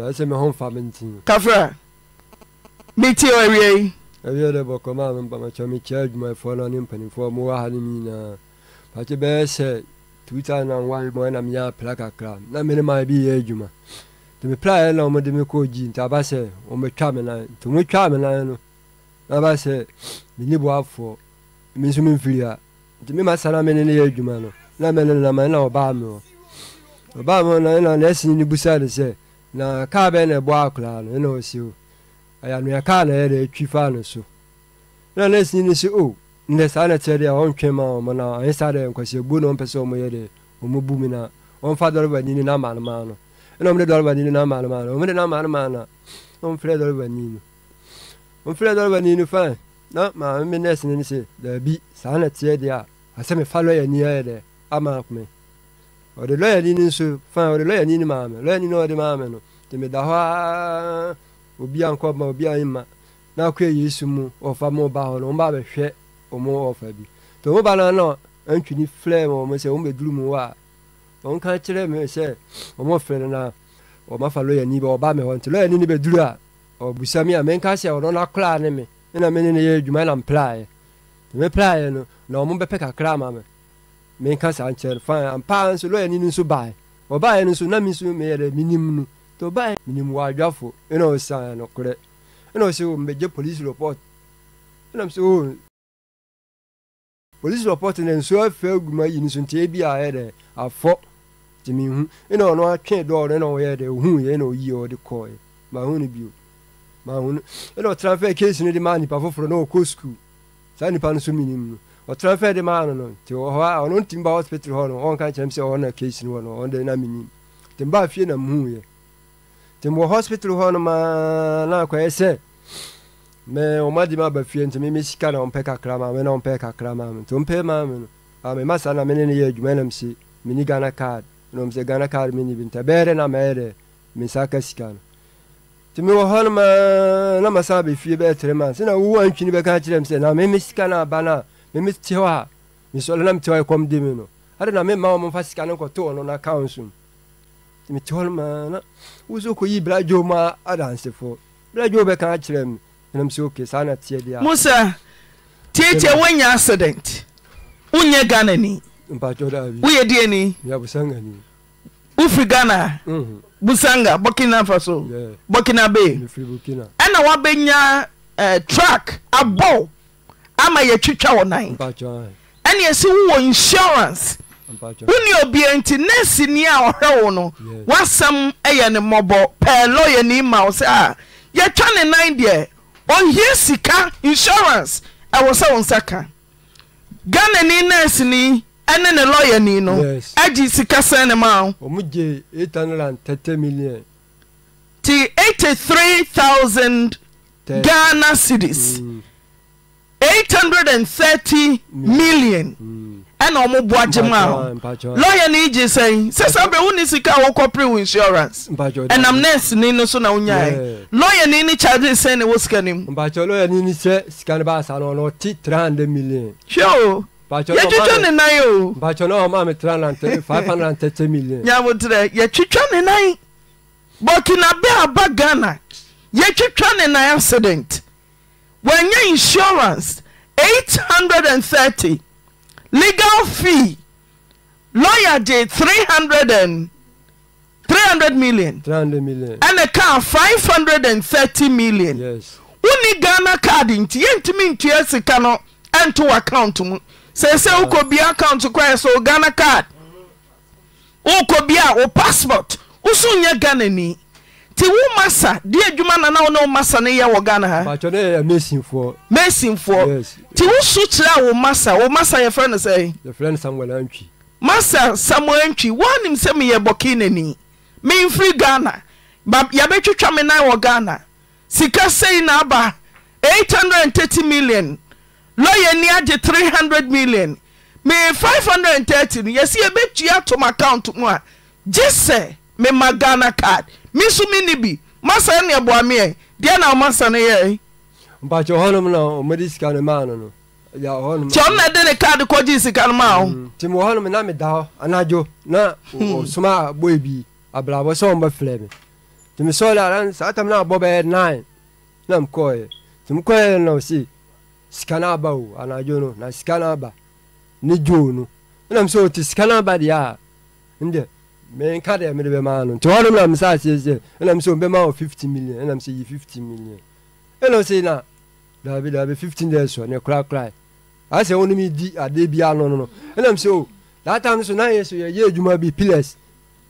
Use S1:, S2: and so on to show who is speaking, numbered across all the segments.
S1: ɛsɛ me ho mfa me nti kafra metie awie yi awie dɛ bɔkɔ ma me mpamakya mekyia adwumayɛfoɔ e no ne mpanimfoɔ mowɔ ha no m nyinaa pakye bɛyɛ sɛ 2001 mɔ na meyɛ apra kakra na mene ma bi yɛ adwuma nti mepra ɛ na ɔmde me kɔɔ gyi nti aba sɛ ɔmɛtwa me nan nti ɔmɛtwa me nan no na aba sɛ menni boafoɔ me nso memfiri ha nti mema sa na mene ne yɛ adwuma no na mene nama na ɔbaa me hɔ ɔbaa me hɔ na ɛna na ɛsene no busaa ne sɛ na kaa bɛɛ na ɛbɔ akoraa no ɛna ɔsi o ayanoa kaa na ɛyɛ dɛ ɛtwi faa no so na ne si ne si o oh, ndɛ saa na kyerɛ deɛ ɔntwe ma ɔmo na ɔnye saa dɛ nkwasiabuo na ɔmpɛ sɛ ɔmo yɛ dɛ ɔmo bu mi na ɔmfa dɔrɔbani ne n'ama no maa no ɛna ɔmo de dɔrɔbani ne n'ama no maa no ɔmo de n'ama no maa na ɔmfrɛ dɔrɔbani no ɔmfrɛ dɔrɔbani no fain na maame mi nɛɛsi ne ne si daabi saa na kyerɛ deɛ a asɛ mefa lɔya ni ayɛ dɛ ama ɔde lɔyani ni nso fan ɔde lɔyani ni maame lɔyani ni ɔde maame no tèmi da hɔ aa obi a nkɔ ma obi a ma n'akɔ yesu mu ɔfa mu ba hɔ no wɔn ba bɛhwɛ wɔn ɔfa bi tò wɔn ba no no ntwini filɛ mu wɔn sɛ wɔn bɛ duru mu wa wɔn ka kyerɛ mi sɛ wɔn filɛ no na wɔn afa lɔyani bɛ ɔba mi hɔ nti lɔyani ni bɛ duru a ɔbusa mi a mɛ nka sɛ ɔno n'akora ne mi ɛna mi ne ne yɛ adwuma na mpilaaɛ tèmi pilaaɛ no na wɔn bɛpɛ kakra ama mi menka saa nkyɛn fan paa nso lɔya ni nso baa ɔbaa no nso na mi nso meyɛrɛ minim no tɛ ɔbaa minim wɔ adwafo ɛna ɔsan no korɛ ɛna ɔsɛ o oh, mbɛgye polisi report ɛna sɛ o oh. polisi report na nsuo afɛ aguma yi nso nti ebi a ɛyɛ dɛ afɔ tìmí hu ɛna ɔno atwe dɔɔre ɛna ɔyɛ dɛ ohun yɛ ɛna oyi ɔde kɔɔɛ maa hu no bio maa hu no ɛna ɔtena fɛ keesi no de maa nipa foforɔ na ɔkɔ sukuu saa nipa no so minim no ɔtra fɛ de ma ano no nti wɔ hɔ a ɔno ntimi ba hospital hɔ no ɔnka kyerɛm sɛ ɔwɔ na case no hɔ no ɔno de na menim nti mbaa fie na muhuiɛ nti mewɔ hospital hɔ no maa na akɔyɛ sɛ me ɔma de ma aba fie nti meme sika na ɔmpɛ kakra ma me na ɔmpɛ kakra ma me nti ɔmpɛ ma me no a mema saa na mene ne yɛ adwuma nam se meni ghana card nom sɛ ghana card meni bi nti ɛbɛyɛ dɛ na mɛyɛ dɛ mensa ka sika no nti mewɔ hɔ no maa na masan abɛfie bɛyɛ tre months na wowu antwini bɛka kyerɛ m sɛ na meme sika no aba no a meme tewa mesɔre na metewa ɛkɔm de me no ade na mema wɔ momfa sika no nkɔto ɔno na kaw so nti metewa no maa na wo so kɔyi bradwo ma adansefoɔ bradwo bɛka akyerɛ me ɛnam sɛ oke saa na teɛ deɛ musa tietia woanya accident wonyɛ ghana ni woyɛ
S2: deɛ ni wofiri ghana mm-hmm. busanga burkina faso burkina bay ɛna woabɛnya eh, track abɔ ama yɛtwitwa wɔ nan ɛne ɛsi wowɔ insurance wone obia nti nɛsini a ɔhwɛ wo no woasɛm yɛ ne mmɔbɔ pɛɛ lɔya ne ma wo sɛ a ah, yɛtwa ne nan deɛ ɔhie sika insurance ɛwɔ sɛ wo nsa ka ghanani nɛsini ɛne ne ni no agye sika sɛn ne ma eighty three thousand ghana cities mm. 830 million ɛna ɔmo boa gye ma ho
S1: lɔya
S2: no gye sɛn sɛsɛ bɛ wo ne sika a wokɔpere wo insurance ɛnam nɛseni
S1: no so na wonyae lɔya no ni charge sɛn ne wo sika no mu lɔya no ne sɛ sika no baasa no ɔno ɔte 300 million hwɛ o yɛtwitwa ne nan o mpakyɛ no ɔma me 530 million
S2: nyabotrɛ yɛtwitwa ne nan burkina bɛ aba ghana yɛtwitwa ne nan accident wɔanyɛ insurance 830 legal fee loyer ge 3300 milin ɛne kaa 530 milli0n wonni ghana card nti yɛntumi ntua asika no ɛnto wo account mu sɛ sɛ wokɔbia account koaaɛ sɛ woghana card worekɔbiaa wo passport wo sownyɛ ghanani ti wo masa de adwuma na wo ne wo masa no yɛ wɔ ghana ha mesinfoɔ nti woso kyerɛ a wo masa wo masa yɛfrɛ no
S1: sɛ
S2: masa samuel antwi woanim sɛ meyɛ bɔkenani memfiri ghana yɛbɛtwitwa me nan wɔ ghana sika sei na aba 830 million lɔyɛ ni agye 300 million me 530 no yɛsɛ yɛbɛtua atom account mu a gye sɛ mema ghana card me so menni bi
S1: masa nne boa meɛ deɛ na womasa no yɛe mpakyɛ hɔnom na ɔmɛde sika no maa no no kyɛ ɔm na de ne kaade kɔgye sika no maa wo mm, nti mewɔ hɔnom na meda hɔ anadwo na ɔsoma a bɔe bi abrabɔ sɛ ɔmbɛfrɛ me nti mesɔre ara saa tam na abɔ bɛyɛ nine na mkɔɛ nti mkɔɛ na ɔse sika no aba o anadwo no na sika no aba ne dwoo no ɛnam sɛ ɔte sika no aba deɛ a ndɛ menka deɛ mede bɛma tu nti hɔnom na mesɛ aseɛ sɛ ɛnam sɛ ɔbɛma wɔ 50 million ɛnam sɛ yi 50 million ɛnam sɛ na daabi daabi 15 days sɔ ne korakora asɛ e. wonom di ade bi ano no no ɛnam sɛ o that time so na yɛ so yɛyɛ adwuma bi pillars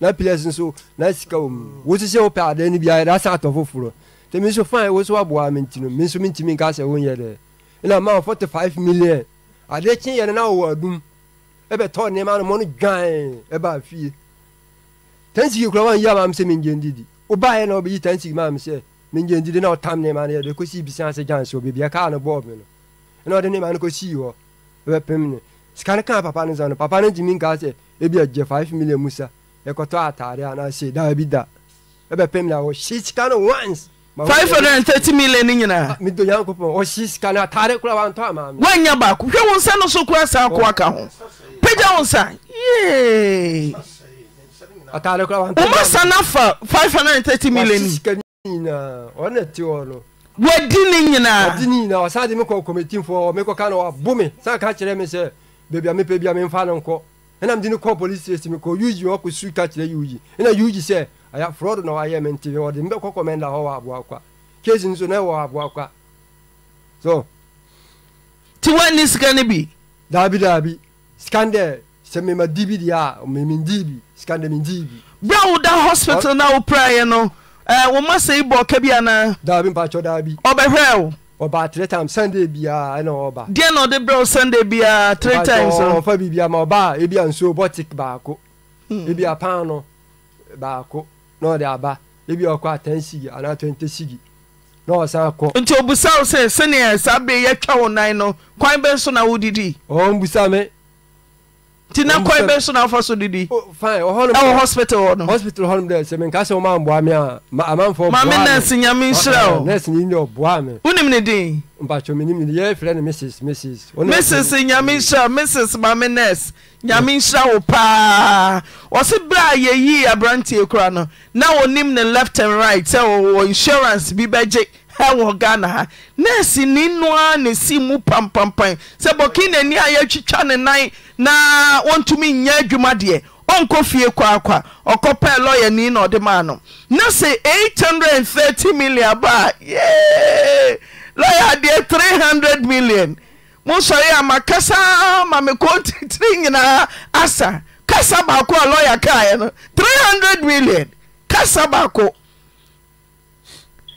S1: na pillars nso na sika wɔ mu wosisɛ wopɛ adeɛ no biara da sɛ atɔ foforɔ nti me nso fine wo so waboa me nti no me nso mentimi nka sɛ wonyɛ dɛ ɛnam ma 45 million adeɛ kye yɛ no na wɔwɔ adum ɛbɛtɔ nneɛma no mɔ no dwan ɛbaa e, e fie tansigi kura wọn yi a maa mi sɛ mi nye ndidi o ba yɛ na ɔbɛyi tansigi maa mi sɛ mi nye ndidi na ɔtam ne ma ne yɛ de ko si bisan se jan so beebi ɛka ne bɔɔl mi no ɛna ɔde ne ma ne ko si hɔ ɛbɛ pɛm ne sika kan papa ne zan no papa ne jimi nka sɛ ebi ɛgye five million musa ɛkɔtɔ e ataare ana se daa bi da ɛbɛ pɛm ne a ɔsi sika once. five hundred and thirty million ni nyinaa. Ah, mi do yan ko pɔn ɔsi sika ne ataare kura wa n tɔ a maa mi. wɔn
S2: nya baako hwɛ wọn nsa no so kura saa ho pagya wọn
S1: yeee wọ́n san afa five hundred and thirty million. wàá sika nyinaa ọ̀nà ti wọ̀ no. wadi ni nyinaa. wadi ni nyinaa ọ̀sán de mi kọ kọmitin fọ mi kọ kan na wa bu mi san kan kyerɛ mi sɛ beebi a mi pɛ bi a mi nfa ne nkɔ ɛna mi de ne kɔ polisi station mi kɔ yuji wɔ kɔ su ka kyerɛ yuji ɛna yuji sɛ aya fraud na wayɛ mi nti ɔde mi bɛ kɔ kɔmɛnda hɔ wɔ aboa kwa keesi nso na ɛwɔ aboa kwa so. tiwa ni sika ni bi. daabi daabi sika n dɛ ɛmemma di bi deɛ amemendibisndɛmenibi berɛ wo da hospital na wo prɛɛ no woma sɛ i bɔ ɔka bi anaadabi pakyda bi bɛɛ oɔbatti snda biaɛnebadeɛ naɔde berɛo sunda bia ttisfa birbiamaɔba biansubɔtic baako hmm. biapaa no baako na ɔde ababi ɔkɔ ata sigi anatsigiɔsɔnti
S2: busa wo sɛ sɛne saa berɛyɛwa wo nwan nti na kɔn bɛ so na afa
S1: so didi ɛwɔ oh, oh, hospital hɔ no. hospital hɔ no dɛ sɛ minka sɛ wɔn aboa mi a amanfo boa mi maame nɛɛsi nyame nhyira ah, o nɛɛsi yi ni ɔboa mi. wunim ne din. mpatso mi ni mi yɛ filɛ ni mrs mrs. mrs nyame nhyira mrs maame nɛɛsi nyame nhyira wo
S2: paa wɔsi bere a yɛyi aberanteɛ kura no na wɔnim ne left and right sɛ wɔ insurance bi bɛgye. wɔ ghana ha nesi ne noara ne si mu pampampan sɛ bɔkenani a yɛatwitwa ne nan na wɔntumi nnya adwuma deɛ ɔnkɔ fie kwaakwa ɔkɔpɛɛ lɔyani na ɔde maa no na sɛ 830 million ba a y lɔya deɛ 300 million mosɔre ama kasa ma mekɔtitiri nyinaa asa kasa baako a lɔya kaeɛ no 300 million kasa baako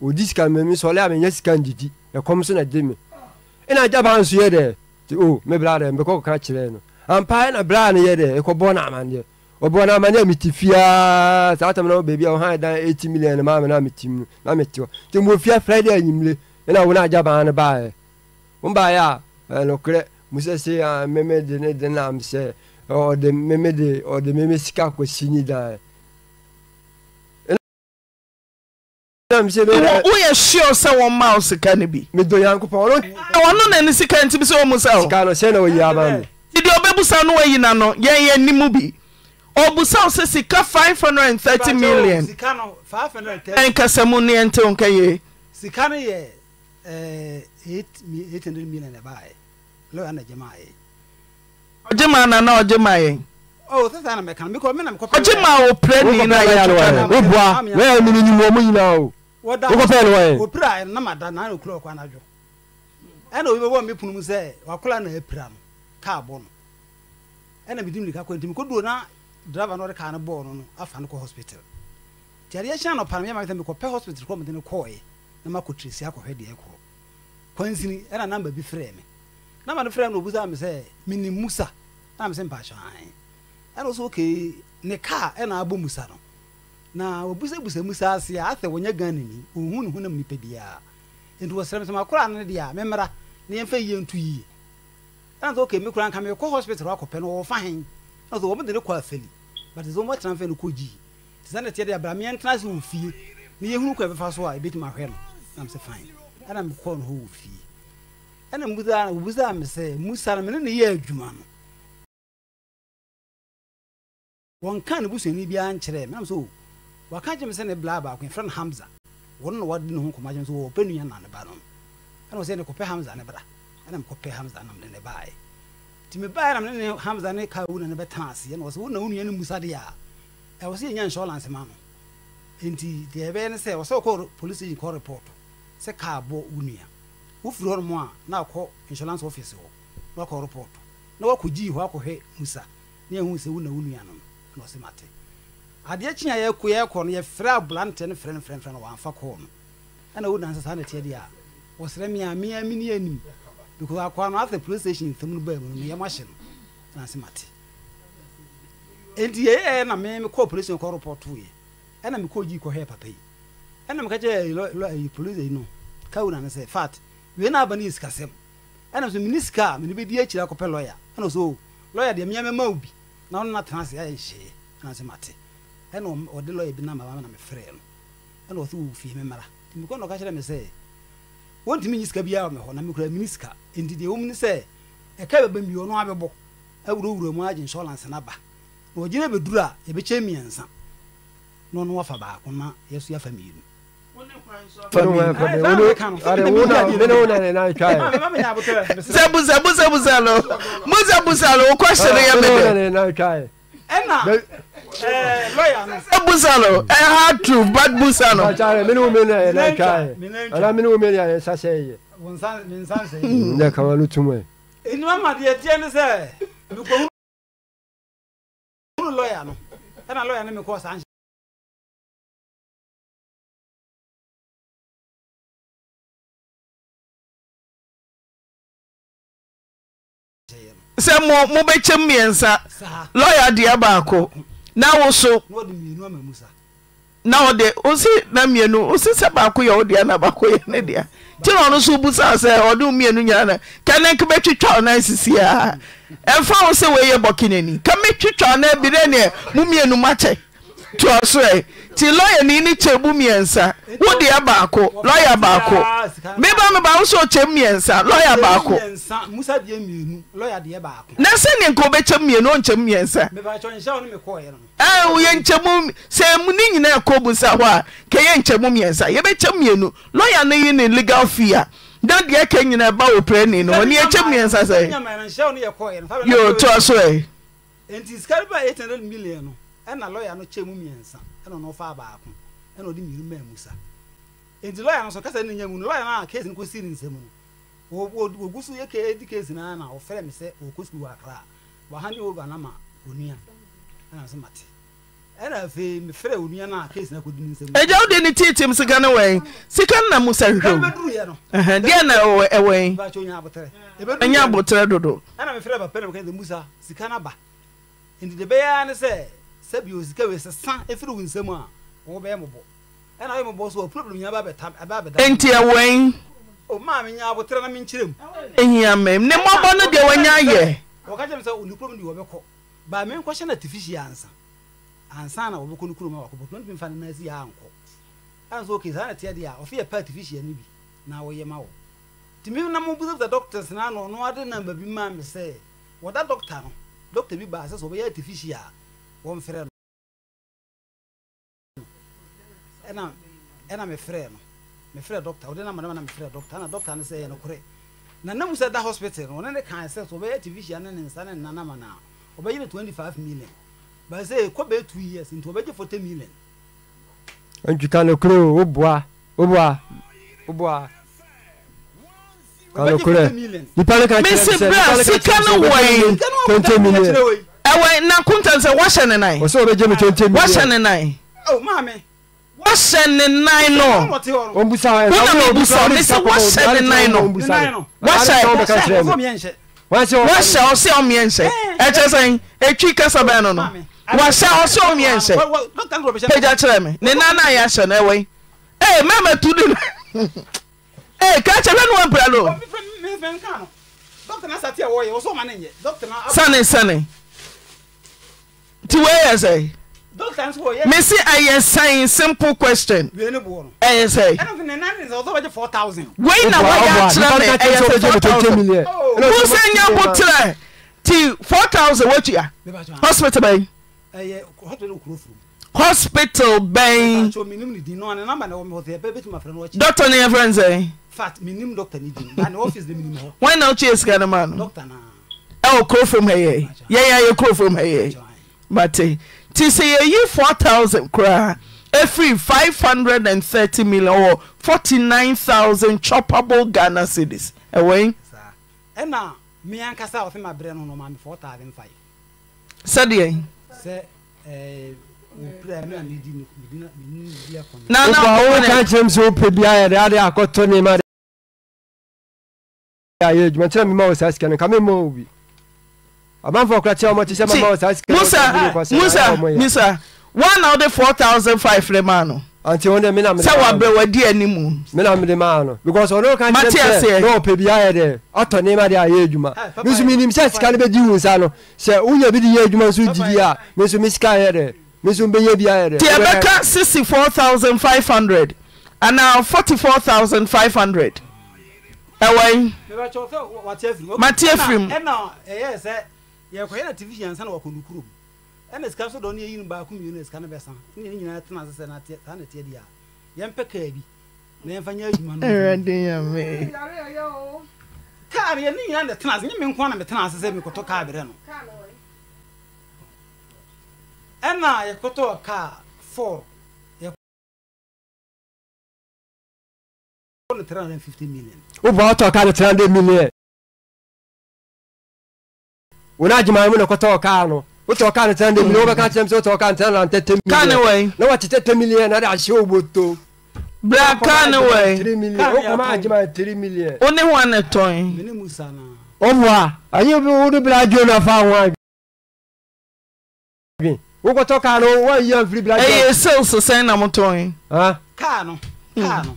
S1: odi sika mmemme sɛ ɔlɛ amenya sika ndidi ɛkɔm so na de me ɛna agya ba nso yɛ dɛ ti o me bra dɛ mbɛkɔ kɔka kyerɛ no ampa ɛna bra no yɛ dɛ ɛkɔbɔ no amandeɛ ɔbɔ no amandeɛ a mete fiaa saa tam na wɔ baabi a wɔha ɛdan 80 million ma me na mete mu na mete hɔ nti mmɔfia friday anyimire ɛna wo no agya baa no baeɛ wombaeɛ a ɛnokorɛ mu sɛ se meme de ne de nam sɛ ɔde meme de ɔde meme sika kɔsi ni daeɛ woyɛ sure sɛ wɔn ma o sika no bi ɔno na ne sika ntim sɛ
S2: ɔmu sɛ wo deɛ ɔbɛbusa no wayina no yɛn yɛ nimu bi ɔbusa wo sɛ sika thirty million
S3: five hundred and thirty. ɛnkasɛ mu ne
S2: ɛnte wo nka yie
S3: sika no yɛ hundred million ɛbaɛ lɔya na gyema yɛ
S2: ɔgye ma o ɔgye ma yɛn ɔgye
S3: ma oh, wo prɛ ne nyinaa yɛ twitwa no woboa o no no nyim
S2: ɔmo nyinaa o
S3: wokɔ pɛɛ ne wɔɛ opira nam ada na ne kura ɔkɔ anadwo ɛna obi bɛbɔ me punu mu sɛ wakola na apira no kaa bɔ no ɛna medim nika kɔ nti mekɔduo na driver no ɔde kaa no bɔɔ no no afa no kɔ hospital nti adeɛ hyɛ anɔpa no mɛma sɛ mekɔpɛ hospital kɔ mede no kɔɔɛ na makɔtirisi akɔhwɛ deɛ ɛkorɔ kwansini ɛna namba bi frɛɛ me namba no frɛɛ me na obusaa me sɛ menim musa na me sɛ mpakyɛ ɛna na wɔbusabusa mu saa ase a asɛ wɔnyɛ ghanani ɔhu ne honam nipa biara nti wɔsrɛ me sɛ makora no deɛ a memmra na yɛmfa yie nto yie ɛna sɛ okay mekora nka mekɔ hospital akɔpɛ no wɔwɔfa hen ɛna sɛ wɔmde ne kɔ afali but sɛ wɔmɔtena mfa no kɔgyii nti sɛ ne teɛ deɛ abra meɛntena sɛ wɔ fie na yɛhunu kɔ ɛbɛfa so a ɛbɛtumi ahwɛ no nam sɛ fine ɛna mekɔɔ no hɔ wɔ fie ɛna musa wobusaa me sɛ musa no mene ne yɛ adwuma no wɔnka ne busuani biara nkyerɛ menam sɛ oh, waka gye me sɛ ne bla baako yɛfrɛ no Hamza wɔno na wɔde ne ho nkɔmɔ agye me sɛ wɔwɔ pɛ nua na ne ba no ɛna wɔsɛ ne kɔpɛ hamsa ne bra ɛna mekɔpɛ hamsa nam ne ne baeɛ nti mebaeɛ nam ne ne hamsa ne ka wo ne bɛtena ase na wo nua no mu sadeɛ a ɛwɔ sɛ yɛnya insurance ma no nti deɛ ɛbɛyɛ ne sɛ wɔsɛ wɔkɔ police station kɔ report sɛ kaa bɔ wo nua wofiri hɔ nom a na akɔ insurance office hɔ na wakɔ report na wakɔgyii hɔ akɔhwɛ musa na yɛhu sɛ wo na wo nua adeɛ kyi a yɛkɔ no yɛfrɛ aberante no frɛ no frɛ no wɔamfa kɔɔ no ɛna wo nansa saa na deɛ a wɔsrɛ me mea me ne anim because akoa no police station ntam no baa mu no yɛm ahye no mate enti yɛyɛɛ na me mekɔɔ police station kɔ report ɛna mekɔɔ gyi kɔhwɛɛ papa yi ɛna meka kyɛ police yi no ka wo nane sɛ fat wei no aba no yɛ sikasɛm ɛna so mene sika a mene bɛdi akyiri akɔpɛ lɔya ɛna so lɔya deɛ meamɛma wo bi na wono natena ase ayɛ hyee mate ɛna ɔde lɔya bi nam ama na mefrɛ no ɛna ɔsɛ wɔwɔ fie me mmara nti mekɔ na ɔka kyerɛ me sɛ wɔntumi nyi sika biara wɔ me hɔ na mekura mini sika enti deɛ ɛwɔ mu ne sɛ ɛka bɛba mmie ɔno abɛbɔ awurawura mu agye insurance no na ɔgyina bɛduru a yɛbɛkyɛ mmiɛnsa na ɔno wafa baako na yɛso yɛafa mmienu
S2: sɛ busa busa busa no musa busa no wo kɔhyɛ no yɛ
S1: mede ɛna
S3: ɛɛ lɔya no. ɛ busa no ɛ eh,
S1: ha tu ba busa no. bàtà rẹ minnu mi na yɛ n'a kya yɛ ala minnu mi na yɛ sase yɛ.
S3: wonsan ninsan se. n yɛ kama lu tumu yɛ. ìnumɛ madiɛ tiɛ ni sɛ lɔya no
S4: ɛna lɔya ni mi kɔ san. sɛ mobɛkye mmiɛnsa lɔya deɛ baako
S2: na woso na wode os namminu osi sɛ baako yɛwo dea na baako yɛ ne dea kine ɔno so wobu saa sɛ ɔde womienu nyina no kɛneke bɛtwetwa w na asisie a ɛmfɛ wo sɛ weiyɛ bɔke noni kɛ mɛtwetwaw no binɛ neɛ mo mienumakyɛ toɔ soɛ nti lɔy ne i ne kyɛ mu mmiɛnsa wo deɛ baako lɔya baako meba mo baa wo sɛ ɔkyɛm miɛnsa lɔyɛ baako
S3: na sɛneɛ nkɛ wobɛkyɛm minuɔnkyɛm miɛsayɛnkɛm
S2: sɛ mune nyinaa ɛkɔ mu sa hɔ a kɛ yɛ nkyɛm mmiɛnsa yɛbɛkyɛm minu lɔya no yine legal fea na deɛ ka nyinaa ɛba wo prɛnii no hne yɛkyɛ iɛssɛtɔ
S3: sɛ ɛna lɔya no kyɛn mu mmiɛnsa ɛna ɔno ɔfa baako ɛna ɔde mmienu mmaa Musa. sa nti lɔya no so kasa ne nya mu no lɔya no a keesi no kɔsi ne nsam no wogu so yɛ edi keesi no ara na ɔfrɛ me sɛ ɔkɔ sukuu wɔ akra wahane over na ma onua ɛna so mate ɛna afei mefrɛ onua no a keesi no Di ne nsam. ɛgya
S2: wode ne tiitim sika no wɔn sika na mu sa hwɛ mu deɛ na ɛwɔ
S3: ɛwɔ ɛnyɛ abotire dodo ɛna mefrɛ papa na mo kɛ musa sika no aba nti de bɛyɛ ne sɛ sɛbi osika wei sesa efiri wo nsam a wɔbɛyɛ mɔbɔ ɛna wɔyɛ mɔbɔ so wɔ problem nyɛ abɛbɛ tam abɛbɛ da. nti ɛwɛn. o maa mi nya abotire na mi nkyerɛ mu.
S2: ehia mɛm ne mɔbɔ no deɛ wɔnya yɛ.
S3: wɔka kyerɛ mi sɛ oni kurom de wɔbɛkɔ baami nkɔhyɛ na tifi si ansa ansa na wɔbɛkɔ ne kurom a wakɔ bɔtɔ ne nfa ne nansi yɛ ankɔ ɛna so oke na teɛ deɛ a ɔfi yɛ pɛ tifi si yɛ ne bi na wɔyɛ ma wɔ tìmí na mo bisɛ sɛ dɔkta sinanu ɔno adi namba bi maa mi sɛ wɔda dɔkta bi baa sɛ sɛ ɔbɛyɛ wɔmfrɛ no ɛna mefrɛ no mefrɛ dɔcta wode namadama na mefrɛ dɔcta na dɔcta no sɛ yɛ na nam sɛ da hospital no ne kae sɛ so ɔbɛyɛ tivihyia ne ne nsa ne nnanama no a ɔbɛyere 25 million ba sɛ ɛkɔ bɛɛ 2 years nti ɔbɛgye 40 million
S1: ntwita no kuro woboa woboa woboa kanokorɛ nipa no ka kyerɛ sɛ nipa no
S2: ka kyerɛ sɛ 20 million ɛwɔ nankuntan sɛ wɔhyɛ ne nan. wɔsɛ wɔbɛgye mi twenty million. wɔhyɛ ne nan. o oh, maame. wɔhyɛ ne nan no. wɔn busa wɔn ɛna wɔn busa wɔn ɛsɛ wɔhyɛ ne nan no. wɔhyɛ wɔhyɛ ɔsɛ ɔmiɛnhyɛ ɛkyɛ sɛn etwi kasa bɛn no no wɔhyɛ ɔsɛ
S3: ɔmiɛnhyɛ pagya kyerɛ
S2: mi ne nan nan yɛ ahyɛ no ee mɛmɛ tu di no ee kakyɛ hwɛ no wɔn mpira no.
S3: sani sani.
S2: nti woyɛ sɛ
S3: mesi ɛyɛ sɛn simple question say. ɛyɛ sɛ wei na wɔyɛ akyerɛ me ɛyɛ sɛ
S2: 4000wo sɛ nya bo terɛ ti 4000 you what are? hospital bɛn hospital
S3: Doctor, friends bɛn dɔctɔ ne yɛ frɛ n sɛ
S2: wɔn na wokyeɛ sika Doctor na. Oh, ɛwɔ from here. Yeah, yeah, yɛ kurofom from here. mate nti sɛ yɛyi 4000 koraa ɛfiri 530 million wɔ 49000 chopable ghana cities ɛwɔi
S3: ɛna me ankasa ɔfe ma berɛ no no ma me 4005 sɛdeɛ sɛ nanawoka
S1: kyerɛm sɛ wopɛ biayɛ de ade akɔtɔ nema ayɛ adwuma kyerɛ mema wɔ saa sika no ka memmɔ wo bi ọmanfọ kura tí ọmọ ti sẹ mama ọsàn sikẹ ọmọ ọmọ musa ah, musa musa One na ọdẹ four thousand five rẹ maa nọ. àǹtí wọn dẹ mí na mi de maa nọ sẹ wà bẹrẹ wà mu. mí na mi de maa nọ because ọdún kan ti dẹ sẹ náà ọpẹ bi ayẹ dẹ ọtọ ní ma de ayé edwuma nso mi ni sẹ sika ni bẹ di wunsa nọ sẹ wúnyẹ bi di yẹ edwuma nso di bi a mi sika ayẹ dẹ mi bẹ yẹ bi ayẹ dẹ. tí e bẹ ká sixty four thousand five hundred And now forty
S2: four thousand five hundred ẹwọ yìí.
S3: màtí ẹ yɛkɔyɛ na tv yɛnsa na wakɔ nukuro mu ɛna sika so dɔ ne yɛyi no baako mmienu na sika no bɛsa ne ne nyinaa tena ase sɛ saa na teɛ deɛ a yɛmpɛ kaa bi na yɛmfa nyɛ adwuma no kaa no yɛne nyinaa na tena ase nyɛ me nko na metena ase sɛ mekɔtɔ kaa berɛ no ɛna yɛkɔtɔɔ kaa four yɛkɔ no 350 million
S4: wobɔ wɔtɔ kaa no 300 million
S1: wɔn adwuma mu na kɔtɔ ɔkaa no wotɔ ɔkaa no tɛn de miliɔn wɔbɛka kyerɛ mi sɛ wotɔ ɔkaa no tɛn na tɛtɛ miliɔn kaa ne wɔyi na wɔte tɛtɛ miliɔn na de ahyɛ oboto. bla kaa ne wɔyi o kɔma adwuma tiri miliɔn. o ne wa ne tɔn. o mu a anyi bi o de bila adwo na fa ho adwi. wokɔtɔ
S2: kaa no wɔn ayi anfiri bila adwo. ɛyɛ sales sɛn na mo tɔn.
S3: kaa no hmm. kaa no.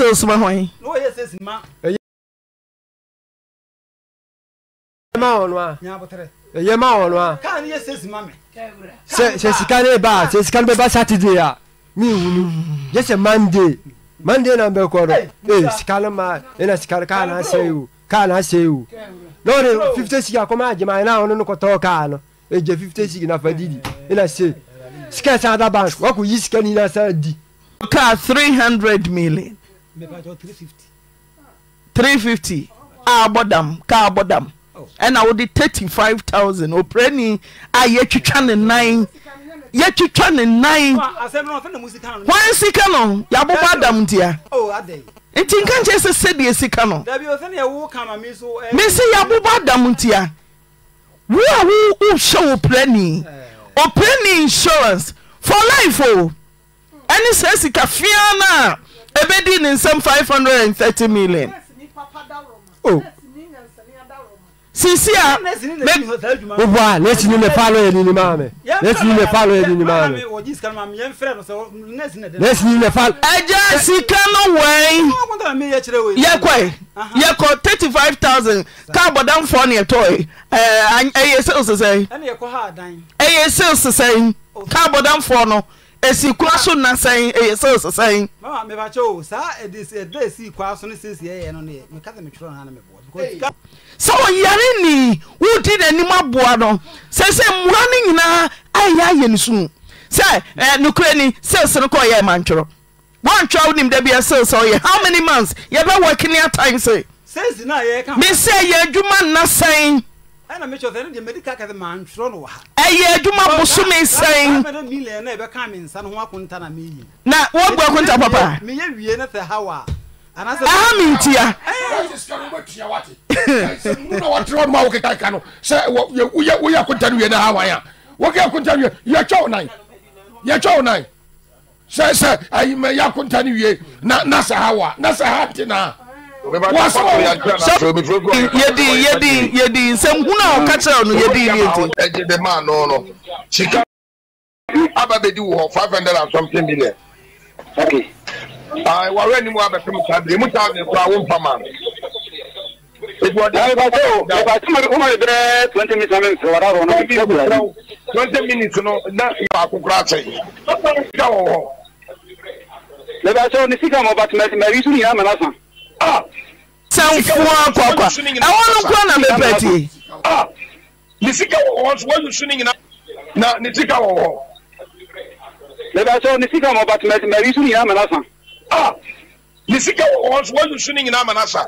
S4: details ma hwan. n'o ye sesi ma. ɛyɛ
S1: ma wɔn wa. ɲabotire. ɛyɛ ma wɔn wa.
S3: k'a ni ye sesi ma mɛ. E
S1: sɛ sɛ sika ne ba sɛ sika ne ba satide ya mi wulu yɛsɛ mande mande na bɛ kɔrɔ ee sika ma e na sika e k'a na se o k'a e na se o lɔɔri fifite sigi a ko ma jama ina wɔn ne kɔtɔ k'a na e jɛ fifite sigi nafa di di e na se sika san ta wa ko yi sika ni na san di. ka three hundred
S2: million three fifty a abɔ oh. ah, dam oh, ka abɔ eh, dam ɛna wɔde thirty five thousand oprani a yɛtwitwa ne nan yɛtwitwa ne nan
S3: wɔn sika no yɛabobɔ adam ntia nti nka nkyɛn sɛ
S2: sɛdeɛ sika no mesi yɛabobɔ adam ntia wo a wo wohyɛ oprani oprani insurance for life o ɛne sɛ sika fia no ebedi ne nsɛm five hundred and thirty million. o oh.
S3: sisi a o bɔ a nɛsi ni ne fa lɔ yɛ nini
S1: maa mɛ nɛsi ni ne fa lɔ yɛ nini maa mɛ
S3: nɛsi ni ne fa. ɛjɛ sika no wɛn yɛkɔ yi
S2: yɛkɔ thirty five thousand kaa bɔdan fɔ ni ɛtɔ yi ɛɛ ɛyɛ sɛ o sisɛ yi ɛyɛ sɛ o sisɛ yi kaa bɔdan fɔ no esi kura so nasan eye sɛ ɔsesan.
S3: mama mi ba kye o saa edesi edura esi kura so ne sisi ɛyɛ no ne mi kasa mi twerɛ na mi bɔ. sɛ ɔyare
S2: ni wudi n'anim aboa no sɛ sɛ mmura no nyinaa ayɛ ayɛ ne sum sɛ ɛɛ nukuri ni sales no kɔ ɔyɛ mantwerɛ wantwerɛ awo nim dɛbi ɛsɛ sɛ ɔyɛ how many months yɛ bɛ wɔ kini atan se.
S3: sales naa yɛ ka. mi sɛ yɛ adwuma nasan ɛna mi kyerɛ sɛ ɛna deɛ medical kɛse maa ntwerɛ no wɔ ha. ɛyɛ adwuma bosome nsɛn. báwo ni mílíọ̀nù náà ɛbɛka mi nsa no ho akonta na mi yi. na wɔn bu akonta papa. mi yɛ wie ne sɛ ha wa. aha mi ntia.
S5: mu na wɔtwerɛ ɔnum a wɔkeka ka no sɛ woyɛ woyɛ akonta no wie na ha wa ya wɔkɛ akonta no wie yɛtwa wo nan yɛtwa wo nan sɛ sɛ ayi mɛ yɛ akonta no wie na na sɛ ha wa na sɛ ha ntina yɛdi yɛdi yɛdi nsɛmhunu a ɔka kyerɛ no yɛdi yie ti. ɛgye de maa no no sika aba bɛdi wɔ hɔ five hundred and something million. wɔwɛ anim a bɛfɛm saa bi emu thousand koraa wo mpa ma. twenty minutes no na baako koraa kyɛn. sika wɔ hɔ. lɛbɛ sɛ ne sika mɔ bat mɛ mɛ yusu nyinaa mɛ na san sɛnfoa kwakwa ɛwɔ no nkora na mepɛ tie ah! ne sika wɔ hɔ nso wayu su no nyina na ne sika wɔ hɔ mebɛsɛ ne sika mɔ bat mayi so nyina mana sa ne sika wɔ hɔ nso wayu su no nyina mana sa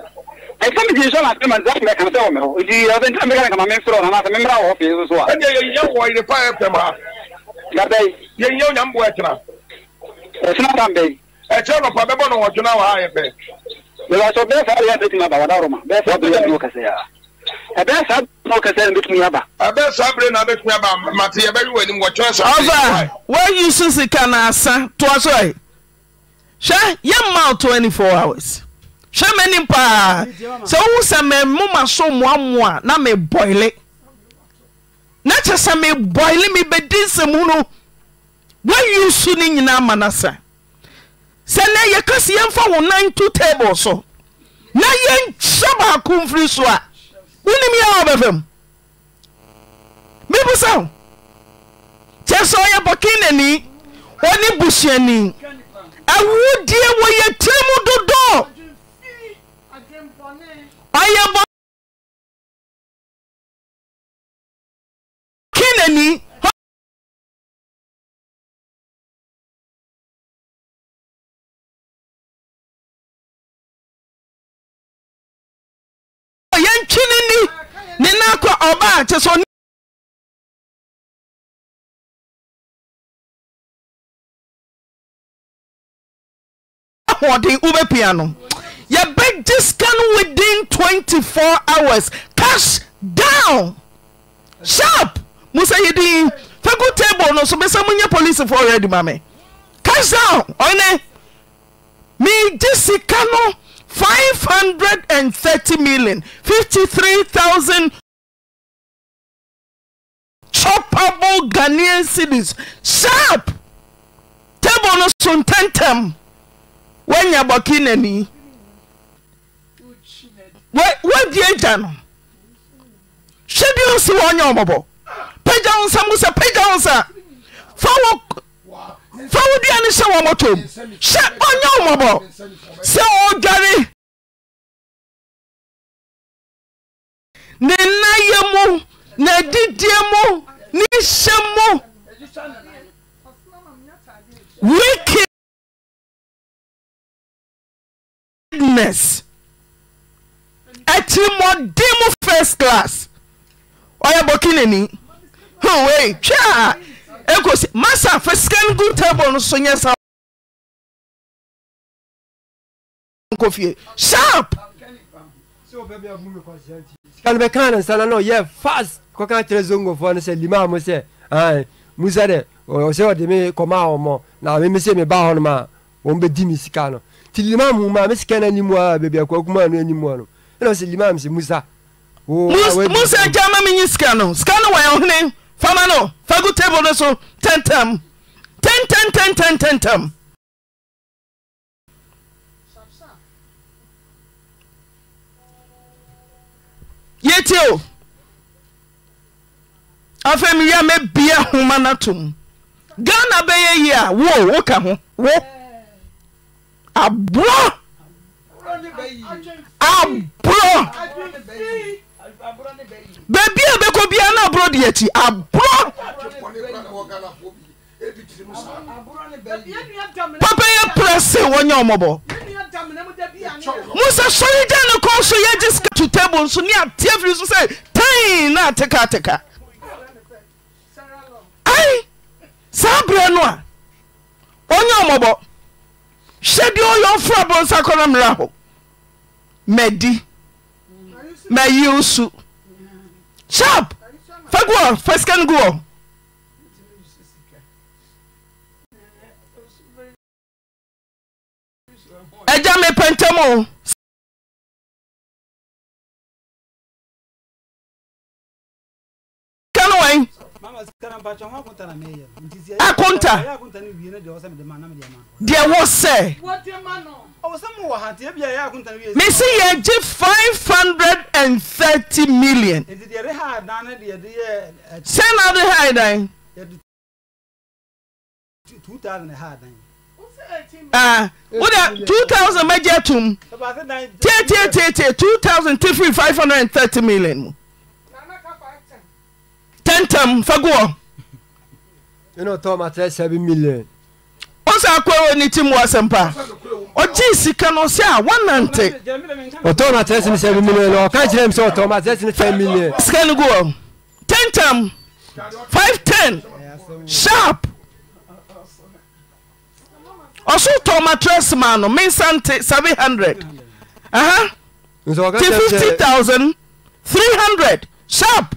S5: ɛsɛ megye nhyɛ nase ma nsa mɛka sɛ wɔ me hɔ nti ɛsɛ nta meka ne kama memfrɛ no anaasɛ memmra wɔ hɔ fei so so a ɛneɛ yɛyɛ wɔ yere pa ɛpɛm ha gabɛi yɛnyɛ onyamboa ɛtena ɛtena tam bɛi ɛkyerɛ nɔpa bɛbɔ no wɔdwena wɔ ha yɛ bɛi yɛwɔ sɛ bɛɛ saa deɛ bɛtumi aba wɔda woroma bɛɛ saa berɛ bɛtumi kɛsɛ a ɛbɛɛ saa berɛ kɛsɛ no bɛtumi aba ɛbɛɛ saa berɛ na bɛtumi aba mate yɛbɛwe w'anim wɔkyerɛ sɛ ɔfa
S2: woayi so sika no asa toa so ɛ hwɛ yɛmma 24 hours hwɛ m'anim paa sɛ wohu sɛ memmoma so mmoamoa na mebɔile na kyɛ sɛ mebɔile mebɛdi nsɛmu no woayi so no nyinaa ma no sa sɛ nɛ yɛka si yɛmfa wo nan to table so na yɛnhyɛ baako mfiri so a wonim yɛ wɔbɛfam mebu sɛ kyɛ sɛ ɔyɛ bɔkenani ɔne busuani awudie wɔ yɛ
S4: tirim dodoɔ ɔyɛ bɔkenani ọba àti sọ ní. ahoɔden wobɛpia no yɛbɛgye scan within 24 hours
S2: cash down sharp mu sɛ yɛdin fɛgu table no so bɛsɛ monyɛ policefoɔ already ma me cash down ɔne Five hundred and thirty million fifty-three
S4: thousand. unchoppable Ghanaian cities sharp table no so ntɛntɛm woanya
S2: bɔki n'ani woadi agya no hwɛ bi wo si wɔnyɛ ɔmɔbɔ pagya wo nsa mo sɛ pagya wo nsa
S4: fa wo fa wo dua no hyɛ wɔ mɔtom hyɛ ɔnyɛ ɔmɔbɔ sɛ ɔdware ne nna na didie mu ne hyɛ mu wickedness mu
S2: first class ɔyɛ bɔkinani wei twɛ a
S4: ɛkɔsi masa fa sika no table no so nyɛ sa
S1: nkɔ sharp ɛno bɛkaa ne nsa na ɔyɛ fast tsɛliamsusd dme kmaanedimiskantlaknnnam sk
S2: afeimire a mabia homa notom ghana bɛyɛ yi a wo woka ho wo aborɔ babia bɛkɔbia no borɔ biaki
S5: aopɛpɛyɛ prɛ sɛ wɔnyɛ ɔmɔbɔ mosa sɔregya
S2: no kɔn so yɛgesa to table nsone atea firi so sɛ tai na tekateka saa berɛ no a ɔnya ɔmɔbɔ hwyɛ bia ɔyɔm forɔ bɔnsa kɔ no mmera hɔ madi mayewo so
S4: syap fa uɔ fa sika n gu wɔ agya mepɛntamon
S3: akonta deɛ wɔ sɛme sɛ
S2: yɛagye 530 milion
S3: sɛ na de hae dan ah, wode 2000 magye atom tetette
S2: 2 23 530 mili0n
S1: mu ntɛmntɛm fagoɔ ɛna ɔtɔ matrɛ seven million ɔsɛ akɔwɔ ne ti mu asɛm pa ɔgye sika no sɛ a wɔnante ɔtɔ matrɛ sini seven million na ɔka kyerɛ mi sɛ ɔtɔ matrɛ sini
S2: ten million sika no gu hɔ five ten sharp ɔso tɔ matrɛs ma no mensa nte seven hundred aha ti fifty thousand three hundred sharp.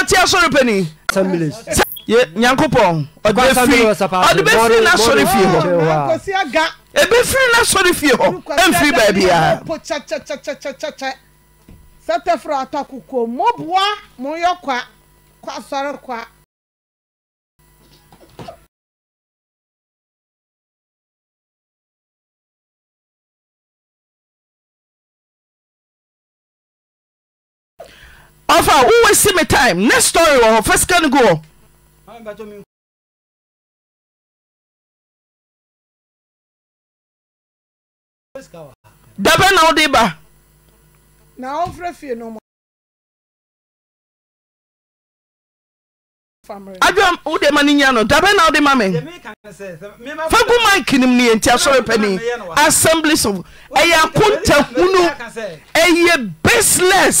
S2: agya ɔte asɔrepani nyankopɔn ɔde bɛfiri no asɔre fie hɔ
S6: ɛbɛfiri no asɔre fie hɔ ɛmfiri baabiaa sɛtɛfrɛ atɔ kokoo moboa moyɔ kwa kɔ asɔre kwa
S4: ɔfa wowe si me time nestory wɔ hɔ fɛ sika no go ɔ dabɛ na wode
S3: bawoema n ya no dabɛ na wode ma m fa gu ma nkenim ne
S2: yntiasɔrepɛne assemblies ɛyɛ akota hunu yɛ
S4: besless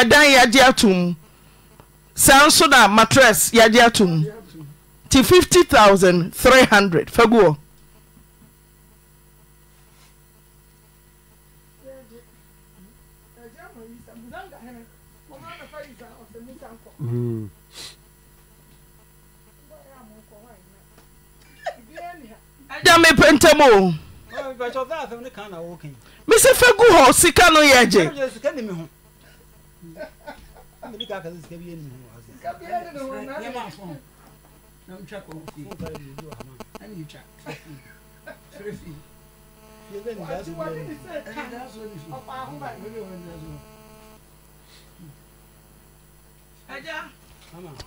S2: ɛdan yɛagye atom saa nso na matress yɛagye atom nti 50300 fa guɔ agya mepɛ fa gu hɔ sika no yɛ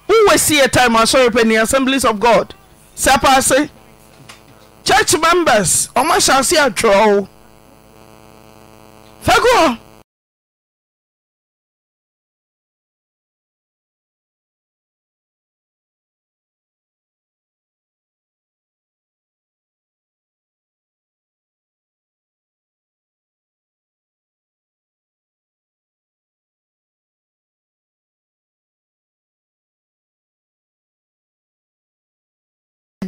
S2: Who will see a time and sorry in the assemblies of God? Sapase.
S4: Church members, Oma shall see a troll. Fago.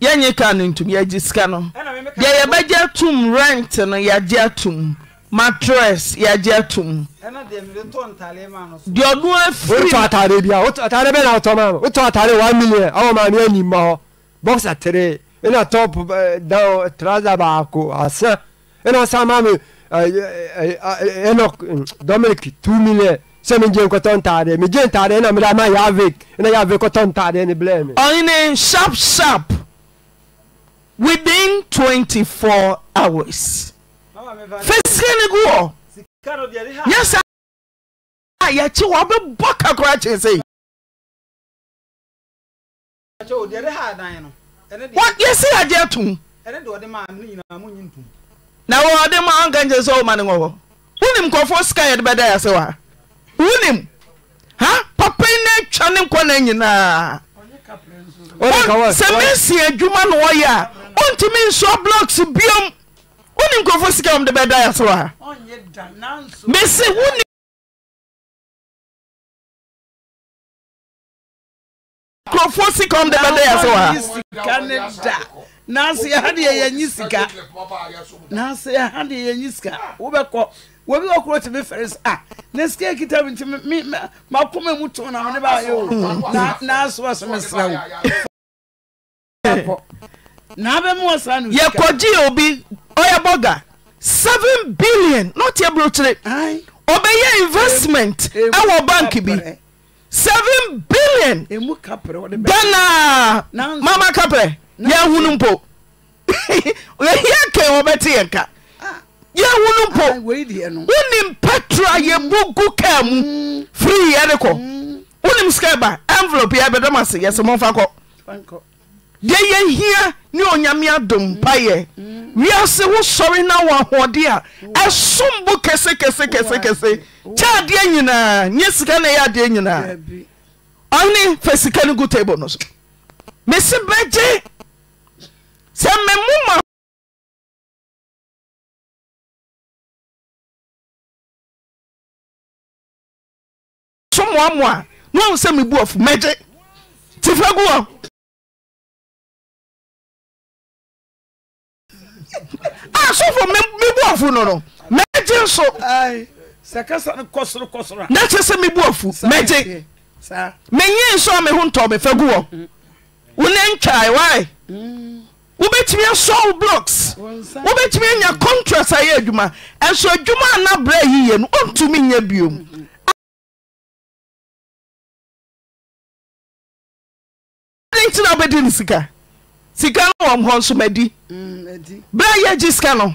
S2: yye kane tm yskano yɛya tom rent no ye atom
S1: matress yye atomo atadbitaenaotɔmm otɔ atade 1 millin amam yanima hɔ box tre natopd eh, eh, trase baako asan ɛnesamam dominik t milli sɛ mɔtɔ ɛnn shapshap
S2: within 24 housfsine
S3: gyɛɛyɛky
S4: wbebɔ ka krak sɛɛ aea t na wɔde maakayɛ
S2: sɛma nɔon nf sa yɛde ɛɛ a wonim a pɔpɛi no atwa ne nkɔne nyinaasɛ mensia adwuma
S4: no wɔyɛ a wontimi nsuu blocks biom wonim nkurɔfoɔ sika womde bɛda yase wɔ hamɛse o nkurɔfo sika de bda yase ɔ
S2: wobi wɔ kuro tìmi fɛrɛ sɛ ah ne sike kita mi tìmi mi ma kɔmɛ mu tɔn na ne b'a ye o na na sɔ sɛmɛ sira o. na bɛ mu ɔsira nu. yɛ kɔji obi ɔyɛ bɔga seven billion n'otiɛ burokyerɛ ɔbɛyɛ investment ɛwɔ e bank bi seven billion e
S5: ghana
S2: mama kapɛ yɛ ahunu mpo yɛ kɛ wɔbɛti yɛ nka yɛwo no mpo wonim petro a yɛbu gu kaa mu frii yɛde kɔ wonim sika envelope yɛ bɛdɔm ase yɛsɛ mɔmfa
S7: kɔ
S2: ni yɛhia ne onyame adom mpayɛ wiase wosɔre na wɔ ahoɔde a ɛsom bo kese kyɛ adeɛ nyinaa nyɛ sika na ɛyɛ adeɛ
S4: nyinaa ɔne fa sika no gu table no so mesi bɛgye sɛ memoma moamoa na ahu sɛ mebu ɔfo mɛgye tifra gu hɔ asofo ọfụ ɔfo no
S2: nso na kyɛ sɛ mebu ọfụ mɛgye menyɛ nso a me ho ntɔ mefa gu hɔ wobɛtumi asɔw blocks wobɛtumi anya ayɛ adwuma
S4: ɛnso adwuma no ɔntumi adɛn nti na wobɛdi ne sika sika no wɔm hɔ nso madi
S2: mm, berɛ a yɛagye
S4: sika no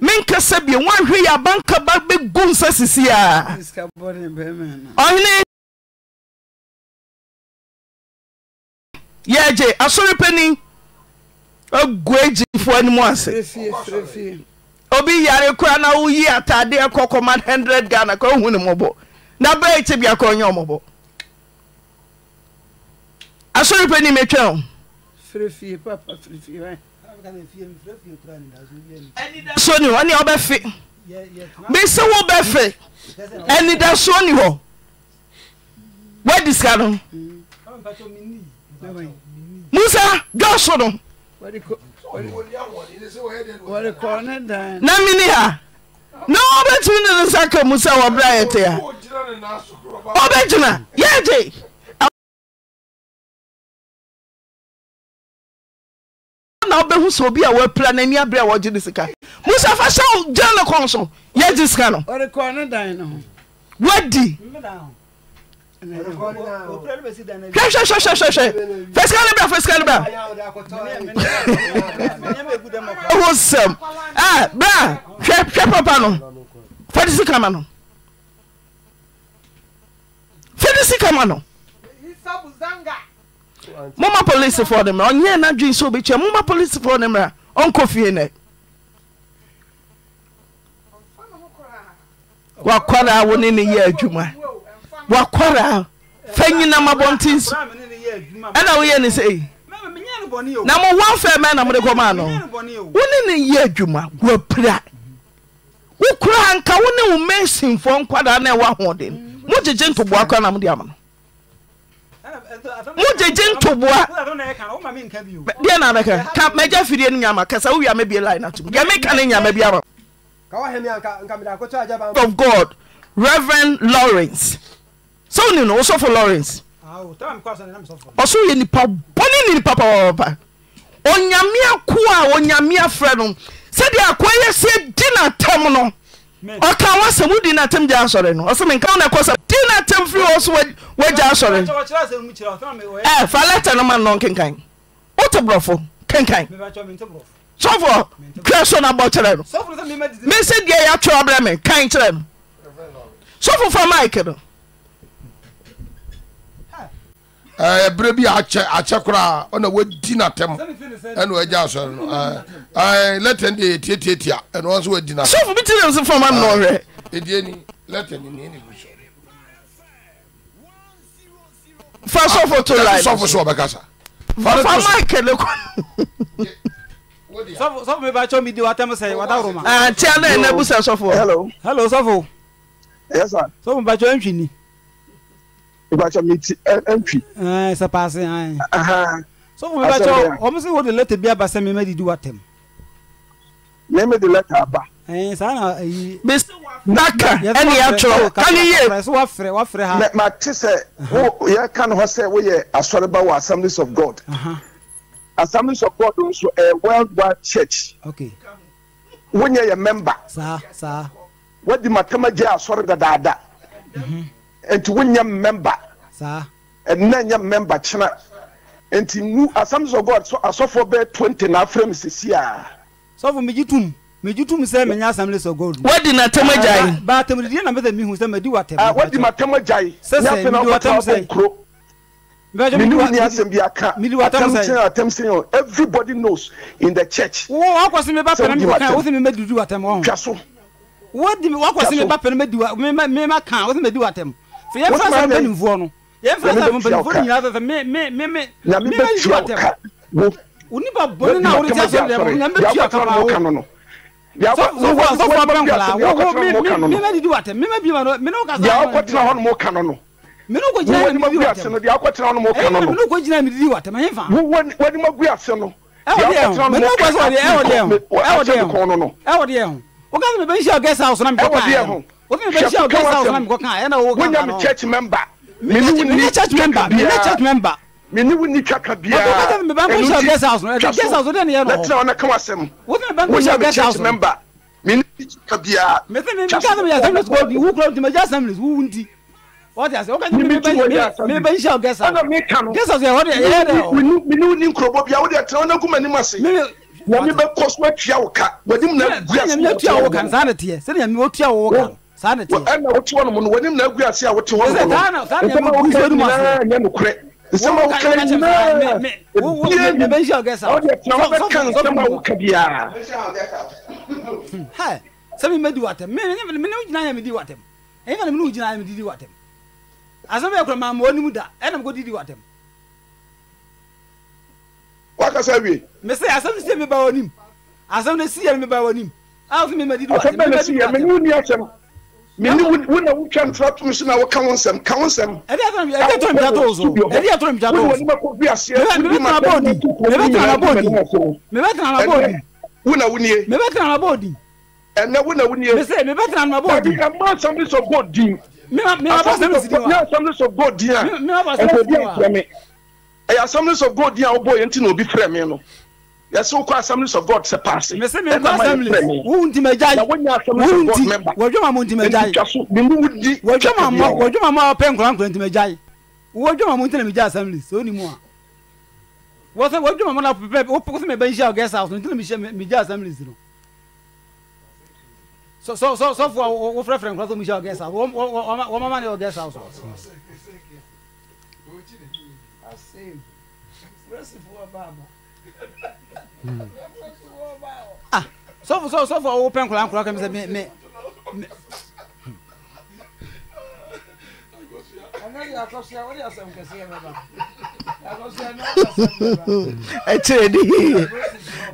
S4: menkasɛ bie woahwɛ yɛ abanka ba bɛgu nsa sisi a
S8: ɔhene
S4: yɛagye asɔre pani agu agyifoɔ
S2: anim
S5: ase
S2: obi yare koraa na woyi ataadeɛ kɔkɔma 100 ghana ka wohu ne mɔbɔ na bɛɛ ɛkyɛ biakɔ ɔnyɛ ɔmɔbɔ asɔre pɛ ni mɛtwa o.
S3: firifie papa firifie wɛn. so ni hɔ ni ɔbɛfe
S2: bisi wo bɛfe ɛnidaso ni hɔ wɛdi sika no musa dɔɔso no na mini ha.
S3: na wɔbɛtumi ne no sa ka
S2: mu
S4: sa wɔbrɛ yɛ tea
S2: ɔbɛgyina
S4: yɛgye na wobɛhu sɛ obi a woapra naani abere a wɔgye ne sika musa fa syɛwo gya no kɔn so yɛagye sika no
S6: wdi
S3: hwɛ f sikale bfikale
S2: brbera hwɛ papa no fdesikama no fdesikama no moma polisefoɔ ne mra ɔnyɛ na dwensɛobikɛ moma polisefoɔ ne mra ɔnkɔ fienɛ wkɔre wone neyɛ adwuma woakɔraa fa nyinamabɔnten so
S3: ɛna woyɛ ne sɛi
S2: na mowɔ fɛ mɛ na mode kɔmaa no
S3: wo ne
S2: ne yɛ adwuma woapira wo koraa nka wo ne wo masinfoɔ nkwadaa na ɛwoahoɔden mogyegye ntoboa koa na mode ama no
S3: mogyegye ntoboa deɛ
S2: na mɛka ka magya fidie no nyama kasa wowia ma bie line atom deɛ meka ne nyama biama of god reverend lawrence sɛ wonim no wosɔfo lawrence ɔso yɛ nipa bɔne ne nipa papapa onyamea ko a onyamea frɛ no sɛdeɛ akoa yɛ sɛ di natam no ɔka woasɛm wodi natam gya asɔre no ɔsɛ menka wona ɛkɔ sɛ di natam firi hɔ so woagya
S3: asɔre fa lɛta no ma
S2: nnɔ kenkan wote borɔfo kenkan sɔfoɔ kra so no abɔ kyerɛ
S3: no mesɛ deɛ yɛatwerɛ
S2: brɛ me kan kyerɛ no sɔfo fa mike no
S5: ɛbrɛ eh, bi akyɛ akyɛ koraa ɔna wadi n'atɛm ɛna wagya asɔre no ɛɛ eh, eh, lɛtɛn de tietietia ɛna wɔn nso wadi n'atɛm. sɔfo bi ti na nso fama nɔ rɛ. edie ni lɛtɛn ni ni ni bi sɔ. fa sɔfo to la yi sɔfo sɔ ɔbɛ kasa.
S3: fa ma kɛlɛ kɔ. sɔfo mi ba tɔ mi di wa tɛmɛ sɛ wa da roma. aa tia ne ye ne busa sɔfo. hello hello sɔfo. yes sir. sɔfo mi ba tɔ n fi ni ìgbàtsọ mi ti ẹ ẹ ntwi. ẹ sẹ paase ẹ. so wọn bá tọ ọmọ sẹ wọn de lẹtẹ bi aba sẹ mi mẹ didi wa tẹm. mi mi de lẹtẹ aba. ẹ eh, sáà na ayi. bẹsẹ daka
S5: ẹni atwerɛ kane ye ma te sɛ yɛka ne hɔ sɛ woyɛ asɔreba wɔ assemblies of god assemblies of god nso ɛyɛ eh, worldwide church wonyɛ yɛ member wadi matama gye asɔre dadaada mhm nti wonyɛ member ɛnna nyɛ member kyena nti nu asams of god so asɔfoɔ bɛɛ twenty na afra mu sisi a.
S3: sɔfo meji tum meji tum sɛ menya assemblies of god. wadi na tɛmɛ gya yi. ba tɛmɛ didiɛ na mɛsɛ mihu sɛ mɛ di wa tɛmɛ. wadi ma tɛmɛ gya yi. sɛsɛ mi di wa tɛmɛ sɛ. nkuro
S5: minimu ni asɛm bi aka atɛm sɛn atɛm sɛn o everybody knows in the church. wọ́n
S3: wọ́n kọ́ sí mi bá pẹ̀lú mi kọ́ kan ó sì mi mẹ́ dudu wa tɛmɛ wọn. twa so. wọ́n di mi wọ́n kọ́ sí mi bá pẹ̀lú mi di wa mi ma kan ó sì mi di wa tɛmɛ yɛn fɛn sɛ mpanimfoɔ no yɛn fɛn sɛ mpanimfoɔ no nyinaa sɛ me me me me me bɛ yi atɛm onipa bɔnni na wɔde ti asɛm dɛm onyame bɛ tua kama awo
S5: sɔfɔ sɔfɔ abɛn nkɔla wo ko mi mi ma
S3: didi wa tɛ mi ma bi ma ka sɔrɔ yawo kɔ tena hɔ nomu kano no ko jina mi didi wa tɛ yawo kɔ tena hɔ nomu kano no ko jina mi didi wa tɛ ma ye fa. wani ma gu ase no yawo kɔ tena hɔ nomu kano no ɛwɔ de yɛn o ɛwɔ de yɛn o ɛwɔ de yɛn o ɛwɔ de yɛn o o ka sɛ mi bɛ n si ɔgɛ sa o sɔnna mi kɔ k'a yɛn o wonya me church member mene church member mene church member
S5: mene wo ni twaka biaɛtena ɔna ka wasɛm wonya me hmm, church member
S3: mene twaka biaa
S5: menewoni nkurɔbɔ bia wode tena wona guma anim ase nyame bɛkɔ so atua wo ka wadim na guasɛnyameatua wo kan saa ne teɛ sɛne nyame wɔtua wo wo kan ɛna wote hɔ nom no w'anim na agu ase a wote hɔ nom nsɛma woka nyinaa nyɛ nokorɛ nsɛma woka nyinaawodeɛ tena wobɛka nsɛm a woka biaa
S3: sɛ memɛdi watam mene wogyina yɛ medi watam ɛyɛfa ne mene wogyina yɛ medidi watam asɛm bɛyɛ korɔma ma wanim da ɛna mekɔdidi watam
S5: wakasa wie mese asɛm sie meba w'anim asɛm no siyɛ no meba w'anim a wo so memɛdidi watam asɛm bɛ no siyɛ mene wonni asɛm mini wo na wotwa ntra tom so na woka wo nsɛm ka wo nsɛm wona wonie ɛnɛ wona wonieɛma assemblies of god din assemblies of god din a ɛsɛ obi amfrɛ me ɛyɛ assemblies of god din a wobɔɔ yɛ nti na obi frɛ me no yɛsɛ wokɔ assemblies of god sɛ paase mesɛ mekɔ assemblies
S3: wontim agyae wɔdwama mo ntim agyae wɔdwama ma wɔpɛ nkorankora ntim agyae wɔdwama mo ntina megya assemblies sɛ oni mu a wɔsɛ wɔdwama mo napɛ wopɛ sɛ meba nhyia guest house no ntina megya assemblies no sɔfoɔ wofrɛfrɛ nkora sɛ muhyia guest house wɔmama ne wɔ guest house Recipe for Obama ah sɔfo sɔfo sɔfo awo pɛn nkɔla nkɔla kɛmɛ sɛ mɛ mɛ mɛ.
S2: ɛkyerɛ ni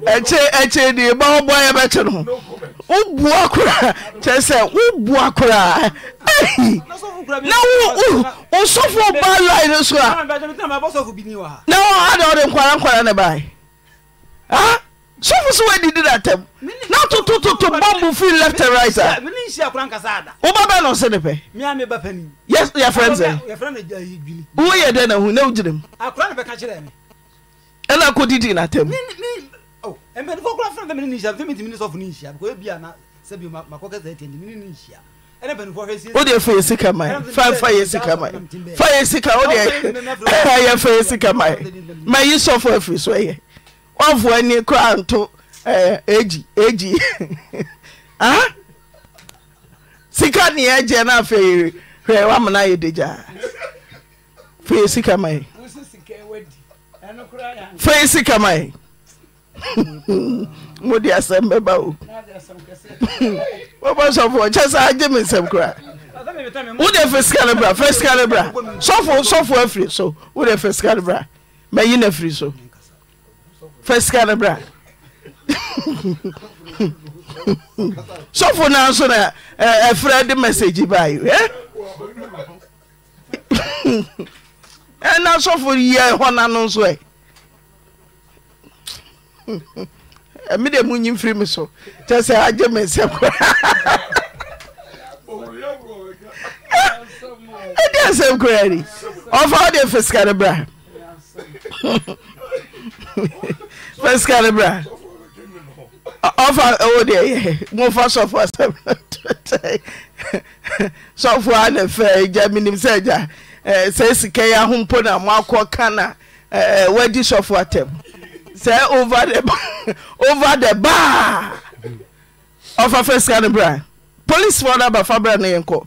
S2: ɛkyerɛ ɛkyerɛ ni ba ɔbɔ yɛ bɛkyɛ no wobua koraa kyerɛ sɛ wobua koraa
S3: na wo wo sɔfo ba line no so a na
S2: wo ada ɔde nkwara nkwara ne bae sofo so woadidi da atam na totototo bɔmbo fri left and right
S3: a wobaba no ɔse ne pɛ yɛfrɛ sɛ
S2: woyɛ dɛn na hu na wogyina
S3: mu ɛna kɔdidi no atam wode fa yɛ sika ma fafa yɛ sika
S2: ma fa yɛ sika wode yɛfa yɛ sika ma ma yi sɔfo afiri so ɛyɛ ọfụ anyị kora ntụ eh, eji eji ah? sika ni ya eji na afọ iri hwee wamụ na ya deja fee sika ma ya fee sika ma ya mo di asɛm bɛba o wɔbɔ sɔfo ɔkyɛ sɛ agye me nsɛm koraa
S3: wode fɛ sika no bra fɛ sika no bra sɔfo
S2: sɔfo afiri so wode fɛ sika no bra mayi so. First fɛ sika no bra sɔfo naa nso na ɛfrɛ de mɛsɛgyi baayi ɛna sɔfo yɛ hɔ na no nso ɛ ɛmi de mu nyi firi mi so kyɛ sɛ agye mi nsɛm koraa. ɛdi asɛm koraa ni ɔfa ɔde fisika ne bra. fɛ eh, eh, oh, eh, sika ne berɛ ɔfa wo deyɛ momfa sufoa sɛ sufoɔ a nɛ fɛ gya menim sɛ gya sɛa sikai aho mpo na mo akɔ kana woadi sufoa tɛm sɛ vove de baa ɔfa fi sika ne berɛ police fo no abafa berɛ no yɛnkɔ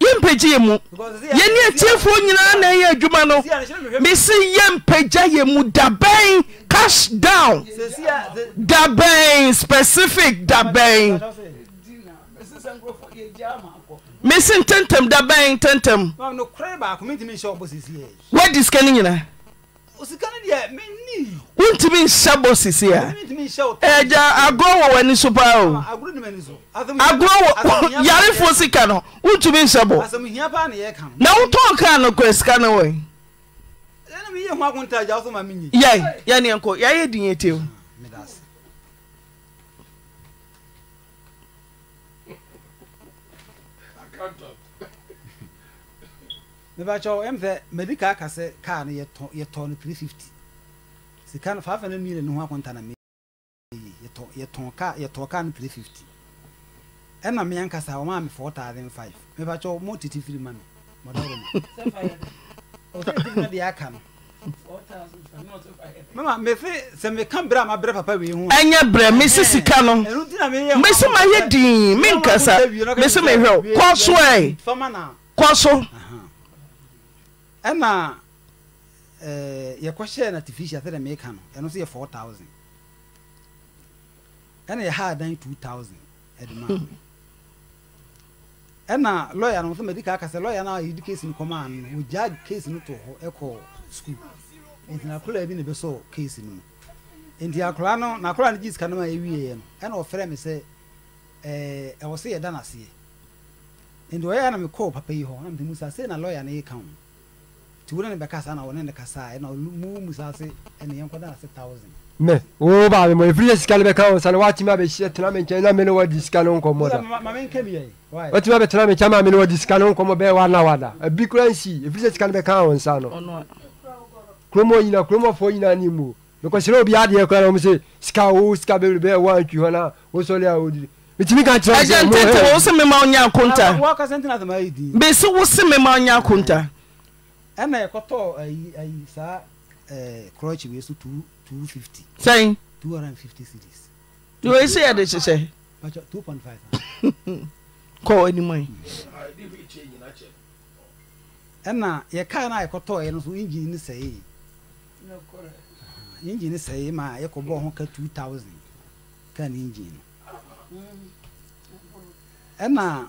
S2: yɛmpagya yɛ mu
S3: yɛne atiefoɔ nyinaa na ɛyɛ adwuma no
S2: mese yɛmpagya yɛ mu dabɛn cash down dabɛn specific dabɛn mese ntɛntɛm dabɛn ntɛntɛm wadi sika no nyinaa wontumi nhyɛ bɔ sesi
S3: aɛgya agorɔ wɔ w' ani so paa oyarefoɔ sika no wontumi nhyɛ bɔ
S2: na wotɔ kaa nokɔrɛ sika no wɔy yɛneɛnk yɛayɛ dunya tio
S3: mebakyɛw ɛm sɛ madi kaa ka sɛ kaa no yɛtɔ no three fifty sika no five hundred million ho akonta na yɛtɔ kaa no three fifty ɛna me ankasa ɔma me four thousand five mebakyɛw mo tete firi ma me mɔdɔre no ɔsɛ eh, no deɛ aka no mama mese sɛ meka berɛ a mabrɛ papa wei ho ɛnyɛ berɛ
S2: mese sika no
S3: mese mayɛ dii menkasa mese mehwɛw kɔ so ɛ kɔ so ɛna eh, yɛkɔhyɛɛ no artificial meeka no ɛno nso yɛ 4000 ɛna dan 2000 ɛde maa na ɛna lɔya no sɛ madi ka sɛ lɔya a yɛdi no kɔmaa no no to hɔ ɛkɔ nti bi no mu nti akoraa no no sika no ma ɛwieɛ no ɛna ɔfrɛ sɛ eh, ɛwɔ sɛ yɛda nti ɔyɛ na mekɔɔ papa yi hɔ na mtemu sa sei na lɔya no ho nti wo na ne bɛka saa na wɔne ne kasa ɛna mumu saa se ɛne yɛnkɔda ase thousand
S1: mɛ wo baa mi mɔ efiri yɛ sika ne bɛka o sani waati mi bɛ si tena mi nkyɛn na mi ni wa di sika ne nkɔmɔ da waati
S3: mi bɛ tena mi nkyɛn ma mi ni
S1: wa di sika ne nkɔmɔ bɛɛ wa na wa da ebi kura n si efiri yɛ sika ne bɛka o nsa no kuromɔ yina kuromɔ fɔ yina ni mu nkɔsirɛ obi adeɛ kura na wɔn se sika o sika bɛ bɛɛ wa ntwi hɔ na o sɔli a o diri mitumi ka kyerɛ ɔsɛ mo hɛ ɛjɛ ntɛntɛn wo se mi ma ɔnya akonta bɛsi wo se mi ma ɔnya akonta
S3: ɛna ɛkɔtɔ ayi ayi saa ɛɛ krɔkye wei so two two fifty. sɛn. two hundred and fifty cedis.
S2: tí o yẹ sẹ yẹ de ṣiṣẹ.
S3: pàṣẹ two point five. kọ ẹnimọ yìí. ɛna yɛ kaa no a yɛkɔtɔɔ yɛ no so engine no sɛe engine sɛe ma yɛkɔbɔɔ ho ka 2000 kaa no engine no ɛna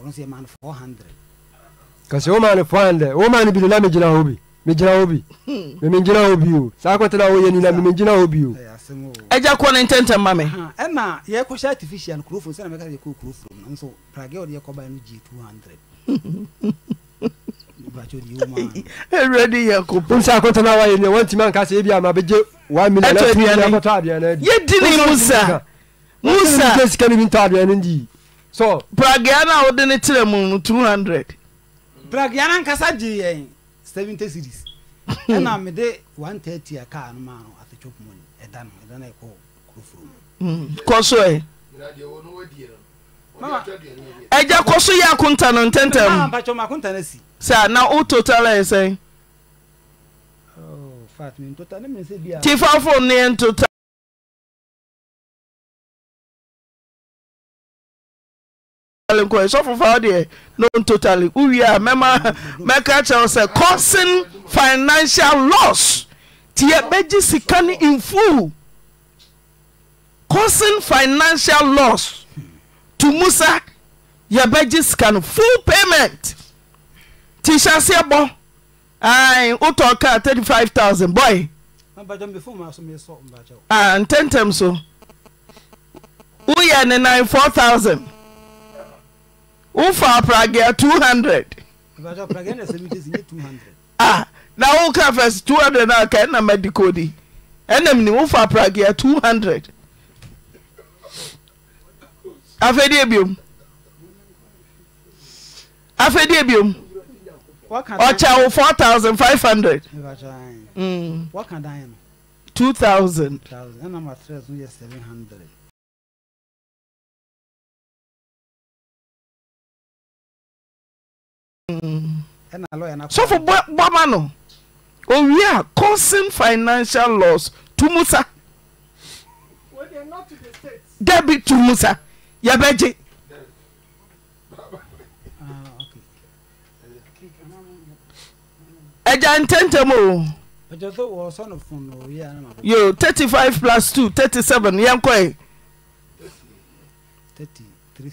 S3: ɔno yɛma no 400
S1: kasi woma no 400 woma no bi no na megyina hɔ bi megyina hɔ bi memegyina hɔ bi o saa kɔtena woyɛ ni na memegyina hɔ bi o agya kɔ ne ntɛntɛm ma me
S3: ɛna yɛkɔhyɛ artificial no kurofom sɛna mɛka yɛkɔ kurofom no nso g two hundred. pragɛ ɔde
S1: yɛkɔbae no gye 200 awurade yankopɔn sɛ akɔtana wayɛ neɛ wantimi anka sɛ ɛbi ama bɛgye 1 million akɔtɔ adeɛ no adi yɛdi ne musa musa sika no bi ntɔ adeɛ no ndi so
S2: pragea no a wode ne kyerɛ mu no 200
S3: pragea no ankasa gye yɛn 70 series ɛna mede 130 a kaa no maa no atwetwo pom ni ɛda no ɛda no ɛkɔ kurofuro mu
S2: hmm. kɔ so ɛ
S3: ɛgya kɔ so yɛ akonta no ntɛntɛm
S2: saa na wo total ɛ sɛn
S3: oh, tifa
S4: phone ne yɛ ntotal mɛka kyɛwo sɛ cosen
S2: financial loss ti yɛbɛgye sika no nfuu cosen financial loss to mu sa yɛbɛgye sika no ful payment nti hyɛseɛbɔ i wotɔka 35000 bɔntɛntɛm so woyɛ ne 94000 wofa praga t00na woka fis t00 aka ɛnaba dikodi ɛnamnim wofa pragea t00a adiɛ biomɔkyɛwo
S3: f0 50n000
S4: sọfọ bọọma no
S2: owie a causing financial loss tumusa debi tumusa yabegye. ẹja ntẹntẹm o.
S3: ẹjọ tó wọ sọnù fún un òye
S2: àná màbọ. yo thirty five plus two thirty seven
S4: yẹn kọ́ ẹ̀.
S3: thirty three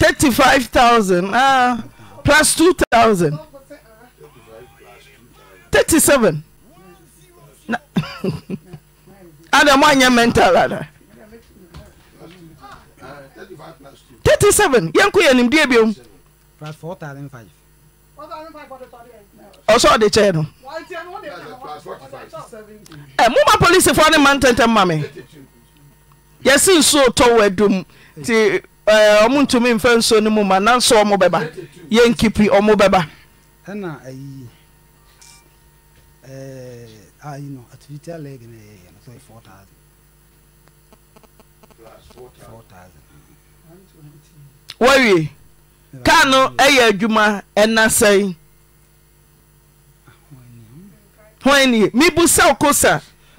S4: 3500 pus200037ada
S2: mo anyɛ mɛntala37 yɛnku yɛ nimdeɛ biom
S5: ɔsɛ ɔde kyɛɛ
S3: no moma polisifoa ne ma ntɛntɛm ma me
S2: yɛsensuotɔ wadum ɔmo eh, ntumi mfa nsuo no mu ma nanso ɔmo bɛba yɛ nkipi ɔmo bɛba
S3: ɛna ayi eh, ah, you know, activity leg na yɛ yɛ no so yɛ four thousand four thousand wɔwie kaa no
S2: ɛyɛ eh, adwuma ɛna eh, sɛn ah, hwan nie mibu sɛ ɔkosa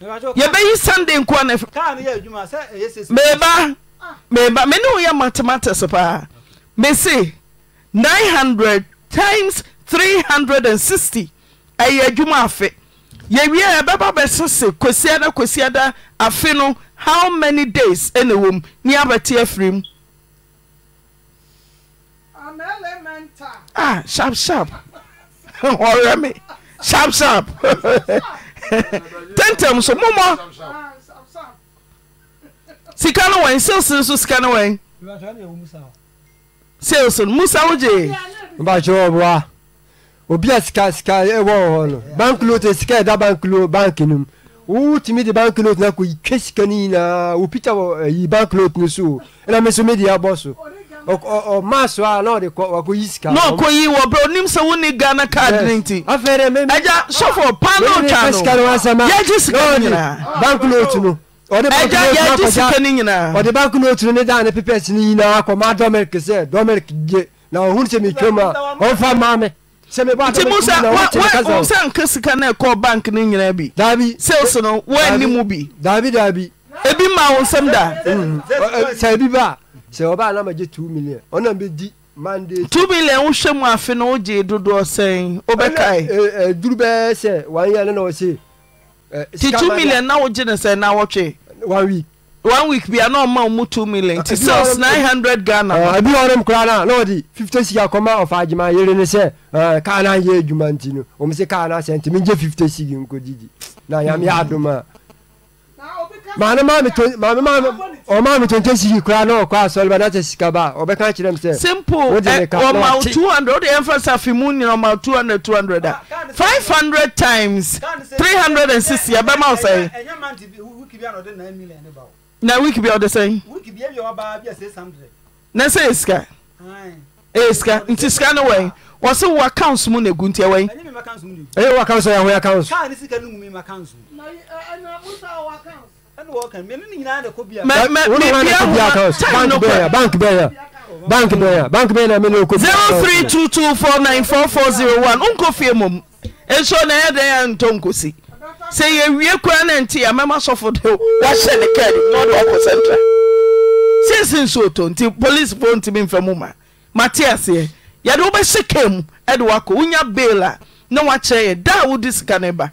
S3: yɛbɛyi sunday nk
S2: mene o yɛ matemate s paa me si tims s ayɛ adwuma afe yewiea ɛbɛba bɛse se kosiada kosiada afe no how many days nawom ne abɛte afiri m tɛntɛm so momɔ ah, sika no wɛn sales no so
S1: sika no wɛn sales no musa wo gyee mbakyerɛ ɔboa obi a sika sika ɛwɔ e, hɔ no bank lot sika ɛda bank lot bank no mu wotumi de bank lot no akɔtwa sika no nyinaa wopita wɔ ayi bank lot no so ɛna me so mede abɔ so ɔmaso a na ɔde wakɔyi sika na ɔkɔyi wɔ berɛ onim sɛ wonni ghana card no nti agya sɔfo paa na ɔtwa no
S2: yɛgye sika no nyinaa bank note
S1: no ɛgya yɛgye sika no nyinaa ɔde bank note no ne daa ne pepɛs no nyinaa kɔma dɔmerik sɛ dɔmerik gye na ɔhunu sɛ metwam a ɔmfa ma me nti musa sɛ nka sika no ɛkɔɔ bank no nyinaa bi daabi sales no woani mu bi daabi daabi ebi ma wo nsɛm da mm. sɛ ebi ba sɛ ɔbaa na ma gye two million ɔna bɛ di mandate. two million wohwɛ mu afe na wogye dodoɔ sɛn wobɛkae. ɛɛ ɛduru bɛɛ sɛ wɔn yɛ ne na wɔsi. ti two million
S2: na wogye ne sɛn na wɔtwe. one week. one week bia na ɔma ɔmu two million ti sales nine
S1: hundred ghana. ɛbi wɔn nom koraa na na wɔde fifty sika kɔma ɔfa adwuma yere ne sɛ kaa na yɛ adwuma nti no wɔn sɛ kaa na sɛn ti mi gye fifty sika nkɔ didi na yam yɛ a maame maame to maame maame ɔmaame tonte sisi kura na ɔkɔ asɔliba na tɛ sika ba ɔbɛka kyerɛ mi sɛ. simple ɛ two
S2: hundred o de yɛn fɛ safi mu nyina ɔma two hundred two hundred a five hundred times three hundred and sixty ɛbɛ ma ɔsɛ.
S3: na wiki bi a ɔde sɛn. wiki bi ebi ɔba bi ɛsɛ sandre.
S2: na sɛ esika. ee sika nti sika ne wɛn wɔsi wɔ accounts mu na egu nti ɛwɛn. ɛyɛ wɔ accounts yɛ ahoyɛ accounts.
S3: kaa ni sika ni mu mi ma accounts. na ɛ ɛ na musa wɔ accounts
S2: zero three two two four nine four four zero one n kò fie mu nso na ɛyɛ dɛ yɛ ntɔ nkosi sɛ yɛ wie kura na nti yɛ mɛma sɔfo de o wahyɛ ne kɛɛdi na ɔde ɔkɔ sɛntra sɛnsi nso tɔ nti polisi fo ntumi nfɛ mu ma ma te aseɛ yɛde wobɛhyɛ kɛɛ mu ɛde wakɔ wonya bail a na wakyerɛ yɛ da a wodi sika ne ba.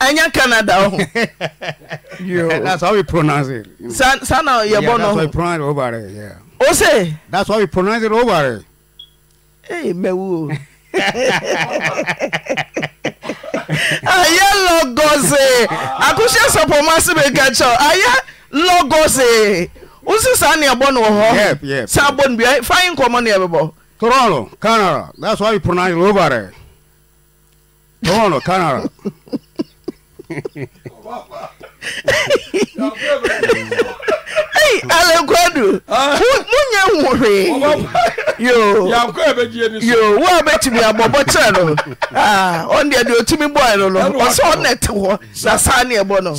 S2: anya canada hsanybɔsm yɛ lgos ako sa sɛpoma sɛbekaa ayɛ lgos
S8: osi saa na abɔn whɔ sa bɔnfainkɔmmɔ eh, nabɔ Hey,
S2: Alakwadu, munya nwore. Yo. Ya kwa ebeji ni so. Yo, wa betimi abobo che no. Ah, on dia de otimi boy no no. Oso net ho. Na sa na ebo no.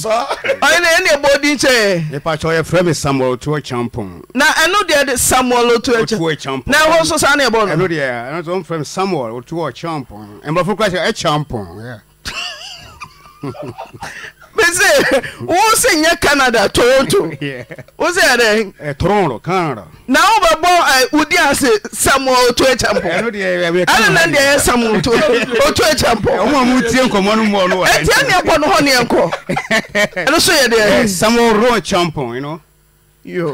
S2: Ai na ene ebo di che. Ne pa cho ye frame
S8: Samuel to a champion. Na eno dia de Samuel to a champion. Na ho so sa na ebo no. Eno dia, eno so frame Samuel to a champion. Embo fu kwa che ɛse eh? eh, wo se nyɛ canada eh, tonto
S2: wos yɛdɛn na wobɛbɔ wodi ase sam oto
S8: aampnna deɛ samahamptia nnepɔ no hɔnneɛnkɔ ɛn so yɛdeɛshamp yo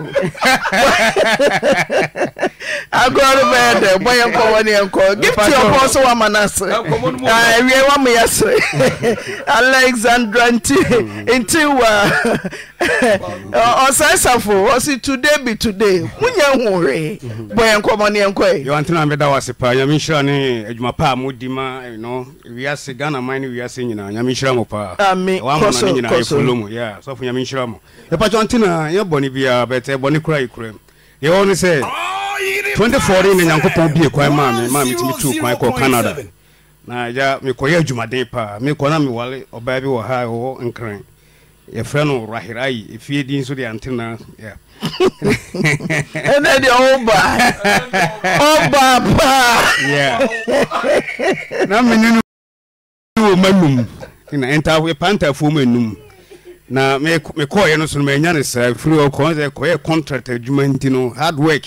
S8: agorɔ no bɛyɛ dɛ bɔ yɛ
S2: nkɔmɔ ne yɛnkɔ gift ɔpɔ so wama no ase awie wama yɛ se alexandra nti nti wa ɔsae safo ɔse today be today wonya hu hwee
S8: bɔ yɛ nkɔmɔ ne yɛnkɔe yɛwantena mɛda wo ase paa nyame nhyira ne adwuma pa a modi ma no wiase ghana man ne wiase nyinaa nyame nhyira mo paa ame kɔsɔ kɔsɔ sɔfo nyame nhyira mo yɛpa kyɛ ntena yɛbɔne biaa kaa bɛtɛ bɔne kora yɛ kuram yɛwɔ ne sɛ 24 de na nyankopɔn bie kwan maa me maa metumi tuu kwan kɔ canada na ya mekɔyɛ adwumaden paa mekɔ na mewale ɔbaa bi wɔ ha ɛwɔ nkran yɛfrɛ no rahirayi ɛfie din nso de antena ɛnɛ deɛ woba ɔba paa na mene no wɔ ma num na ɛntafoɔ ɛpantafoɔ mu anum na mekɔɔyɛ no so no manya ne saa firi hɔ kɔn sɛ kɔyɛ contract adwuma nti no hard work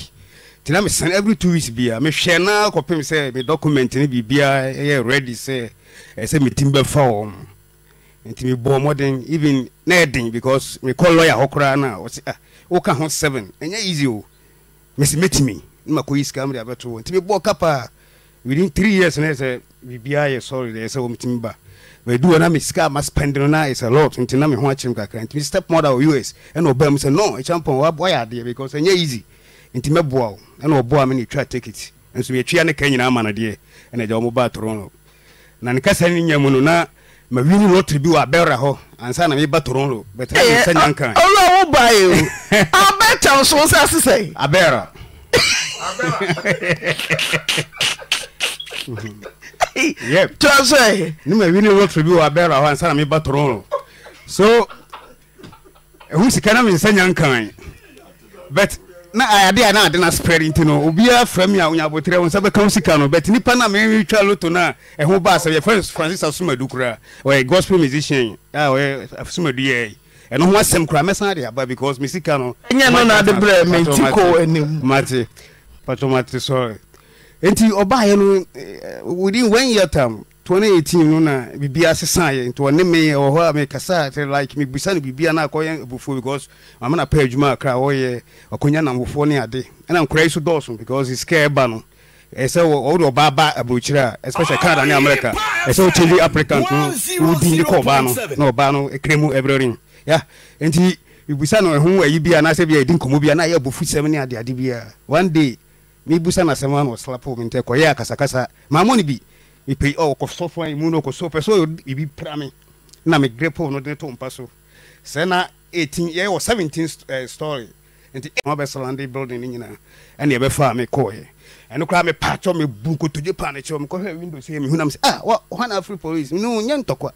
S8: nti na mesane every two weeks bia mehwɛ na kɔpem sɛ me document no biribiaa ɛyɛ ready sɛ ɛɛ e sɛ metim bɛfa wɔ m nti mebɔɔ mmɔden even na ɛden because mekɔ lawyer hɔ koraa no a ɔse ah woka ho seven ɛnyɛ e easy o mesi mɛtumi na makɔyi sika mede abɛto wɔ nti mebɔɔ kapa within three years na ɛ sɛ biribiaa yɛ sɔre deɛ ɛsɛ wɔmetumi ba we do na me sika maspendeno na is a lot nti na me ho akyerem kakra nti me mother of us ɛna no bam say no e champion wa boy ade because ɛnyɛ easy nti boa wo no boa me ne ɛtwa ticket nso yɛtwea ne kan nyina ma no deɛ ɛna agya wɔ mobaa toronto na ne kasa ni nya mu no na ma mawini lottery bi wɔ abɛwra hɔ ansa na me ba but e meba toronto kan o lo wo ba e o abɛkyɛw so sɛ ase a bera tí wọ́n sọ yìí. ní ma wi ni lọtọ bi wa bẹẹ rà hàn sanni mi ba tọrọ o so ehun sika náà mi nsa nya nkan yi but na ayade a náà de na spread nti no obiara fẹ mi a onyabotire wọn sábẹ kan sika no but nipa náà mi rí twa lọtọ náà ẹhun bá asẹ yẹ fẹ francis asumadu kura ọyẹ gospel musician a ọyẹ asumadu yẹ yìí ɛno ho asɛm koraa mɛsan de aba because me sika no ɛnyɛ no na ade brɛ menti kɔ anim mate patomate sɔre nti ɔbaayɛ no eh, within one year term 2018 no na biribi asesaeɛ nti ɔne me ɛwɔ hɔ a mekasa te like mebusa no biribia na akɔyɛ abufuo because mama na pɛ adwuma akra wɔyɛ ɔkɔnya namfofoɔ ne ade ɛna nkora yi so dɔɔso because sika ɛba no ɛsɛ wɔde ɔbaa ba aburokyire a especially canada ne america ɛsɛ wokyɛnde applicant no wodi ne kɔ ɔbaa no na ɔbaa no ɛkra mu everything ya nti mebusa na ɛho ayi bi anaasɛ bi a ɛdi nkɔmmɔ bi a na ɛyɛ abufu sɛm ne adeade bi a one day mebu sa nasɛm ana ɔsra po mentɛ kɔyɛ akasakasa maamɔne bi mepɛi ɔ oh, ɔkɔsɔfo ai mu no ɔkɔsɔ pɛ sɛ ɔyɛ biribi pra me na megrɛ po no de to mpa so sɛ na 18 yɛwɔ 17 uh, story nti eh, mabɛsalande building no nyinaa ɛne ɛbɛfaa me kɔɔyɛ ɛno koraa mepatɔ mebu nkotodwe paa no kyerɛ mekɔhwɛ window sɛ mehu nam sɛ ah hana afri police no nyɛ ntɔkwa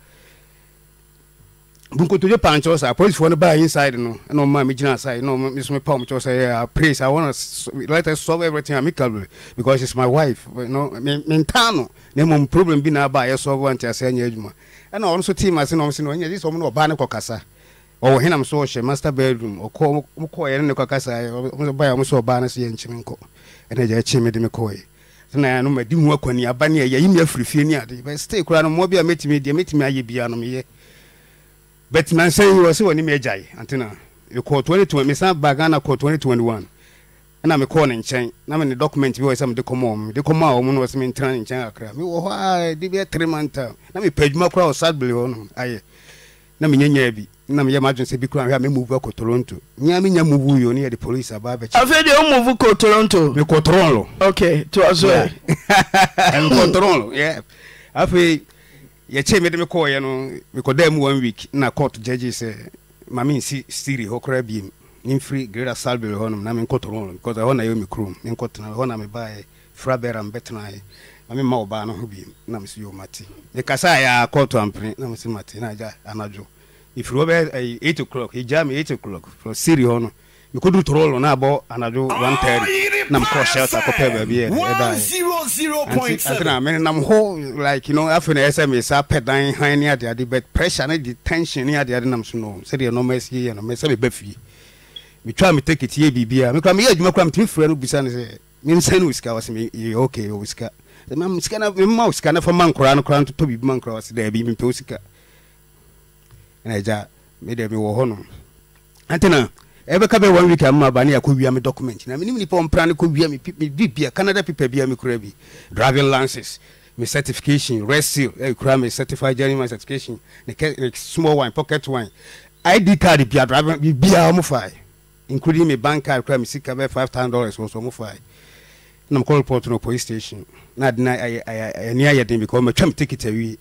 S8: bunkotoye paa nkyɛw sɛ apolisifoɔ no baa inside no ɛna ɔma me gyina aside na me so mepaw mekyɛw sɛ yeah, praise i want let us solve everything amicably because it's my wife you know, mentaa no na problem bi na aba a yɛsɔve ante asɛ anyɛ adwuma ɛna ɔno so tim ase na ɔm se no ɔnyɛ gye sɛ ɔm ɔbaa ne ɔwɔ so ɔhyɛ master bedroom ɔkɔ mokɔɔyɛ ne ne kɔkasa baɛ ɔm sɛ ɔbaa no so yɛnkyeme nkɔ ɛna gya de mede me kɔɔyɛ na no madi hu akwaniaba ne ɛyɛyi me afiri fie ne ade but stay koraa no mmɔ bi a mɛtumi deɛ mɛtumi ayɛ biaa no meyɛ but man say you sɛ wɔne me agyae antena you mekɔɔ 2020 mesan ba ghana call 2021 ɛna mekɔɔ ne nkyɛn na me document oh, uh. bi say me mede come mede kɔmɔ a ɔmu no wɔ sɛ mentena ne nkyɛn akra me wo ha de be tre months a na mepɛ adwuma koraa wɔ sad bill no aye na me menyanya bi na me yam adwen say bi koraa hwɛ a memuvu akɔ toronto me nya move yo ne the police aba bɛkyi afei
S2: deɛ move kɔ toronto me mekɔ toronlo
S8: ok toa so ɛ mekɔ toronlo yɛ afei yɛkyɛ mede me kɔɔyɛ no mekɔdaa mu one week na court judge sɛ mame nsi siri hɔ koraa biem memfiri greater salbury hɔnom na menkɔtɔrɔ because ɛhɔ na yɛ me kurom menkɔtena hɔ na mebaɛ frabɛra mbɛtenaɛ mame ma ɔbaa no ho biem na mesɛ yɛ mate mekasa yɛ court ampene na mesɛ mate na agya anadwo ɛfiri hɔ bɛyɛ 8 o'clock ɛgyaa me eight o'clock fɔ siri hɔ no mekɔduru torolo na abɔ anadwo 130 na mekɔɔ shelter kɔpɛ baabi
S7: ɛdaɛna
S8: menenam hɔ like no afei na ɛsɛ mesa pɛ dan han ne adeade but pressure ne de tension ne adeade nam so no sɛdeɛ nɔma asieɛ no mesɛ meba fie metwa meteketiyɛ biribia mekora meyɛ adwuma kora metumi frɛ no bisa no sɛ mensɛ no osika wɔsɛ meyɛ ok ɔwɔ sika sika na mema wo sika na fa ma nkoraa no koraa ntotɔ biribi ma nkoraa wɔsɛ daabi mempɛ wo sika ɛna agya mede mewɔ hɔ no antena ɛbɛka bɛ one week ama ba ne yɛkɔ wia me document na menim nipa ɔmpra ne kɔ wia bibia canada pipa bia me kura bi driving lances me certification red seal ɛkura eh, me certified journeyman certification ne small wine pocket wine id card bia driving bibia ɔmo including me bank card kura me sika bɛ five thousand dollars wɔn so ɔmo na mekɔ report no police station na ade na ɛni ayɛ den because matwa me ticket awie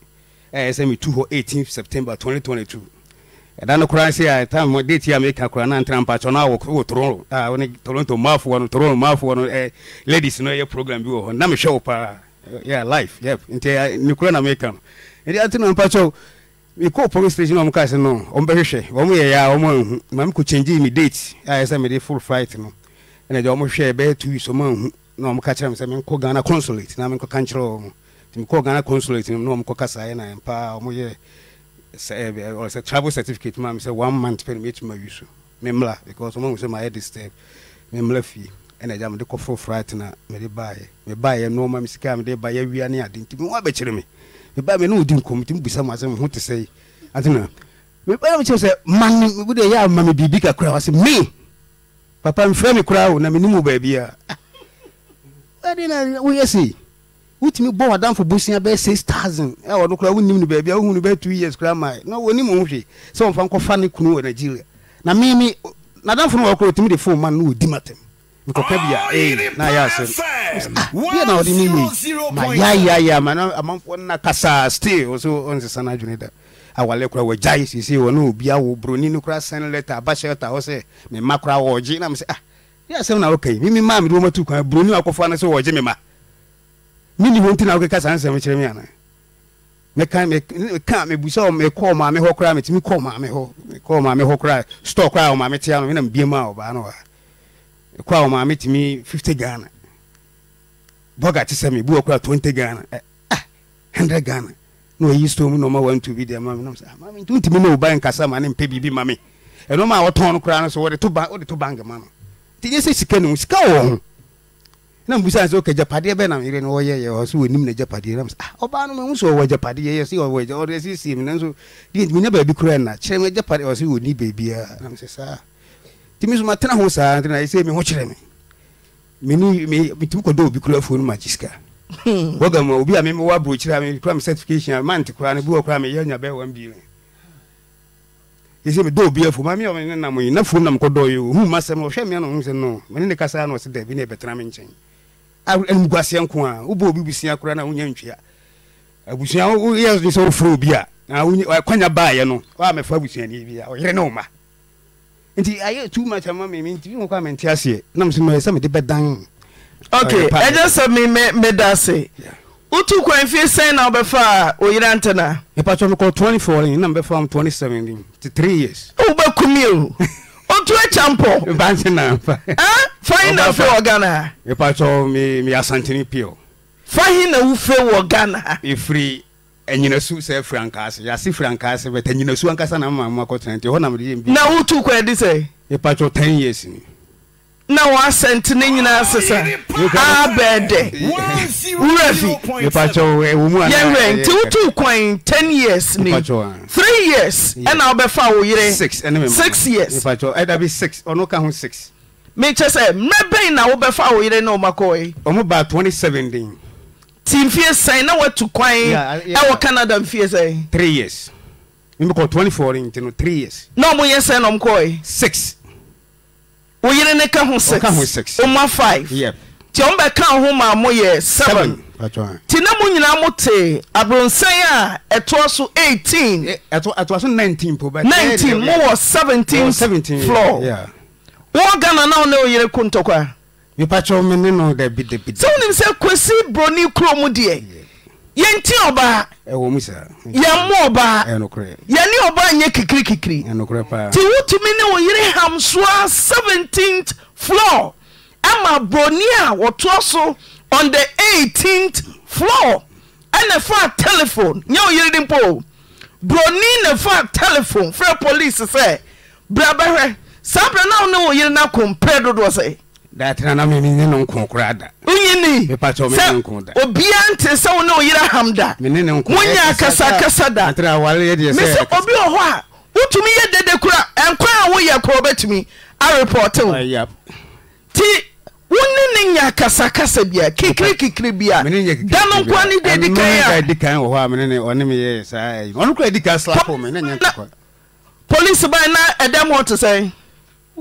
S8: eh, ɛyɛ sɛ metu hɔ eighteen september twenty twenty two ɛda no koraa se a tam date a meka kura na ntena mpakyɛ no a wɔ toronto a wone toronto maafoɔ no toronto maafoɔ no eh, ladies no ɛyɛ program bi wɔ hɔ na mehwɛ wo paa yeah life yep nti ne kura na meka no ɛde ate no mpakyɛw mekɔɔ police station na ɔmkaa sɛ no ɔmbɛhwehwɛ ɔm yɛyɛ a ɔm anhu ma mekɔkyɛngyee me date a ɛsɛ mede full flight no ɛna gya ɔmhwɛ ɛbɛyɛ two weeks ɔm anhu na ɔmka kyerɛ me sɛ menkɔ ghana consulate na menkɔka nkyerɛ ɔ mu nti mekɔɔ ghana consulate no na ɔmkɔkasaeɛ na ɛmpaa ɔmyɛ Eh, eh, or it's travel certificate ma sɛ one month pɛ ne mɛtumi ayi so memmla because ɔma hu sɛ mayɛ disturb memmla fie ɛna agya mede kɔforo may buy, may buy a eh, no ɔma they buy a mede ba yɛawia ne ade nti meho abɛkyerɛ me mebaeɛ me ne wodi nkɔm to say. I don't know. te buy antena mebaeɛ mekyerɛ sɛ would a young mammy be bigger crowd as me papa friendly crowd, and o oh, na menim baby. I didn't know, woyɛ see. wotumi bɔ wadamfo bosea bɛyɛ six thousand ɛ ɔno koraa wonim no baabi a wohu no bɛyɛ two years koraa ma na wɔnim ho hwee sɛ wɔmfa nkɔfa ne kunu wɔ nigeria na meme nadamfo no wɔkora ɔtumi de fon ma no na wɔdi matam nkɔka bia ee na ayɛ asɛm bia na ɔde ne yei ma yayaya ma na amanfoɔ no na kasa still wɔ so ɔnsesa no adwene da awale kura wɔ gyae siesie wɔ na obi awo broni no kura sɛn lɛta aba shelter hɔ sɛ mema kura wɔɔgye na m sɛ ah yɛ asɛm na woka yi meme maa mede wɔmatu kwan broni wakɔfoa no sɛ wɔɔgye me ma menim nti na wokeka saa nsɛm kyerɛ me ana meka mebusa mekɔ maame hɔ koraa metumi kɔ maame hɔ mekɔ maame hɔ koraa store koraa ɔmaame tea no mena mbiam a ɔbaa no ɔha ɛkɔ a ɔmaame tumi 50 ghana bɔga te sɛ me bi wɔ koraa 20 ghana 100 ghana na ɔyi store mu na ɔma wantu bi deɛ ma me nam sɛ ah, maame nti wontumi ne woba nkasa ma ne mpɛ biribi ma me ɛnɔma a wɔtɔn no koraa no so wɔde to bank ma no nti nyɛ sɛ sika ne ho sika wɔ ho na mbusa sɛ ɔka gyapadeɛ bɛ na yere no ɔyɛ sɛ wɔnim no gyapadeɛ nam ɔbaa no mahu sɛ ɔwɔ gyapadeɛ yɛ sɛ ɔwɔ ɔde siesie me nanso menya baabi kora nna kyerɛ me gyapadeɛ ɔ sɛ wɔni baabiaa nam sɛ saa timi so matena ho saa nti ɛsɛ me ho kyerɛ me metumi kɔdɔ obi kora afuo no magye sika hmm. wɔga obi a memewɔ aburokyire a mekora me certification a mante koraa no bi wɔ koraa meyɛ nya bɛɛ wan bio ɛsɛ medɔ obi afuo ma meɛ ɔmene nam yi na fuo nam kɔdɔ yɛ ɔhu masɛm ɔhwɛ me a na ɔhu sɛ no mene ne kasaa na ɔsɛ daabi ne ɛbɛtena me nkyɛn animguaseɛ nko a wobɔ obi busua koraa na wonya ntwea abusua woyɛ sɛ wofrɛ obi a kwanya baayɛ no waa mɛfa bi a ɔyere ne wo nti ayɛ too much ama me nti bi kɔ a mente aseɛ na mso mɛ sɛ mede bɛdan ok eh, ɛgye sɛ meda ase wotu kwan fie sɛn na wobɛfa a oyera ntena mepatɔ mekɔ 24 na mbɛfa m 27 3 years wobɛkumio otu echampo fahina eh? fe wɔ ghana mepatɔ me asantene pio fahina wofrɛ wɔ ghana ɛfiri anyinasu sɛ firi ankaase yɛase firi ankaase bɛtɛ anyinasu ankasa na mama makɔtena nti hɔ namdeyɛ na wotu kwadi sɛ mepatɔ 10 years ni
S2: na wɔasɛnte ne nyinaa sesa abɛɛdɛ ah, wura
S8: fiyɛwerɛ eh, eh, nti wotuu kwan ten years ni 3 years ɛna wobɛfa wo yere 6 years eh, mekyɛ sɛ mmerɛ bɛn na wobɛfa wo yere ne womakɔe ɔmo baa 2017
S2: nti mfie sɛn na woatu kwan ɛwɔ canada mfie sɛn Three years mbɛkɔ 24 nti no three years na ɔmoyɛ sɛn na ɔmkɔe Six wo yere ne ka ho 6 oma 5 nti ɔm bɛka ho ma mo yɛ 7
S8: nti
S2: na mo nyinaa mo te aborɔnsɛn a ɛtoa so 18 ɛtoa
S8: eh, so 19 po 19 mowɔ 17 floor wɔn ghana na ɔne oyere ko ntɔkwa mipakyɛw me ne no dabi dabi sɛ
S2: wonim sɛ kwasi buroni kuro mu deɛ yɛnti ɔbaa
S8: yɛmmo
S2: ɔbaa yɛne ɔbaa nyɛ kikirikikiri
S8: nti
S2: wotumi ne wo yere hamsoa 17th floor ama broni a wɔtoɔ so on the eighteenth floor ɛna faa telephone nyɛ wo yere ne mpo broni na faa telephone frɛ police sɛ bra bɛhwɛ saa berɛ na wo ne wo yere mi akɔ
S8: mprɛ dodoɔ sɛ ni sɛ obiaa
S2: nte sɛ wo ne wo yerɛ ham da
S8: wonya akasakasa da me sɛ
S2: obi wɔ hɔ a wotumi yɛ dede kora ɛnkwan a woyɛ kora wobɛtumi arepɔte wo nti wone ne nya akasakasa bia kekere kekere bia da
S8: no nkoa ne de di kan a polisi ban na ɛdɛm hɔ te sɛn.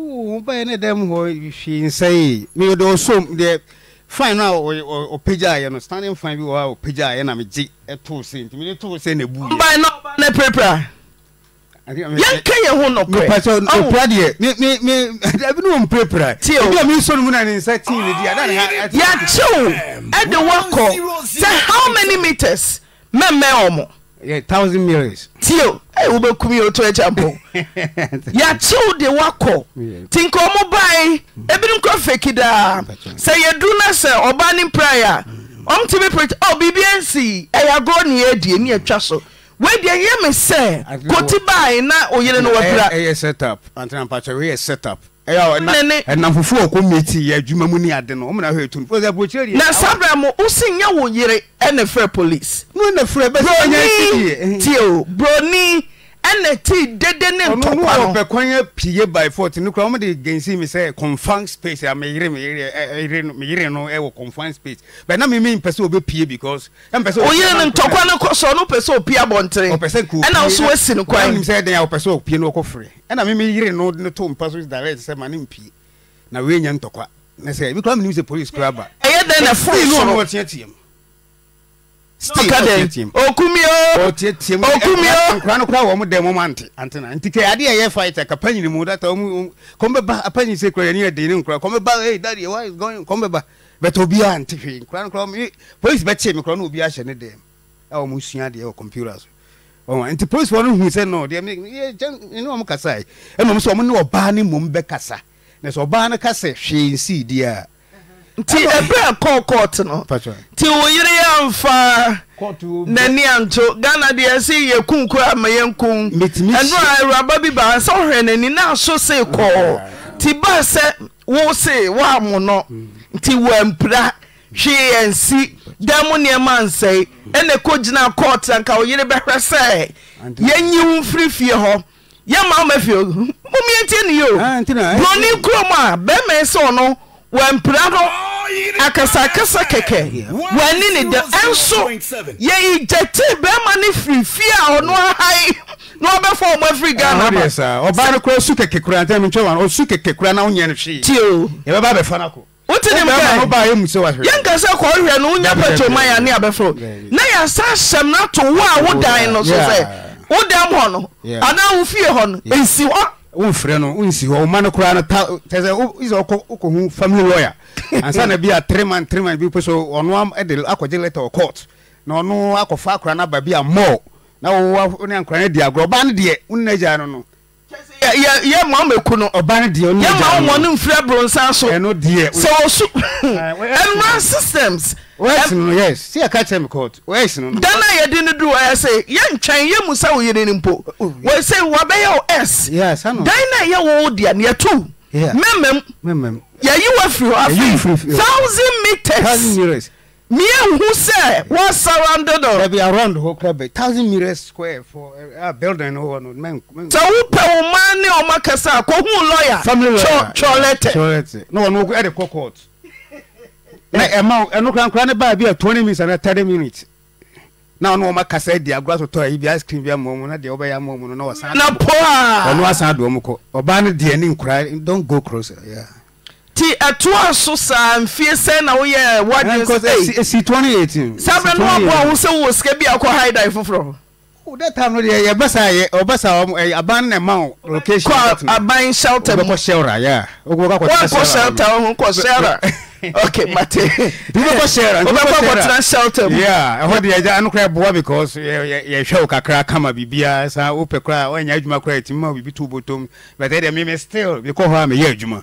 S8: wọ́n báyìí ní ẹ̀dá mu hɔ fi nsẹ́yìn mi ò dọ̀ ọ́ fine na ɔpagyaayɛ no standing fine bi wɔ a ɔpagyaayɛ na megye too se nti mede too se na bu mbae na ɔba ne prapra yɛnka yɛ ho nɔkorɛpra deɛ abi ne wɔ mprapra ɛbi a mesɔ no mu na ne nsa tii ne deɛ yɛakyew ɛde woakɔ
S2: sɛ how many meters mɛmmɛ ɔmo thousand millions. tio ẹ will bẹ kum tó ẹ kya Ya yàtúw de wakọ tí nka ọmọ báyìí ebinom kọ fèkì daa sẹ yẹ do náà sẹ ọba ní prayer ọm tí mi pèrè ọ bíbí ẹ nsì ẹ yà gọ prayer om ti mi pere o bibi e nsi ya go ni e die ni ẹ twa so wẹ́ẹ́ di ẹ yẹ mi sẹ kò tí báyìí na òyìnbó no eh, wọ́n pira. ẹ eh,
S8: yẹ eh, set up antenna mpatsọ set up. ɛnam fufuo ɔkɔ meti yɛ adwuma mu ne ade no ɔmna hɔ ɛtu na sabrɛ
S2: mo wosi nyɛ wo
S8: yere ɛne frɛ police no na frɛ bɛsɛ tie o broni ɛna ti dede ne ntɔkwa no ɔno ɔbɛ kwan apue by forty ne kura wɔn de gɛnsi mi sɛ confam space a meyere meyere ɛyere no meyere no ɛwɔ confam space bɛn na mi mi mpɛ sɛ obe pue because ɛmpɛ sɛ oyere ne ntɔkwa ne kɔsɔ ɔno pɛ sɛ opie abɔntere ɔpɛ sɛ nkɔ opie ɛna ɔso esi ne kwan ɛnim sɛ ɛdɛn a ɔpɛ sɛ opie no ɔkɔ fere ɛna mi mi yere no ne to mpa so direct sɛ ma ne mpie na wei nya ntɔkwa ne sɛ ebi kura mi nim sɛ police kura ba ɛyɛ dɛ na fo soro nkra no kora wɔ mo dɛ mo ma nte antena nti kɛ adeɛ ɛyɛ fighter kapa nyini mu data ɔmu kɔm bɛba apa nyi sɛ kura yɛne yɛde ne nkora kɔm bɛba hey daddy why is going kɔm bɛba but obiara nte hwee nkora no kora ɔmu eh, police bɛkyee me kora no obiara hyɛ ne dɛm ɛwɔ mo sua adeɛ wɔ computer so ɔn nti polisi wɔn hu sɛ nɔɔ deɛ yɛ kyɛn ɛna wɔn kasa yi ɛna wɔn sɛ wɔn ne ɔbaa ne mom bɛkasa kasa hwee nsii deɛ nti ɛberɛ a kɔɔ no nti wo yere
S2: yɛ amfaa n'ani anto ghana deɛ ɛsɛ yɛ kunkura ama yɛnkum ɛno a awuraba bi baa sɛ ɔhwɛ n'ani na aso se kɔɔ nti baa sɛ wo se woamo no hmm. nti wampira hwee ansi dan mu nneɛma ansɛe ɛna ɛkɔgyina kɔɔt anka wo yere bɛhwɛ sɛ yɛnyi wo mfiri fie hɔ yɛma woma fie momiɛntie ne yio ah, buroni kurom a bɛrima sɛ ɔno wɔampira no akasakasa kɛkɛ wɔani ne dɛ ɛnso yɛyigyatee bɛrima no firifie a ɔno ahae ah, na ɔbɛfa ɔmɔ afiri ghanaɔba
S8: no kura su kɛkɛ kora ntɛm ntwɛ wa ɔsu kɛkɛ kora na wonyɛ no hwee tio yɛbɛba bɛfa no akɔ wotene mkɛ yɛnka sɛ kɔhwɛ no wonya patoma yɛane abɛfrɛ na yɛasa hyɛm no ato wo a wodan no so sɛ wodan hɔ no anaa wo fie hɔ no ɛnsi hɔ umfire no wonsi hɔ ma no koraa no tɛsɛ wokɔhu family lawyer ansa na bi a three month three month bi pɛ so ɔno ɛde akɔgye letter court na ɔno akɔfa akora no aba bi a mall na wo ne ankora no di agorɔ ɔba no deɛ wonnagyaa no no yɛ ma ɔmɛ ku no yɛ ma ɔmɔ ne nfiri
S2: aburonsan so sɛ osu ɛnura systems. wɛɛsi no yɛs si ɛka kyerɛ mi kɔɔt wɛɛsi no. dana yɛde ne duro ayɛ sɛ yɛ ntwɛn yɛ musa wo yere ne mpo wɔsɛ wɔbɛyɛ o ɛs dan na yɛ wɔwɔ deɛ ne yɛtu mɛmɛm
S8: yɛyi wɔ firi hɔ afei thousand meters. Miye surrounded around? thousand square for uh, building miɛhu sɛ wɔsurrounded sɛ wopɛ wo ma ne ɔma kɛsɛ a kɔhuu lɔya kyɔlɛtɛ na ɛma ɛno korankora ne baa bi a twenty minutes ana thirty minutes na ɔno wɔn akasa di agorɔ asotɔ yi bi ice cream bi ama wɔn na deɛ ɔbɛyɛ ama wɔn no na ɔsan na po a ɔno asan do wɔn kɔ ɔbaa no deɛ ne nkora don go closer yeah. nti
S2: ɛtoa so saa na sɛn na woyɛ woadwene saa berɛ no woaboa wo sɛ wowɔ
S8: sika bi a wokɔ haidae foforɔ oh, that time no deɛ yɛbɛsa ɔbɛsa aban na ɛma wo location aban shelter shelter shelter adwuma koraa ɛtumi ma wo to meme still mekɔ hɔ a meyɛ adwuma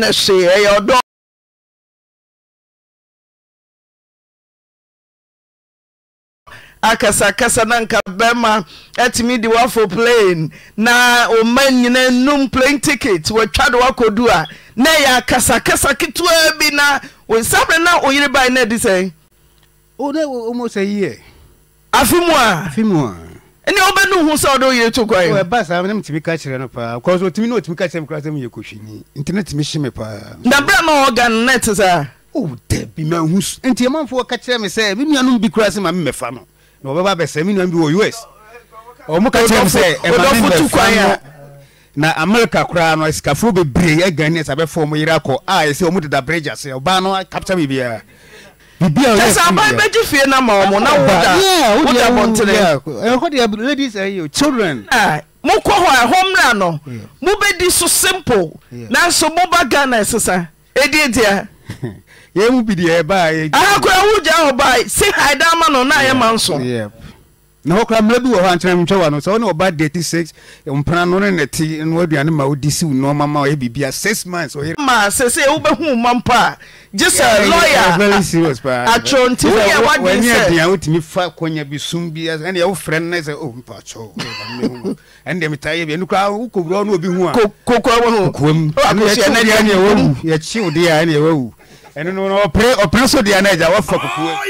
S4: na se ɛyɛ ɔdɔ akasakasa na nka bɛrima ɛtumi de wafo plane na
S2: ɔma nyina num plane ticket wɔtwa de wakɔdu a na ɛyɛ akasakasa ketewa
S8: bi na ɔsabere na ɔyere ban na ɛdi sɛn. o de o mo sɛ yie. afi mu a. afi mu a ɛne wobɛnu hu sɛ wode woyere to kwae ɛba saa na metumi ka kyerɛ no paa kɔ so ɔtumi na ɔtumi ka kyerɛ me kora sɛ meyɛ kɔhwini nti na tumi hye me paa na berɛ na ɔga no na ɛte saa o oh, dabi mahu s nti ɛmanfoɔ ka kyerɛ me sɛ me nuanom bi kora sɛ ma memɛfa no na wɔbɛba abɛsɛ me nuanom bi wɔ us ɔmo ka kyerɛ me sɛ ɛmamemɛfa no na america koraa no sikafoɔ bebree agani sɛ abɛfa ɔmo yere akɔ a ɛsɛ ɔmo deda brɛgya sɛ ɔbaa no capta biribiara bɛgye fie no ma ɔmo na woda bɔntere mokɔ hɔ ɛhɔ
S2: mmra no mobɛdi so simple nanso moba ghana ɛsesa ɛdi dia
S8: yɛmu bi deɛ ɛbaa ahakora wogya hɔ baa se hae da ama no na yɛ ma nso na hɔ kora mmerɛ bi wɔ hɔ ankyerɛ ntwa wa no sɛ wo ne ɔba 36 mpena no ne ne te no aduane ma wodi siw nɔɔma ma ɔyɛ biribia months ɔyɛ ma sɛ sɛ wobɛhu ma mpo a just a lawyer very serious paa atronti wo yɛ wadi sɛ wɔn yɛ diya o tumi fa kɔnya bi sun bi ɛni ɛwɔ fɛrɛ nɛ sɛ o npa tɔ ɛni dɛmɛ ta yɛ bi ɛni kura o kokura n'o bi hun wa kokura wɔ hun kokura mu ɛni yɛ tiw diya ɛni yɛ wɔ wu yɛ tiw diya ɛni yɛ wɔ wu ɛni no ɔpere ɔpere so diya n'ɛdja wɔ fɛ kokura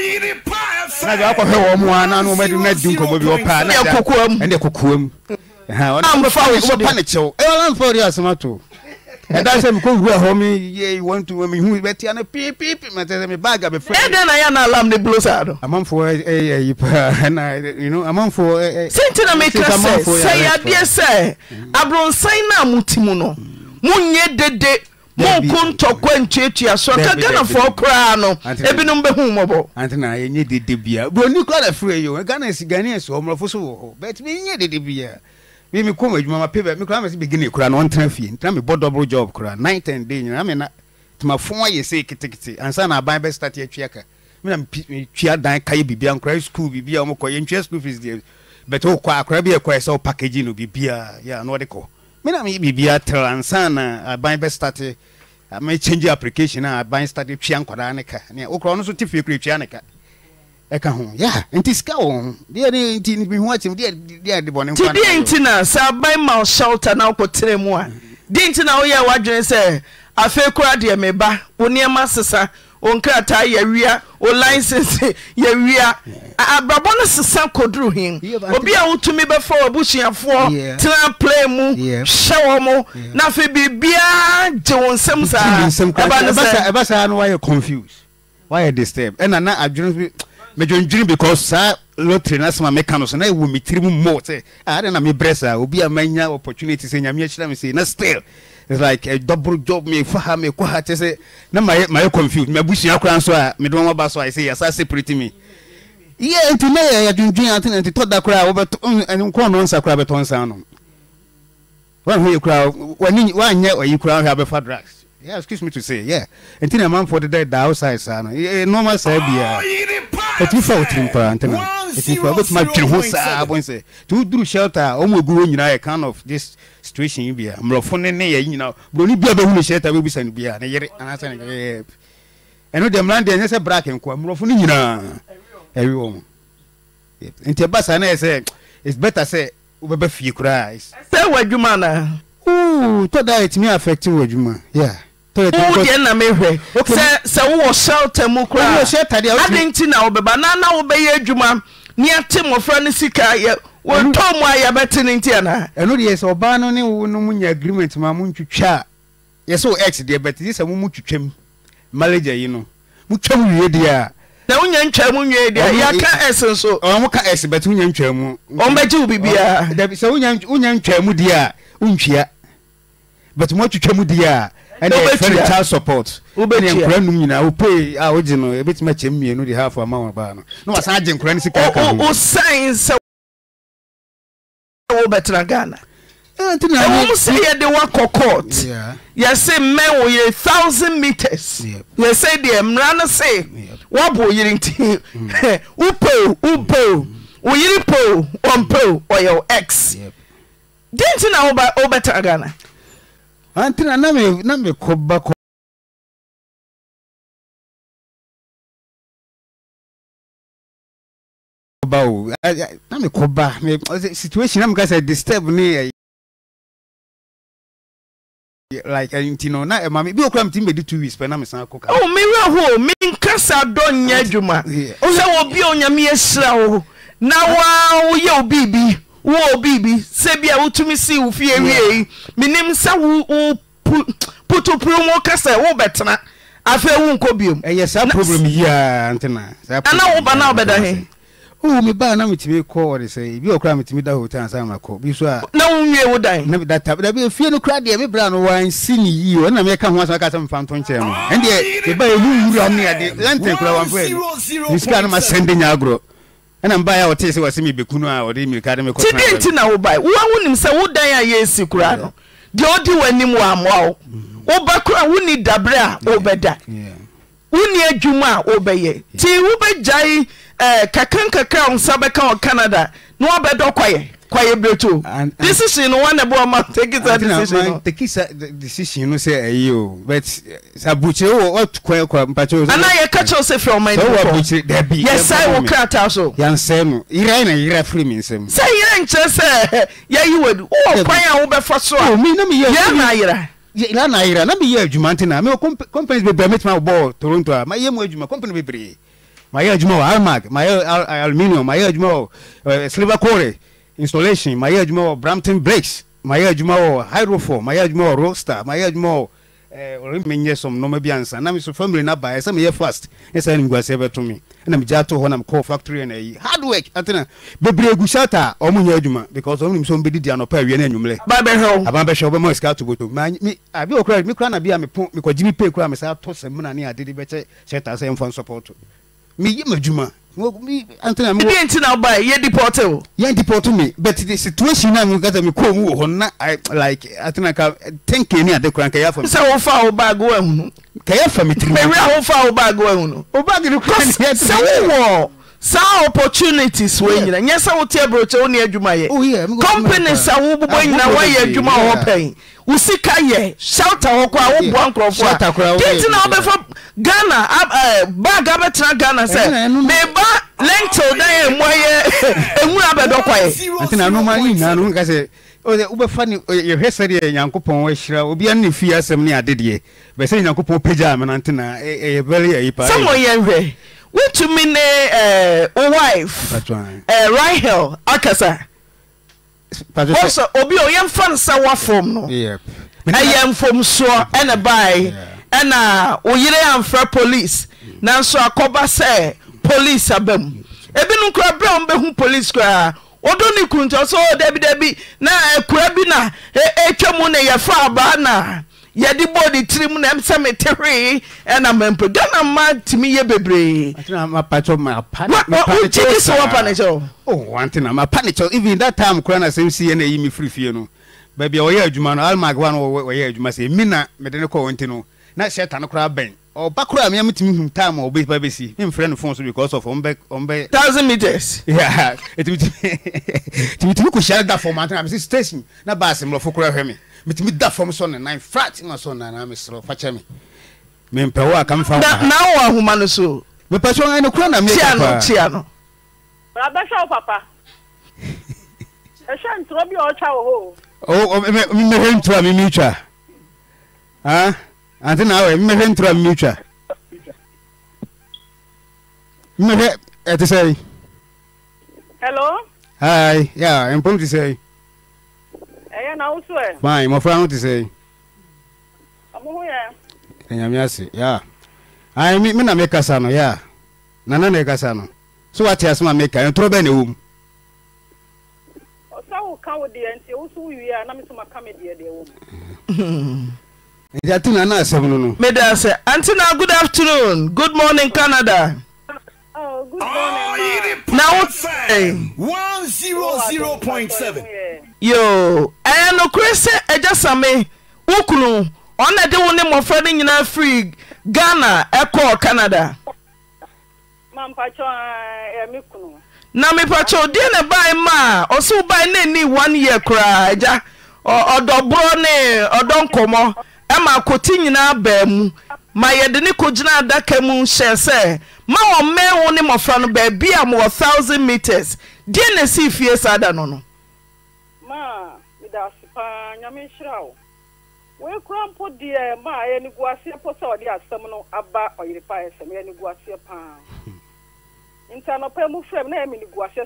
S8: n'ɛdja wɔ kɔfɛ wɔn mu a n'anu wɔn ɛdi di nkɔmɔ bi wɔ paa n'ɛdja ɛni yɛ kokura mu ɛni yɛ kokura mu ɛda sɛ mekɔ wura hɔ meyɛwɔntumehu bɛtia no pipipi mɛsɛ me bag a mm. bɛfɛdɛ na yɛ na alam ne blo saa no amanfoɔ mm. ɛyɛyi paa na amanfoɔ sɛnti na meka sɛ sɛ yɛadeɛ sɛ
S2: aborɔnsan no a moti mu no monyɛ dede moko ntɔkwa ntuatua so ka ghanafoɔ koraa no ebinom
S8: bɛhu mmɔbɔ antena ɛnyɛ dede bia buroni kora da frɛ yo ghana si ghanea si ɔmmorɔfo so wɔ hɔ but menyɛ dede biaa mi mi kɔn adwuma ma pebe mi kura mi si beginning kura na ɔntena fie ntina mi bɔ double job kura nine ten day nyina mi na tuma fɔn ayɛ se kitikiti ansa na aban bɛ start yɛ twia ka mi na mi twia dan ka yɛ bibia nkura yɛ school bibia ɔmo kɔ yɛ ntwia school fees deɛ bɛtɛ okɔ akura bi yɛ kɔ yɛ sɛ o package no bibia yɛ ano ɔde kɔ mi na mi yɛ bibia tɛrɛ ansa na aban bɛ start yɛ mi change application na aban start twia nkwadaa ne ka ne okura ɔno so ti fie kura twia ne ka ɛka ho ya nti sika wɔ ho deɛ de nti mihu akyɛm deɛ deɛ de bɔne nti deɛ nti
S2: na sɛ aban ma shelter na wokɔtena mu a deɛ nti na woyɛ wadwene sɛ afei koraa deɛ meba wo nneɛma sesa wo nkrataa yɛwia wo license yɛwia abrabɔ no sesa kɔduru him obi a wotumi bɛfa wabusuafoɔ tena play mu hyɛ
S8: wɔ mo na afei biribiaa gye wo nsɛm saa ɛba saa no wayɛ confused wayɛ disturb ɛna na adwene bi medwendwene because saa lottery no asɛm a meka no so na ɛwɔ me tiri mu mmɔ sɛ ah, ade na mebrɛ saa ah, obi a manya opportunity sɛ nyame akyira me sei na still it's like a double job mefa ha me ha kyɛ sɛ na mayɛ me mabusua koraa nso a mede mama ba so a ɛsɛ yɛsa separate me yɛ nti ya yɛ yɛdwendwene ante na nti tɔ da koraa wobɛtɔ mm, nkɔɔ no nsa koraa bɛtɔ nsa no wɔn ho yɛ koraa wɔanyɛ ɔyi koraa be abɛfa drugs yeah excuse me to say yeah nti na manfoɔ deda da outside saa no eh, eh, nneɛma saa biara oh, ɛtumi fa wotirim koraa nti na ɛtumi fa wobɛtumi adwene ho saa bɔn sɛ nti woduru shelter a ɔmo egu hɔ nyinaa kind of this situation yi bia mmorɔfo ne ne yɛ nyinaa buroni bia bɛhunu shelter bɛbisa no bia ne yere anaasɛ ne yɛɛ ɛno deɛ mmeranteɛ nyɛ sɛ black nkoa mmorɔfo no nyinaa ɛwi wɔn nti ɛba saa na yɛ sɛ it's better sɛ wobɛbɛ fie koraa. sɛ wɔ adwuma na. ooo tɔ da yɛ tumi affect wɔ adwuma yeah wodeɛ na mehwɛ
S2: sɛ wowɔ shelter mu koraade nti na wobɛba na na wobɛyɛ adwuma
S8: ni ate mmɔfra no sika yɛ wɔtɔ mu a yɛbɛte no nti anaa ɛno deɛ sɛ ɔbaa no ne wo no mu nya agreement ma montwitwa a yɛ sɛ wo x deɛ bɛte gye sɛ mo mu twitwam malager yi no motwam wie deɛ na wonya ntwa mu nwie deɛ yɛaka s nso ɔmo ka s bɛte wonya ntwa mu ɔmbɛgye wo biribiaa sɛ wonya ntwa mu deɛ a wontwia but moatwitwa mu deɛ a an nynoenoɛtumi kyɛwsa gye nkra noswosane
S2: sɛ wobɛtera hana wom sɛ yɛde wokɔkt yɛse mɛ wo yere ousa0 metrs yɛsɛ deɛ mmara no se woabo oyere nti mm. wopɛwo woyere po pɛ ɔyɛwo x deɛ nti na wobɛtera
S4: hana anti nambekobako bawo
S8: na mi kɔ ba mi situation na eh, mi ka sɛ disturb ne like nti na ɛma mi bi okura mi ti two weeks pɛ na mi san kɔ ka. ɔ oh, mi wura hɔ mi nkasa dɔ nyɛ adwuma sɛ obi a onyame yɛ sira o
S2: na wa oyɛ obi bi. wo obiibi sɛbi a wotumi sii wo fie wiei menim sɛ wo putopuro mu ka sɛ wobɛtena afei
S8: wonkɔ biom ɛyɛ saa problem yia ntena ana woba na wobɛda he wo me ba na metumi kɔ ɔde sɛ bi ɔkora metumi da hotel ansa makɔ bi so a na wonwie wo dan dabi fie no kora deɛ mebrɛ no wansi ne yie ɔna meka ho asɛm ka sɛ mfa nto nkyerɛ no ɛndeɛ ɛba ɛhu wura ne ade lɛntɛn kora wamfɛ mesika no masɛnde nya agorɔ nabɔtsɛ sbɛktideɛ nti na woba wowa wo nim sɛ wo dan ayɛ si koraa
S2: no deɛ wode w'anim wɔ amoawo mm-hmm. wobɛ kora wo ni daberɛ a wobɛda wonni adwuma a worbɛyɛ nti wobɛgyae eh, kakrankakra ɔsa bɛka wɔ canada na woabɛdɔ kɔeɛ kwaye breto decision no one ebo ma take that decision no take
S8: that decision no say ayi o but sabuche wo what kwaye kwa mpacho ana ye ka cho se from my so abuche there be yes i wo krata so yan say no ira na ira free me nsem say ira nche say ye yi wo wo kwaye wo be fa so o mi na mi ye ye na ira ira na ira na mi ye adwuma ntina me companies bebre me tma bo toronto a ma ye mu adwuma company bebre ma ye adwuma wa armag ma ye aluminium ma ye silver quarry installation mayɛ adwuma wɔ brampton breaks mayɛ adwuma wɔ hydrofor mayɛ adwuma wɔ roaster mayɛ eh, adwuma wɔ ɔrɛ mi nyɛ sɔm nɔɔma bi ansa na mi so family na ba ɛsɛ mi yɛ fast ɛsɛ ɛni nguase bɛ to mi ɛna mi gya to hɔ na mi kɔ factory ɛna yi hard work atena bebree gu shata ɔmo nyɛ adwuma because ɔmo nimisɔn bɛ didi anɔpɛ awia ne enyimlɛ. aba bɛ hɛ o. aba bɛ hɛ o bɛ mɔ esika toboto maa mi abi okura mi kura na bi a mi pɔn mi kɔ jimi pe kura mi sa to sɛmina ni adidi bɛ kyɛ shata sɛ nfa nsɔpɔtɔ mi yi ma adwuma ɛdeɛ nti na woba yɛ deport o yɛ deport me but the situation na mekasa mekɔɔ mu wɔ hɔ na like atena ka tenke ni ade kora nkɛyɛ fa sɛ wofa wo bag woahunu kɛyɛ fa me tiri mɛwerɛ a wofa wo bag woahunu wo bag no sɛ saa opportunities
S2: wɔ nyina nyɛ sɛ wote abrɛkyɛ wo ne adwuma yɛ oh, company sa wobobɔ ah, nyina woayɛ adwuma wɔ pɛi wo sika yɛ shelter hɔ koraa woboa nkurɔfoɔ na wobɛfa
S8: ghana eh, bag abɛtena ghana sɛ meba lentil dan a ɛwura wobɛfa ne yɛhwɛ sɛdeɛ nyankopɔn ne fie asɛm ne adedeɛ nyankopɔn sɛ
S2: wotumi ne eh, wife rihel eh, akasa sɛ obi ɔyɛmfa ne sɛ woafom no ɛyɛ mfomsoɔ ɛne bae ɛna wo a amfra police nanso akɔba sɛ police aba mu ebinom kora berɛ a wombɛhu police koraa wɔdɔ ne kuru so ɔ sɛ dabi dabi na ekura eh, bi na ɛtwa mu ne fa abaa na yɛde bɔɔ ne tirim na ɛm sɛ mete hwee ɛna mampɛ
S8: ghana ma tumi yɛ bebree wogyedi sɛ wopa ne kyɛw even that time kora na sɛm siyɛ no ɛyi me firi fie no baabi a ɔyɛ adwuma no almag wa no ɔyɛ adwuma sɛ mi na mede ne kɔɔ nti no na hyɛ ta no koraa bɛn ọba kura mi amitumi hun taama ọba ipa bẹ si mi n fẹrẹ ni fọn so because of ọmọbẹ ọmọbẹ. thousand meters. yaa tìmítìmí kò ṣiara da fọm àti àmì station na baasi mọlọfọ kura hwẹ mi mìtìmí da fọm sọ nà nàn flat nà sọ nà nà mi sọrọ fàkyẹ mi mi n pẹ wọ àkànfà wọn. na na wọ ahoma no so. mi pẹ sọ ẹni kura na mi yẹ papa. tia no tia no. bàbá bẹ
S6: sọ papa ẹ ṣe ntúrọ bí ọ̀ọ́ twa wò
S8: ó. ọ mẹhẹ ntúrọ mi mi twa. ante na naawe mmehwɛ ntura mmetwa mmehwɛ ɛte sɛ hello hi ya mpom te sɛ
S6: ɛyɛ na wo so ɛ
S8: fine mmɔfra ho te sɛ ɔmo ho yɛ anyame ase ya ae me na me kasa no ya na na na kasa no so wate asɛm a meka ɛntorɔ bɛn ne ɛwɔ mu
S6: ɔsɛ wo ka wo deɛ nti wo so wo wie na me so maka me deɛ deɛ
S2: wɔ meda sɛ antina good afternoon good morning canada oh, oh, yo ɛyɛ nokorɛ sɛ agya same wo kunu ɔna de wo ne mmɔfra no nyinaa firi ghana ɛkɔɔ canada na mepakyɛw deɛ ne bae maa ɔsɛ wo bae na ni one year koraa eh, agya ɔdɔborɔ ne ɔdɔ nkɔmmɔ ma kote nyinaa baa mu ma yɛde ne adaka mu hyɛ sɛ ma wɔ wo ne mmɔfra no baabi a mowɔ thousand meters deɛ na ɛsii fie saa da no no
S6: wei kora mpo deɛ ma a yɛne gu po sɛ ɔde asɛm no aba ɔyere pa ɛsɛm yɛne paa nti mu na sɛ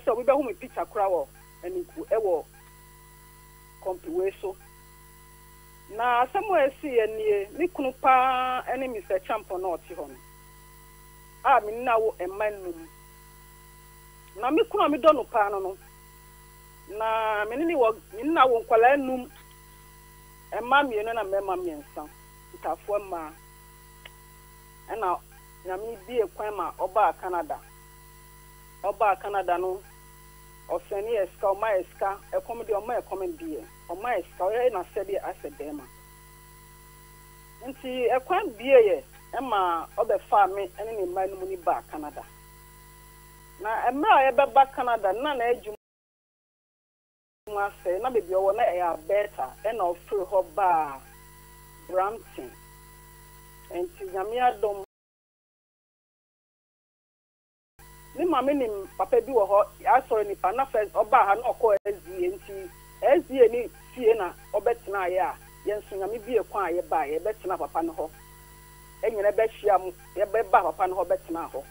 S6: wɔ ɛwɔ so na asɛm a ɛsi yɛ nie me kunu paa ne mr champo na ɔte hɔ no a me na wo mma nnum na me kunu a medɔ no paa no no na me ne wɔ me wo nkwadaa nnum mma mmienu na mmarima mmiɛnsa ntafoɔ mmaa ɛna nyame bie kwan ma ɔbaa canada ɔbaa canada no ɔsɛne yɛ sika ɔma yɛ sika ɛkɔm deɛ ɔma ɛkɔm deɛ ɔmaa sika na sɛdeɛ asɛ bɛrima nti ɛkwan bie yɛ ịma ɔbɛfaa me ɛne ne baa canada na mmerɛ a yɛbɛba canada na na adwuma mu asɛ na beebi na ɛyɛ abeta ɛna ɔfiri baa brampton nti nyame adom ne maame ne papa bi wɔ hɔ asɔre nipa na fɛ ɔbaa ha na ɔkɔ ɛzie nti ɛzie fie na ɔbɛtena ayɛ a yɛn nyame bi a yɛba a yɛbɛtena papa no hɔ ɛnyina bɛhyia mu yɛbɛba papa no hɔ bɛtena hɔ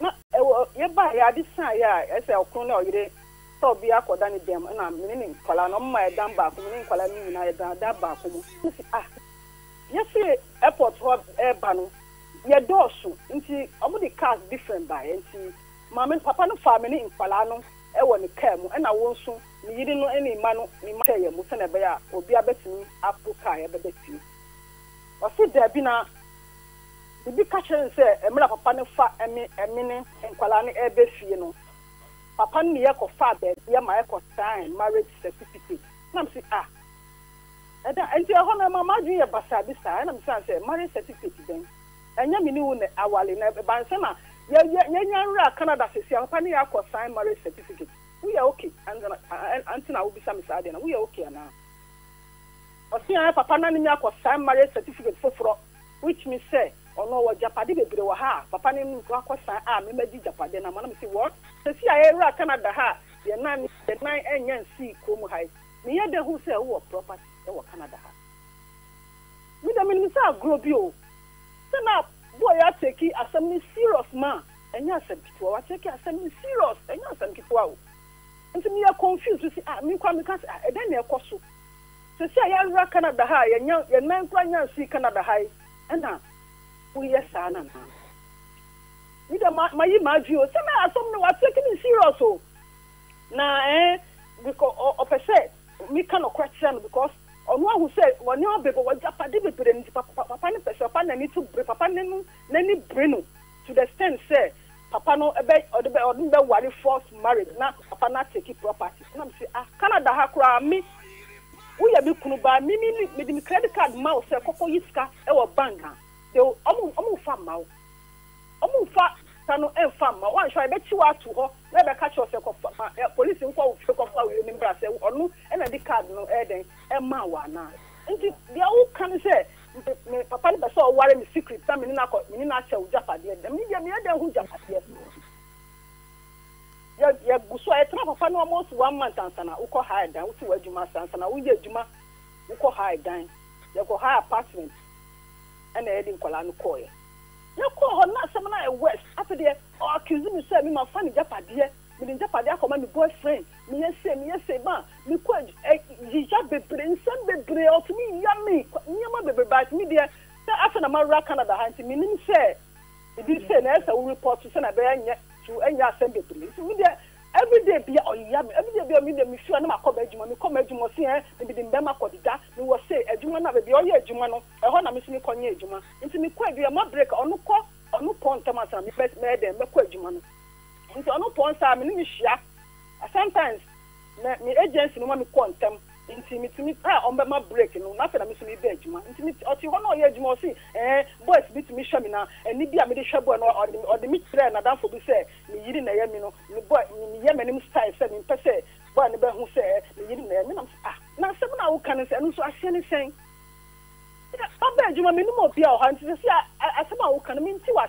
S6: na ɛwɔ yɛade san na ɔyere sɛ ɔbi akɔda ne dɛm na mene ne nkwadaa no ɔmma ɛdan baako mu ne nyinaa yɛdan dan baako mu. yɛsi hɔ ɛɛba no. yɛ dɔɔso nti ɔmo de cars different ba yɛ nti maame papa no faa mi ne no ɛwɔ ne mu ɛna wɔn nso ne yiri no ɛne mma no ne mma yɛ mu sɛnɛ ɛbɛyɛ a obi abɛtumi apo kaa yɛ bɛbɛ tie ɔsi dɛbi na bibi ka kyerɛ nsɛ ɛmira papa ne fa ɛmi ɛmi ne fie no papa no ne yɛ kɔ faa bɛɛbi ɛma yɛ kɔ sign marriage certificate nam si a ah, ɛda nti ɛhɔ no ɛma maa dun yɛ basaa bi saa ɛnam si a sɛ marriage certificate bɛn. ɛnyɛ mi ni wo na awale na bansi na yɛnya nwura canada sisi a papa ne yɛ sign marriage certificate woyɛ okay antina wobisa mi saa deɛ na woyɛ okay ana ɔsia papa na ne mi akɔ sign marriage certificate foforɔ which means sɛ ɔno wɔ japade bebree wɔ ha papa ne mi nkɔ akɔ sign a mi mɛma di japade na mana mi si wɔn sisi a yɛwura canada ha a yɛ nan yɛ nan e ɛnyɛ nsi kurom ha yi ne yɛ de ho sɛ wowɔ property ɛwɔ canada ha mi dɛm ni mi sɛ agorɔ bi o sɛna boɔyɛ atɛki asɛm no serious ma a ɛnyɛ asɛm ketewa watɛki asɛm no serious ɛnyɛ asɛm ketewa o nti meyɛ confused si a menkɔ meka sɛ ɛdɛn na ɛkɔ so sɛ sɛ yɛawera canada ha yɛnya yɛnan kora nya sii canada ha yi ɛna woyɛ saa na naa mi dɛ mayi maadwi o sɛna asɛm no watɛki no serious o na ɛɛ because ɔpɛ sɛ meka nɔkora kyerɛ because ɔno ahu sɛ wɔne ɔbɛbɔ wɔgyapade bebree nti papa no pɛ sɛ papa n'ani to bere papa n'ani bere no to the extent sɛ papa no ɛbɛ ɔde bɛ ɔde bɛ ware force marriage na papa na take property na mi sɛ ah canada ha koraa mi woyɛ bi kunu baa mi mi mi de mi credit card ma wo sɛ kɔkɔ yi sika ɛwɔ bank ha ọmụ ɔmo fa ma wo ɔmo fa sa no ɛmfa mma wanhwɛ a yɛbɛkyi wato hɔ na ɛbɛka kyerɛ sɛ polisi nkɔ wofe kɔfa wie ne mbra sɛ ɔno ɛna de card no ɛdɛn ɛma wɔ anaa nti deɛ woka papa no bɛ sɛ ɔware me na mene no akyɛ wo gyapadeɛ dɛm ne deɛ meyɛ dɛn ho gyapadeɛ yɛgu so a yɛtena papa no wokɔ ha dan wosi w'adwuma sansana yɛkɔ hɔ na asɛm no ayɛ west afe deɛ ɔakuse me sɛ memafa ne gyapadeɛ mede gyapadeɛ akɔma me boyfriend meyɛ se meyɛ se ma mekɔ yiya bebree nsɛm bebree ɔtumi ya me nneɛma bebree mi deɛ sɛ afe na mawura canada ha nti menim sɛ ɛbi se na ɛsɛ wo report sɛ na bɛyɛ nyɛ to ɛnyɛ asɛm bebree nti medeɛ everyday bia ɔyia oh, mi everyday eh, bia mi de mi fia ne ma kɔ ba adwuma mi kɔ ma adwuma si yɛn ne bi de mbɛma kɔ deda mi wɔ se adwuma na beebi ɔyɛ adwuma no ɛhɔ eh, na mi si mi kɔ nye adwuma nti mi kɔ adwuma ma break ɔno kɔ ɔno pɔn ntɛm asa mi bɛ mɛ dɛ mɛ kɔ adwuma no nti ɔno pɔn sa mi ne mi hyia sometimes mɛ mi agency no ma mi kɔ ntɛm nti mitumi a ɔmbɛma break no n'afɛ na mitumi bɛ adwuma nti mit ɔte hɔ na ɔyɛ adwuma ɔsi ɛɛ boys bi tumi hwɛ mi na ɛni bi a mi de hwɛ boy no ɔde ɔde mi kyerɛ n'adanfo bi sɛ mi yiri na ɛyɛ mi no mi boy mi yɛ mɛnim style sɛ mi mpɛ sɛ boy ne bɛ hu sɛ mi yiri na ɛyɛ mi nam sɛ ah na asɛm na awo ka ne sɛ ɛno nso ahyɛ ne sɛn ɔbɛ adwuma mi nim obi a ɔha nti sɛ si a asɛm awo ka ne mi nti wa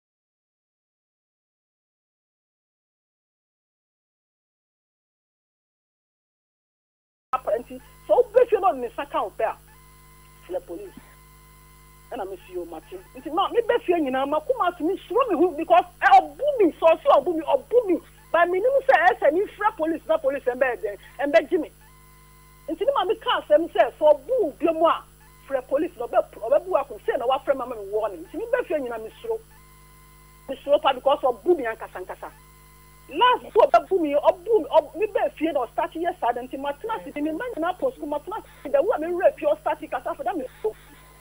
S6: saka wo pɛ a frɛ police ɛna mefie o mate nti ma mebɛfie nyinaa ma kuma to mesuro me ho because ɔbu mi sɛ ɔse ɔbu mi ɔbu mi but menim sɛ ɛsɛ mefrɛ police na police ɛmbɛyɛ dɛn ɛmbɛgye me nti ne ma meka asɛm sɛ sɛ ɔbu wo bia mu a frɛ police na ɔbɛbu wako sɛ na wafrɛ ma ma me wɔɔ ne nti mebɛfie nyinaa mesuro mesuro pa because ɔbu mi ankasankasa nurse wo bɛ bu mi ɔbu mi ɔbu mi bɛ fie na ɔsati yɛ saa de nti ma tena si mi ma nyina pɔ sukuu ma tena si de wo a mi nwura fie ɔsati kasa fɔ dami o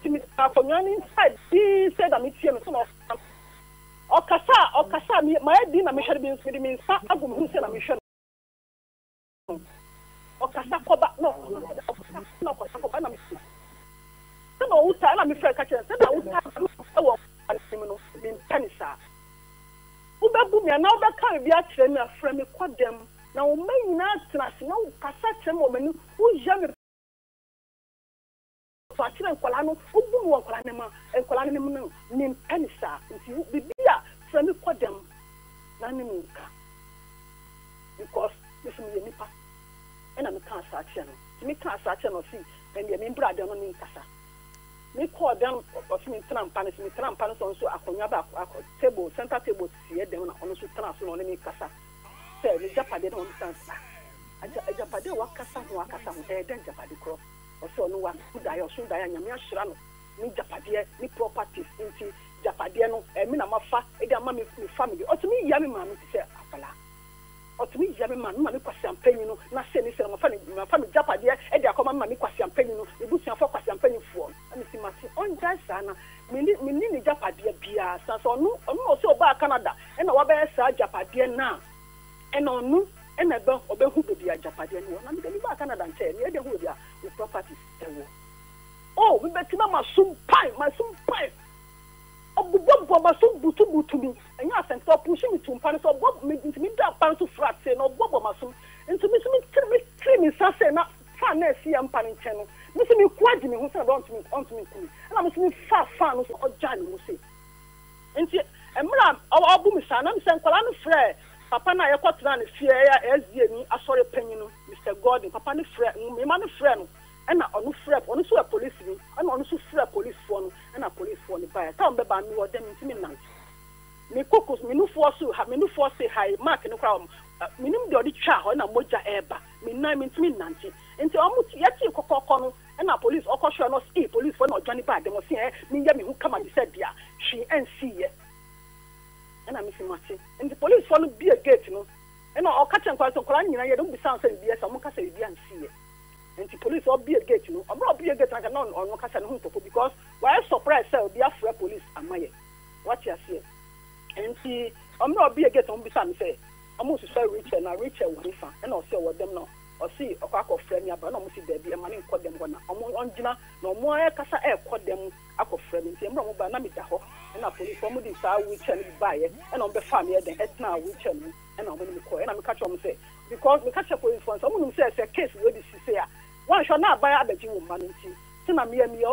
S6: ti mi akɔnya ni nsa dii sɛ dami tie mi so na ɔsa ɔkasa ɔkasa mi ma yɛ di na mi hwɛ de mi nso de mi nsa agu mi hu sɛ na mi hwɛ no ɔkasa kɔba na ɔkasa na ɔkasa kɔba na mi fi sɛ na ɔwuta ɛna mi fɛ kakyɛ sɛ na ɔwuta ɛwɔ ɔkasa mi no mi nta ni saa wobɛbu mi anaa wobɛka biribi akyerɛ mi afrɛ mi kɔ dɛm na wɔn mma nyinaa tena ase na wokasa kyerɛ mi wɔ m'ani woyɛ mi to akyerɛ nkwadaa no wobu mi wɔ nkwadaa no mu a nkwadaa no mu no ne mpɛ saa nti biribi a frɛ mi kɔ dɛm na ne mi nka because ne so mi yɛ nipa ɛna mi ka asa akyerɛ no nti mi ka asa akyerɛ no ɔsi ɛnìyɛ mi mbura dɛm no ne nkasa mi kɔɔ dɛm ɔsi mi tena mpa ne so mi tena mpa ne so nso akonnwa baako akɔ table center table kasa sɛ ne japade na ɔno san sa ajapade a wakasa ho wakasa ho ɛyɛ dɛ njapade korɔ ɔsɛ ɔno wa kudaeɛ ɔso daeɛ a nyame ahyira no ne japadeɛ ne mmiɛ mmiɛ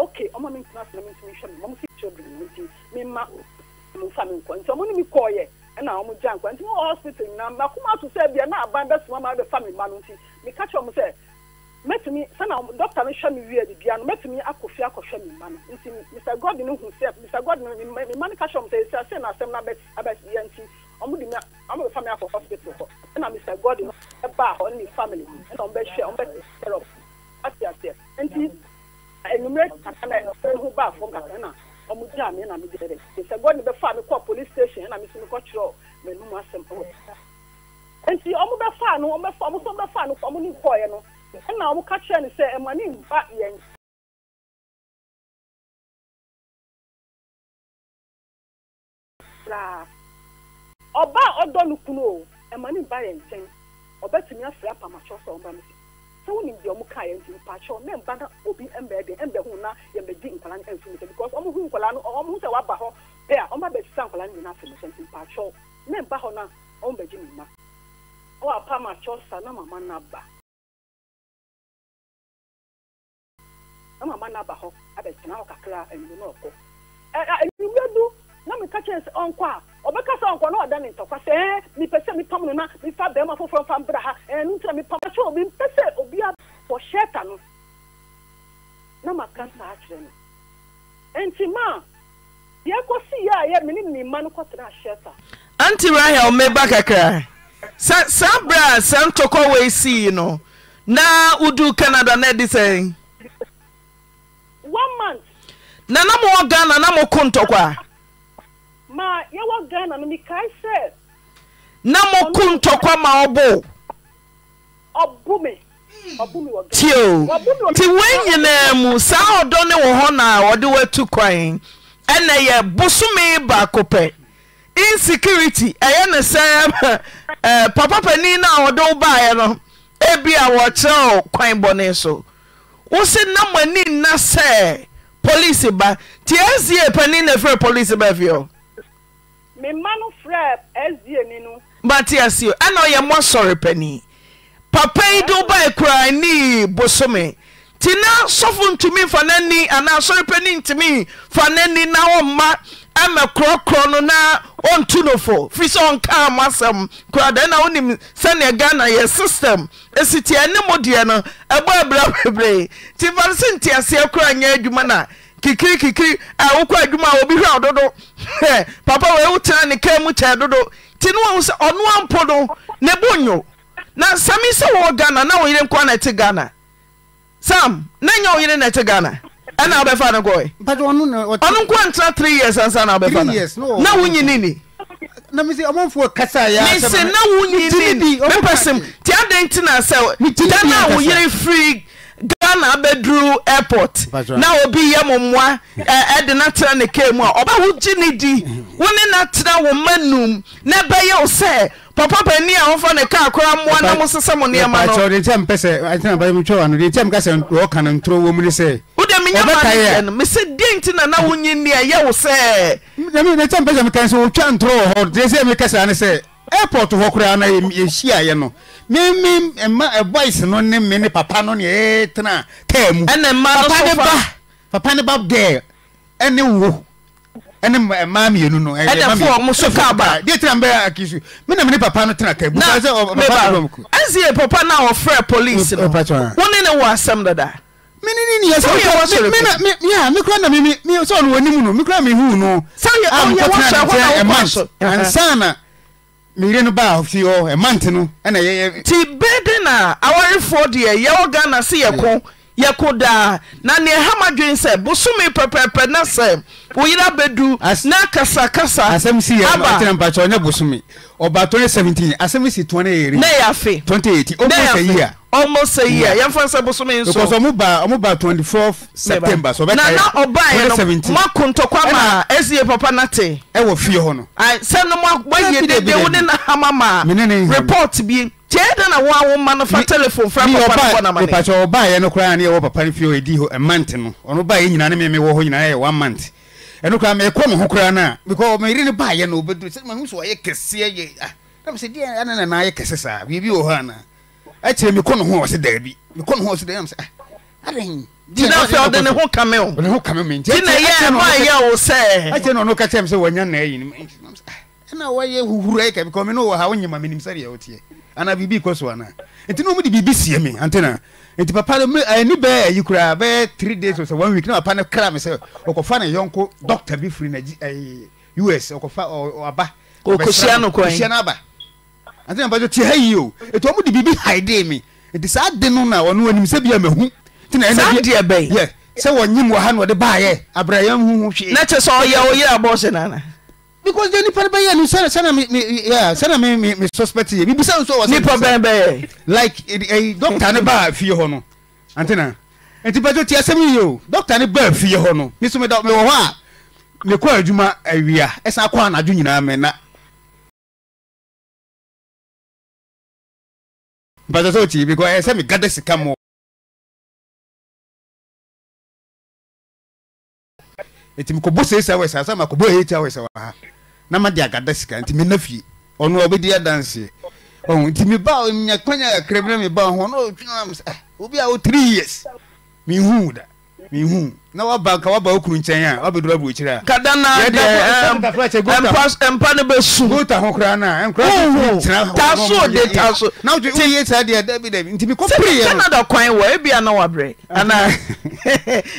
S2: yɛba kakra saa berɛ saa ntɔkɔ wɔ sii no na na ɛde sɛn na na ghana na na Ntokwa ma ɔboo
S6: tio nti wɔn nyinaa mu saa ɔdɔ ne wɔ hɔ na
S2: ɔde woatu kwan ɛnɛ yɛ bosome baako pɛ insecurity ɛyɛ ne sɛ papa panin no a ɔde wo no ebi a wɔkyerɛ wo kwan bɔne so wo se na mo ani nna sɛ polisi ba nti ɛsie panin na ɛfrɛ polisi ba fie hɔ
S6: mema no frɛ ɛsie ni no
S2: bate asie ɛna ɔyɛ mmɔsɔre panin papa yi de wo bae ni bosome ti na sɔfo ntumi fana ni anaa sɔrepɛ ni ntimi fana ni na ɔmma mɛ korɔkorɔ no na ɔnto no fo fi sɛ ɔkaa m asɛm koa dɛn na wonim sɛneɛ ghana yɛ system ɛsiti ɛne mɔ deɛ no bɔ abrabɛbree nti fa no sɛ nteaseɛ kora nyɛ adwuma no kikirikiiri woɔ adwuma ɔbiɛ ɔdoo papa ɛwo teaneka m kyɛ doo nti nɛ ɔnoa mpo non n sɛm sɛ wɔwɔhnanaɔyeɔ sam na nyɛ wo yere nɛte ghana ɛna wobɛfa no gɔe ɔno kɔa ntra 3 years ansanwɛna wo nyininimis na woinɛm tiadɛ ntina sɛ danaa woyere fri ghana Abeduru airport na obi yɛ mo mmoa ɛde na ne ka mu a ɔbɛwo gye ne di wo ne na wo ma num na ɛbɛyɛ wo sɛ papa pani a wɔmfa ne kar kora mmoa na mosesɛ mo nneɛma no
S8: wode menyama no mesɛ deɛ nti na na a wo sɛ airport hɔ koraa na yɛhyiaeɛ mímí mma ẹ boys no ne mi ne papa no ne ẹ tena tẹẹmu papa ne ba papa ne ba dẹ ẹne wo ɛne mmaa mmienu no ɛyɛ mmaa mmienu ɛdafo ɔmo so ba deɛ tena mbɛ akisu mi na mi ne papa no tena tɛmu na meba ɛnsi yɛ papa na ɔfrɛ police no wɔn ne ne wɔ asɛm dada mi ni ni ni yɛ sɛ mi na mi ya mi kura na mi mi sɛ ɔno wɔ nimu no mi kura mi hu no a nkɔ tena ne tɛ ɛma ansana. miyere no baa fi ɔ ɛmante no ɛnati bɛ de na awarefoɔ deɛ yɛwɔga na
S2: se yɛko yɛko daa na neɛ hama dwene sɛ bosome pɛpɛpɛ na sɛ
S8: wo yera bɛdu na kasakasamsyɛp ɔnyɛ bosome ɔba 2017 asɛmsi 200yɛ208 sɛyia almost a year yẹn fẹsẹ
S2: bosom nso. because ọmọ
S8: ba ọmọ ba twenty fourth september so ọbẹ ka yẹ nana ọba yẹn no mo
S2: akontokwa ma esi papa nate. ẹ wọ fie hɔ no. sẹ́ni mo wáyé dédé wo ne na hama ma report bi tiẹ̀ dẹ́ na wọ́n àwọn ma no fa telephone fún papa no fọ́ na ma ne. nípasẹ̀
S8: ọba yẹn no koraa ni ẹ wọ papa ni fie edi hɔ ẹ mant no ɔno ba yẹn nyinaa ni mi wɔ hɔ nyinaa yɛ one month ɛno koraa mɛ kɔ mo ho koraa na because mi yiri ni ba yẹn na obedu sɛ mo n sɔ ɔyɛ kɛseɛ yɛ ah ɛna sɛ diɛ ɛna na ayɛ kɛse saa biribi wɔ hɔ ana. ɛkyerɛ mi kɔn ho ɔsi dɛbi mi kɔn ho ɔsi dɛbi ɛnam ne ho kame o. ɔde ne ho kame mi. ɔno kakyɛ mi sɛ wɔnya na ɛyi ah, ɛna wɔyɛ huhuru ɛyɛ kɛmikɔ mi n'o wɔ ha o nyima mi nimisari yɛ ana biribi kɔ so ana nti n'omu de biribi sie mi antena nti papa de mi eh, bɛɛ ɛyi kura bɛɛ three days or one week na papa ne kra mi sɛ ɔkɔfa ne yɔnko doctor bi firi na eh, us ɔkɔfa ɔaba. okosia no kɔn okosia no aba. ante na mpatsɔ tiɛ yi o etu ɔmu de bibi haide mi eti saa de no na ɔno anim sɛ bia ma hu ti na ɛna bi saa deɛ bɛyi yɛ sɛ wɔnyim wɔ ha na ɔde baayɛ abrayam hu hu hwee. n'akyɛ sɛ ɔyɛ ɔyɛ abɔɔsɛ nana. because de nipa bɛyɛ no sɛ sɛ na mi mi yɛ sɛ na mi mi mi suspect yɛ bibi sɛ nso wɔ sɛ nipa bɛn bɛyɛ. like ɛyi e- e- dɔkita ne baa fie hɔ no ante na nti mpatsɔ tiɛ sɛm yi o doctor ne baa fie hɔ no nisɔmi da mi wɔ hɔ a ne kɔ adwuma awia ɛsan kɔ anadwo nyinaa mɛ na
S4: mpasɛ sɛ ɔkyi because ɛyɛ sɛ megada sika mu nti mekɔbɔ
S8: seesa wɔ saa sɛ makɔbɔ eighta wɔ sɛ wɔ ha na made agada sika nti mena fie ɔno ɔbɛdi adanseɛ ɔhu oh, nti meba nya kwanya kakra bi na meba ho na ɔtwena ah, obi a wo three years mehu da mehu na waba nka waba okuru nkyɛn a wabɛduru abu ekyir a. kada na mpa ne bɛ su. gota ho koraa na nkura tena hɔ. taso de taso. na o ti o yie saa dabi dabi nti ko pere yɛ. sɛ canada kwan wɔ ebi ana wa brɛ. ana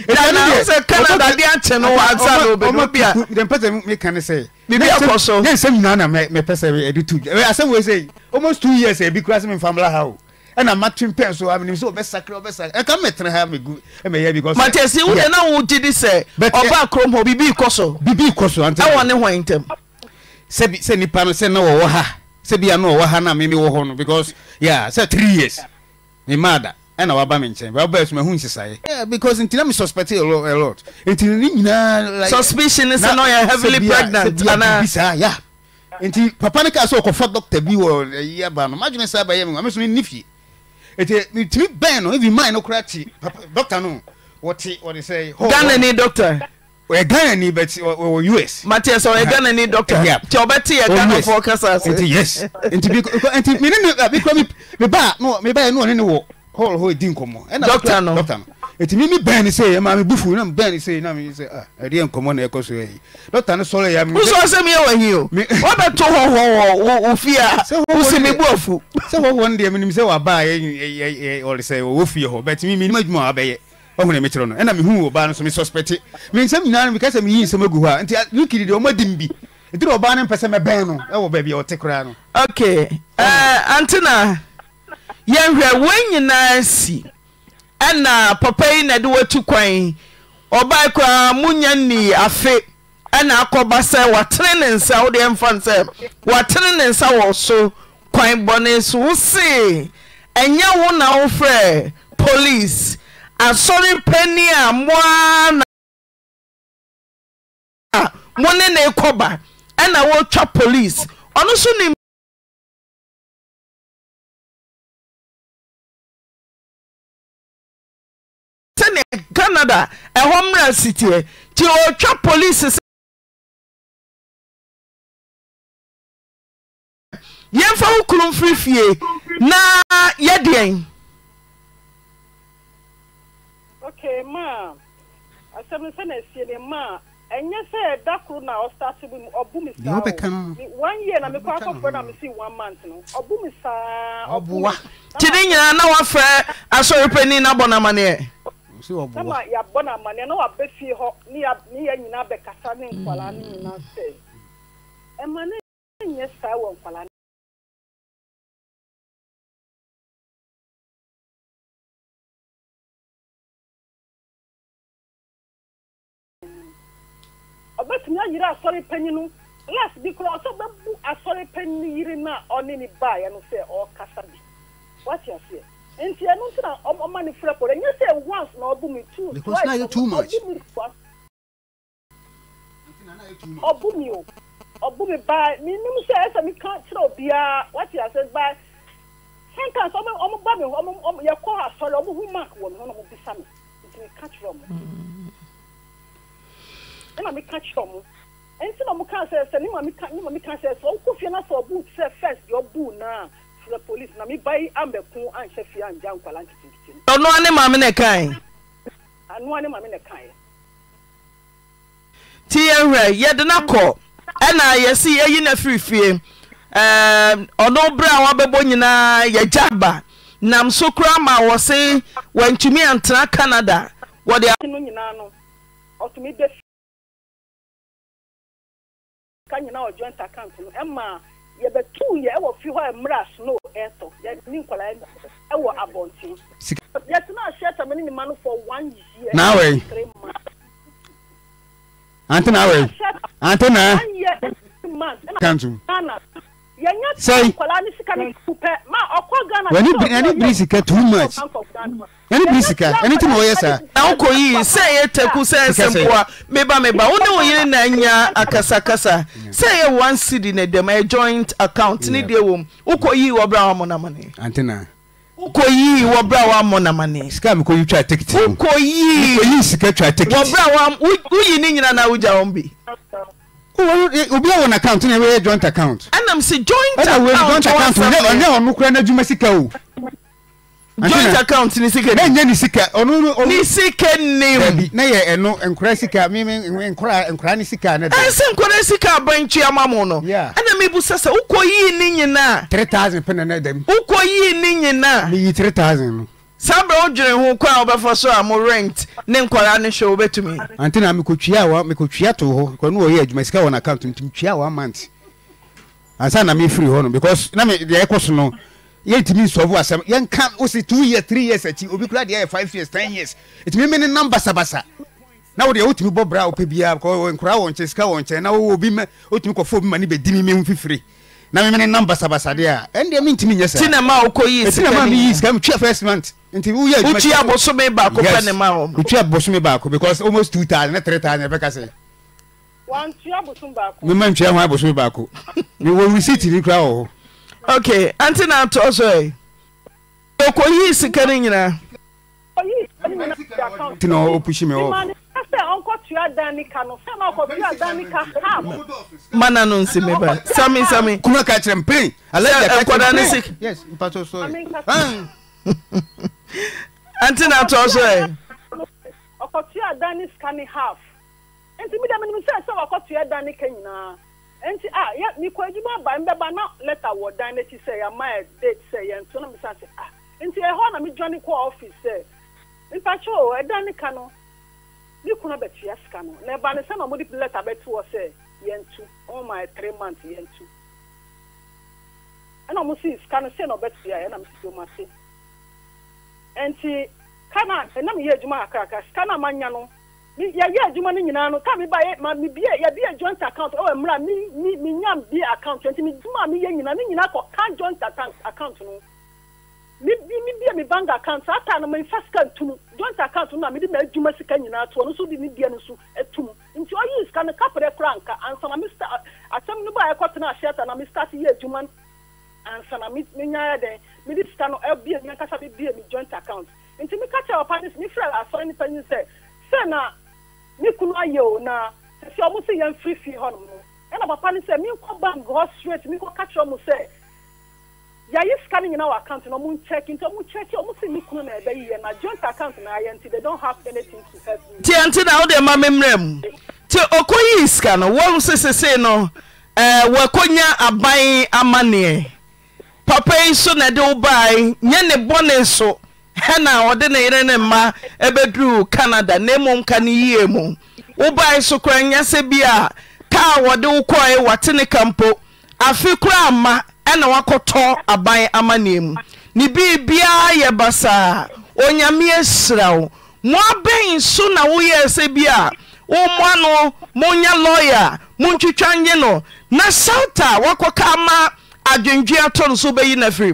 S8: dana sɛ canada de akyɛ no wa ansa na obɛduru bi a. ɔmɔ mpɛsɛ mi kan ne sɛ. bibi akɔ so. ne nsɛm nyinaa na mɛ mɛ pɛsɛ ɛdi tu asɛm wo sɛ almost two years ɛbi kura sɛ mi nfa mla ha o ɛna matwin pɛn so amini sɛ ɔbɛsakra ɔbɛsakra ɛka mɛtena ha megu ɛmɛyɛ because. matɛsi wo de na wo gye di sɛ ɔba kurom hɔ bibi kɔ so. bibi kɔ so ante. ɛwɔ ne hɔn ntɛm. sɛbi sɛ nipa no sɛ na wɔwɔ ha sɛbi a na wɔwɔ ha na mimi wɔ hɔ no because yeah sɛ three years mi maa da ɛna waba mi nkyɛn bɛn ɔbɛ suma hu nsisaye. yeah because ntina mi suspect a lot a lot ntina ne nyinaa like. suspicion sɛ na ɔyɛ heavily pregnant ana. nti papa ne ka so ɔkɔfa doctor bi wɔ ɛyi eh, aba no madu ne sa ba yɛ mi wa mi sunu nifie eti mitumi bɛn no ebi maa yi no kura ti dɔkta no wɔte wɔde sɛ. ghana ni doctor ɛ oh, ghana ni bɛ ti wɔ us. mate sɔ ɛ ghana ni doctor tí ɔbɛ ti yɛ ghana fɔ kasa se. nti yes nti bi nti mi ni mi kura mi ba mi ba yɛ no ɔne ni wɔ hall hɔ di nkɔmɔ. dɔkta no dɔkta no eti mimi bɛn ni se yɛ maa mi bufu na mi bɛn ni se yɛ na mi sɛ ah ɛdi yɛ nkɔmɔ na yɛ kɔ so yɛ yi dɔkita ni sɔrɔ yɛ mi. wusɔn sɛ mi yɛ wɔ yin o wọ́n bɛ to hɔhɔ wɔ wɔ fia wusi mi bu ɔfu. sɛ hɔhɔ ni deɛ mi ni sɛ wa ba yɛ yɛ yɛ ɔlisɛ wɔ fie hɔ bɛti mi mi ni ma juma wa bɛ yɛ ɔhun na mi kyerɛ no ɛna mi hu wɔ ba no so mi sɔspɛti mi nsɛm nyinaa mi kasa mi yi nsɛm egu hɔ a nti nukiri deɛ ɔmo di mi bi nti na ɔbaa ne mpɛsɛ mɛ bɛn no ɛwɔ baabi a ɔte koraa no. okay ɛɛ antina yɛn hwɛ wɔn nyinaa si
S2: ɛna papa yi na de watu kwan ɔbae koraa monya nnii afe ɛna akɔba sɛ watene ne nsa wode ɛmfa n sɛ watene ne nsa wɔ so kwan bɔne so wo ɛnyɛ wo na wofrɛ police
S4: asɔre pani a moaa na mo ne ne kɔba ɛna wotwa police ɔno so nim canada ɛhɔ mmra siteɛ nti ɔtwa police sɛ yɛmfa wo kuro
S6: na yɛdeɛn na maa ɛnyɛ sɛ na ɔsase bi mu ɔbu one year na mekɔ akɔfrɛ na mesi one month no ɔbu mi saa ɔboa nti ne nyinaa na
S2: na bɔ si wɔ bɔ. sama
S6: yabɔ na amaniya na wa bɛ fi hɔ ni ya ni ya nyina bɛ kasa ne nkwala ne nyina sɛ ɛma ne nyɛ saa wɔ nkwala ne. ɔbɛtumi ayiri asɔre panyin no las bi kura ɔsɛ ɔbɛbu asɔre panyin yiri na ɔne ne baa yɛ no sɛ ɔrekasa bi wate aseɛ nti ɛnu nti na ɔma ne fura kɔrɔ nye sɛ once na ɔbu mi two because na yɛ too much mi fa ɔbu mi o ɔbu mi baa mi nim sɛ ɛsɛ mi kan kyerɛ obiara wati ase baa sometimes ɔmo ɔmo ba mi ɔmo ɔmo yɛ kɔ asɔre ɔmo hu mark wɔ mi hɔn ɔmo bisa mi nti mi ka kyerɛ ɔmo mi ka kyerɛ ɔmo na ɔmo ka sɛ sɛ ne ma mi ka ne ma mi ka sɛ sɛ ɔmo kɔ fie na sɛ kyerɛ polisi na meba e yi ambɛko anhyɛ fie angya nkwala nketenkete no ɔnoa ne maame ne kae anoa ne maame ne kae
S2: nti yɛhwerɛ yɛde no kɔ ɛna yɛsi yɛyi no afiri ɔno berɛ a wabɛbɔ nyinaa yɛgya ba nam so kora ma wɔ se wantumi
S4: antena canada wɔde
S2: no
S6: nyinaa no ɔtumi bɛ ka nyinaa ɔjoint account no ɛmaa e yɛbɛtu yɛ ɛwɔ fi hɔ mmerɛ snow ɛtɔ yɛne nkwadaa ɛwɔ abɔnten yɛtena ahyɛ tɛmɛ ne nyima no for one year na awɛ
S8: ante na awɛ ante na
S6: kanto sɛi ɛne bere sika too much ɛne bere
S2: sika ɛne tima wɔyɛ saa na wokɔ yii sɛ ɛyɛ taku sɛ ɛsɛmpoa meba meba wo ne wo yere na anya akasakasa sɛ ɛyɛ one city na dɛm ɛyɛ joint account ne deɛ wɔ m wokɔ yii wɔbrɛ wɔ mɔnamane antena wokɔ yii wɔbrɛ wɔ amɔnamane sika mekɔ yi twa ticket wokɔ yii wokɔ yii sika twa ticket wɔbrɛ wɔ woyi ne nyina na wogya wɔn bi
S8: Eh, obiawn account nɛyɛ joint
S2: accountnnyɛ
S8: ɔno kora no adwuma sika o
S2: acountyɛ
S8: ne sikaka nyɛ ɛno nkaanka no sikankaɛ000 300 saa bɛ wodwene ho kɔ a wobɛfa so a mo rent ne nkwaraa no hwɛ wobɛtumi ante na mekɔtwia wa mekɔtwia to hɔ kɔ ne wɔyɛ adwuma sika wɔ n'account ntim twia one month ansa na mefiri hɔ no because na me deɛ ɛkɔ so no yɛntumi nsɔvo asɛm yɛnka wo se two years three years akyi obi koraa deɛ five years ten years ɛtumi me ne nam basabasa na wode wotumi bɔ bra a wopɛ biaa nkora wɔ nkyɛn sika wɔ nkyɛn na wowɔ obi ma wotumi obi ma ne bɛdimi me ho fifiri na mímí ni nam basabasade a ɛn deɛ mi ntumi nyɛ sɛ. tina ma okɔ yi sika ni. tina ma mi yi sika mi tuya first month nti wúyẹ adwuma. wúti abosome baako pẹ ni maa wọn. wúti abosome baako because almost two thousand ne three thousand ɛfɛ kase. wa n tuya abosome baako. mi ma n tuya wọn abosome baako mi wọ receipt ni kura wọ. Oh.
S2: ok aunty na atọ so yi okɔ yi sika ni nyinaa. okɔ
S6: yi sika ni nyinaa.
S2: tina o pusi oh. mi wọ.
S6: sɛ ɔnkɔtua danika no sɛ na ɔkɔtua danika ham.
S2: mana no nsi mi ba sami sami. kuma ka kyerɛ mpiri alayi
S6: ka kyerɛ
S8: mpiri. yes mpatsɔ sɔrɔ. anti na atɔ so ɛ.
S6: ɔkɔtua danika ni half nti mi dɛm nim sɛ sɛ ɔkɔtua danika nyinaa nti a yɛ mi kɔ edwuma aba mbɛ ba na wọ wɔ dan n'akyi sɛ yɛ ama yɛ date sɛ yɛn to na mi sa sɛ a nti ɛhɔ na mi dwani kɔ ɔfis sɛ mpatsɔ ɛdanika no. ne kunu bɛtua sika no na ɛba ne sɛ na ɔmo de lɛta bɛto hɔ sɛ yɛntu ɔmo ma three months yɛntu ɛna ɔmo si sika no sɛ na ɔbɛtua yɛ ɛna mo si ɔmo ase ɛnti kana ɛnam yɛ adwuma akraka sika na ma nya no yɛyɛ adwuma no nyinaa no taabi ba yɛ ma mi bie yɛbie joint account ɛwɔ mmerɛ mi mi mi nya bie account ɛnti mi dwuma mi yɛ nyinaa mi nyinaa kɔ ka joint account no mi bi mi bia mi bank account saa taa no mi nfa sika ntumu joint account no na mi de ma adwuma sika nyinaa to ɔno nso de ne bia no so atumu nti ɔyi sika no kapere kora nka ansa na mi sta asɛm no ba ɛkɔ tena ahyɛ ta na mi start yɛ adwuma no ansa na mi mi nya yɛ dɛ mi de sika no ɛbia mi ankasa mi bia mi joint account nti mi ka kyerɛ ɔpa ne so mi fira asɔre nipa nyi sɛ sɛ na mi kunu ayɛ o na sɛ ɔmo si yɛn firi fie hɔ nom no ɛna papa ne sɛ mi nkɔ bank hɔ straight mi nkɔ ka kyerɛ ɔmo sɛ yàyí sika ni nyinaa wọ account na ọmụ ncheki nti ọmụ ncheki ọmụ si mi kunu na ebe yie na joint account na ayẹ nti they don't have anything to help me.
S2: tiẹ̀ ntị na ọ dị mma mmemme m tí okoyi sika no wọn sisisi no eh, wakonya aban amanneɛ papa yi nso na ɛde wo bae nyɛ ne bɔne nso ɛna ɔde ne yere ne mma ɛbɛduru canada na mmom ka ne yie mu wo bae so kora nyɛ sɛ bi a kaa wɔde wo kɔe wɔte ne ka mpo afe kora ama ɛna woakɔtɔ aban amanne mu ne bibiaa yɛ basaa onyame asiraw mo abɛn so na woyɛ ɛsɛ bi a wommoa no monya lɔya montwitwa nnye no na saltaa woakɔ ka ma adwendwe atɔ n so wobɛyi no firi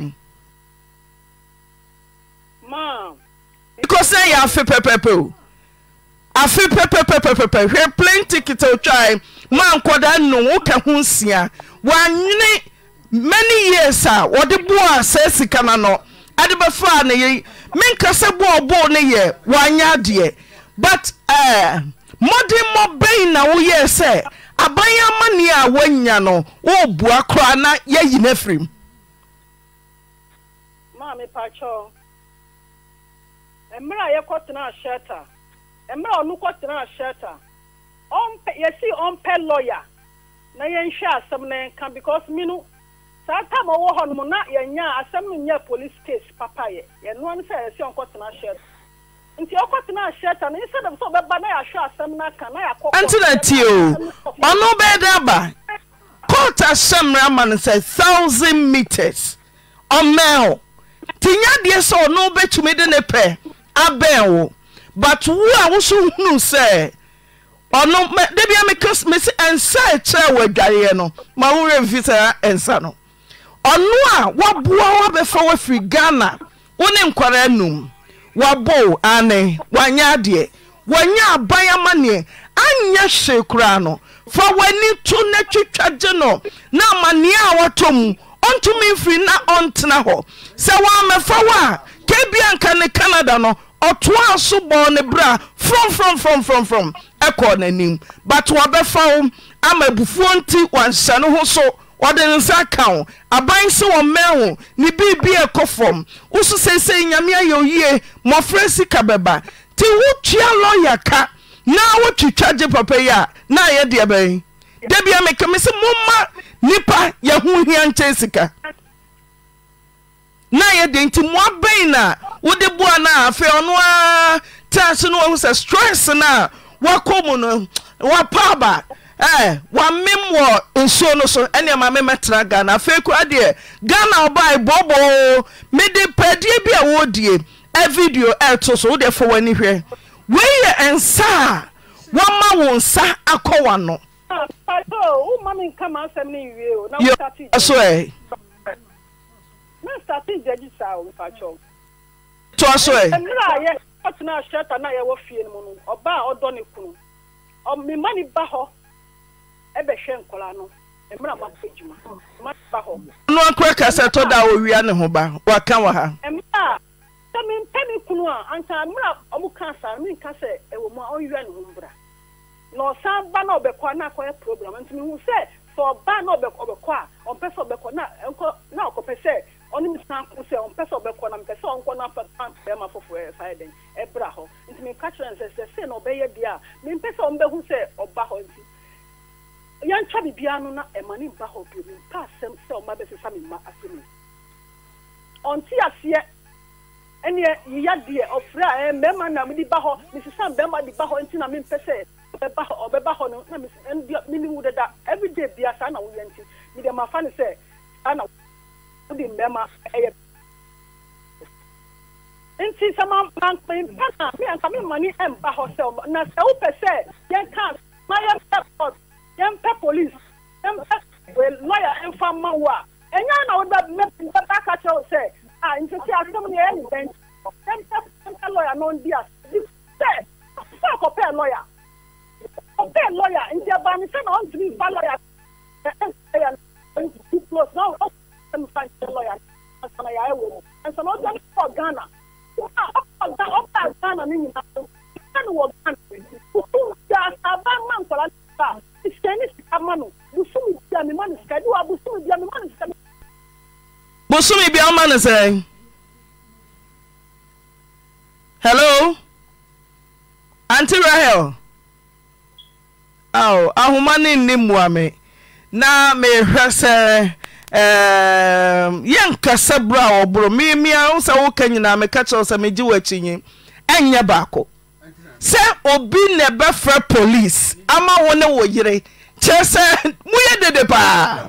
S2: mu iksɛ yɛ afepɛpɛpɛo afe pɛɛɛ hwɛ plenty ketaotwae maankɔda num wokɛ ho nsiaae many years a ah, wɔde boɔ a saa sika na no ade bɛfaa ne yei menka sɛ boɔbɔɔ ne yɛ wɔanyɛ adeɛ but eh, mmɔden mmɔbɛn na woyɛɛ sɛ aban amanneɛ a woanya no wɔɔbua koraa na yɛayi no afirim
S6: maa mepakyɛw mmerɛ a yɛkɔtenaa shelta mmerɛ a ɔno kɔtenaa shelta yɛsii ɔmpɛ lɔya na yɛnhwɛ asɛm no nka because me saa tam ɔwɔ hɔ nom na yɛnya asɛm no nyɛ police case papa yɛ yɛnoa no sɛ yɛsɛ ɔnkɔtena ahyɛ nti ɔkɔtena ahyɛ ta no instead of sɛ ɔbɛba na yɛahwɛ asɛm no aka na yɛakɔ ɛnto na tie o
S2: ɔno bɛɛ dɛ aba court ahyɛ mmara ma no sɛ thousand meters ɔmɛn o nti nya deɛ sɛ ɔno bɛtumi de ne pɛ abɛn wo but wo a woso hunu sɛ ɔno dabia meka mesi ɛnsa ɛkyerɛ wɔ adwareɛ no ma worɛ mfi saa ɛnsa no ɔno a woaboa woabɛfa woafiri ghana wo ne nkwara anum woaboo ane wanyɛ adeɛ wanyɛ aban amanneɛ anyɛ hyee koraa no fa w'ani to na twitwa gye no na amanneɛ a wɔatɔ mu ɔntumi mfiri na ɔntena hɔ sɛ wɔamɛfa wo a ka ne canada no ɔtoa so bɔɔ ne berɛ a frɔmfrɔmfrɔmfrɔmfrɔm ɛkɔɔ n'anim but wɔbɛfa wo ama abufuo nti wanhyɛ ne ho so ɔde ne nsa ka wo aban se wɔ mma wo ne biribi a ɛkɔ fam wo so nyame ayɛ oyie mmɔfrɛ sika bɛba nti wotua lɔya ka na wotwitwa gye papa yi a na ayɛ deɛ bɛn da bia mekame sɛ momma nnipa yɛho hia nkyɛn sika na yɛ de nti moabɛn na wode boa no a afei ɔno ara taa so no wahu sɛ stress no a woakɔ mu no wapa aba Eh, wamem wɔ nsuo no so ɛneɛma memɛtena ghana afei koa deɛ ghana ɔbae bɔbɔo mede pɛadiɛ bi a wɔdie avideo ɛto so wodeɛ fa w'ani hwɛ yie nsa a wɔma wo nsa akɔ wa no toa so
S6: ɛbɛhwɛ nkɔla no mmerɛ makɔ adwuma maba hɔ
S2: no akora kasa tɔ da a owia ne ho ba waka wɔ ha
S6: mmerɛ a sɛ mempɛ me kunu a anka mmerɛ ɔmo ka saa menka sɛ ɛwɔ a ɔnwia ne na ɔsan ba na ɔbɛkɔ na akɔyɛ program nti mehu sɛ sɛ ɔba na a ɔmpɛ sɛ na ɔkɔpɛ sɛ ɔne me na sɛ na foforɔ dɛn ɛbra hɔ nti meka kyerɛ no sɛ sɛ na ɔbɛyɛ deɛ a yɛntwa biribiara no na ɛma ne mba hɔ bio mempa asɛm sɛ ɔma bɛsesa me mma ase mu ɔnte aseɛ ɛneɛ yiya deɛ ɔfrɛ a ɛ mmarima na mede ba hɔ mesesa mmarima de ba hɔ nti na mempɛ sɛ ɔbɛba hɔ ɔbɛba hɔ no na mene wo dada everyday bia saa na woyɛ nti mede mafa ne sɛ saa na wode mmarima ɛyɛ nti sɛ mampa na meanka memmane ɛmba hɔ sɛ na sɛ wopɛ sɛ yɛnka mayɛ mɛ yɛmpɛ police yɛmpɛ lɔya mfa ma wo a ɛnyɛ na wode bɛbɛbɛbɛbɛ ka kyerɛ wo sɛ a nti sɛ asɛm ne ɛyɛ ne bɛn yɛmpɛ yɛmpɛ lɔya na ɔndi ase sɛ sɛ ɔkɔpɛɛ lɔya ɔpɛɛ lɔya nti ɛba ne sɛ na ɔntumi mfa lɔya ɛyɛ no close na ɔkɔpɛɛ mfa nkyɛ lɔya na yɛayɛ wɔ mu ɛnsɛ na ɔdɛ ɔkɔ ghana ɔkɔ ghana ne nyinaa ɛne wɔ ghana wotu yɛ asaba ma nkɔla ne ba
S2: bosome biaoma no seɛe hello anti wrahel ahoma ne nni mua me na meehwɛ sɛ ehm, yɛnkasɛ berɛ a wɔborɔ memia wo sɛ woka nyinaa mekɛ kyɛɛw sɛ megye wɔakyinyi ɛnyɛ baako sɛ obi na ɛbɛfrɛ police ama wo ne wo yere
S8: kyerɛ sɛ moyɛ dede paa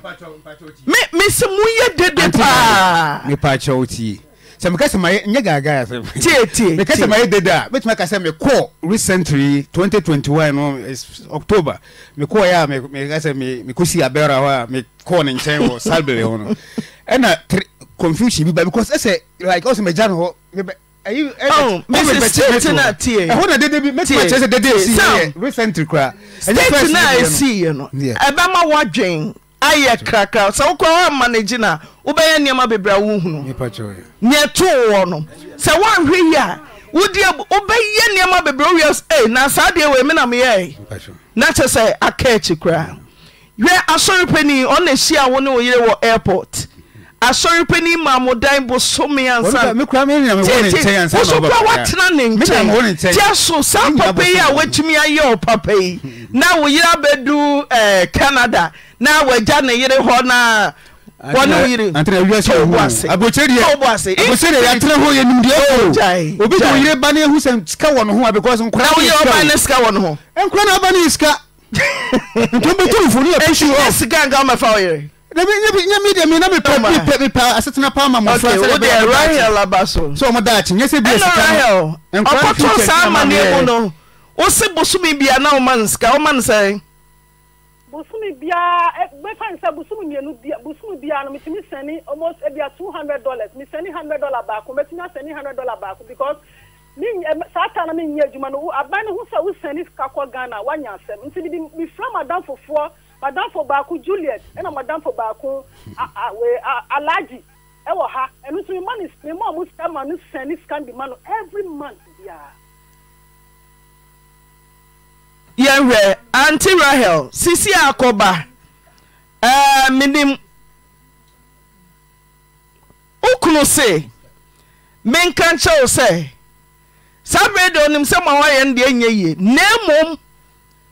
S8: mese moyɛ dede paa mepakyɛw tie sɛ meka sɛ mayɛ nyɛ gaagaa sɛ meka sɛ mayɛ dede a mɛtumi aka sɛ mekɔ recently 2021 no october mekɔɔyɛ a meka sɛ mekɔsi abɛra hɔ a mekɔɔ ne nkyɛn wɔ salbele hɔ no ɛna confusion bi ba because ɛsɛ like ɔsɛ magya no hɔ Oh, state
S2: ɛbɛma woadwen ayɛ krakra sɛ wo kora no gyi wobɛyɛ nnoɔma bebree wohunu neɛ no sɛ woanhwɛ yi a wobɛyɛ nnoɔma bebree wowiɛ eh, na saa deɛ wɔ mi meyɛe na kyɛ sɛ aka koraa hwɛ asɔre pani ɔna hyia wo ne yere wɔ airport asɔre pane mamodan bosome ssoa waena ne aso sa papa yi a wotumi ayɛ papa yi na woyera bd eh, canada na waaya ne yere hɔ noaskaskaa nyɛmidɛmi na mepɛ
S8: asetena pa ma mɔfrawode rahel aba so sɛ ɔmo daakye nyɛ sɛ bia sika ɔkɔto saa amanneɛ mu no
S2: wo se bosome bia na woma eh, no sika woma no sɛn
S6: bosome biara bɛfa n sɛ bosome mmienu bosome biara no metumi sɛni almost ebia eh, two hundred dollars mesɛni hundred dollar baako mɛtumi asɛni hundred dollar baako because mi eh, saa ta na mi nyɛ adwuma no aban ne ho sɛ wosɛni kakɔ ghana woanya asɛm nti mefrɛ madam fofoɔ madamfo baako juliet ɛna madamfo baako alaji ɛwɔ e ha ɛno nso mema ne mema ɔmo sika ma no sɛn ne sika de ma no every month biara.
S2: yɛnhwɛ anti rahel sisi akɔba ɛɛ e, menim wokunu se menka nkyɛw sɛ saa berɛ deɛ ɔnim sɛ ma woayɛ no deɛ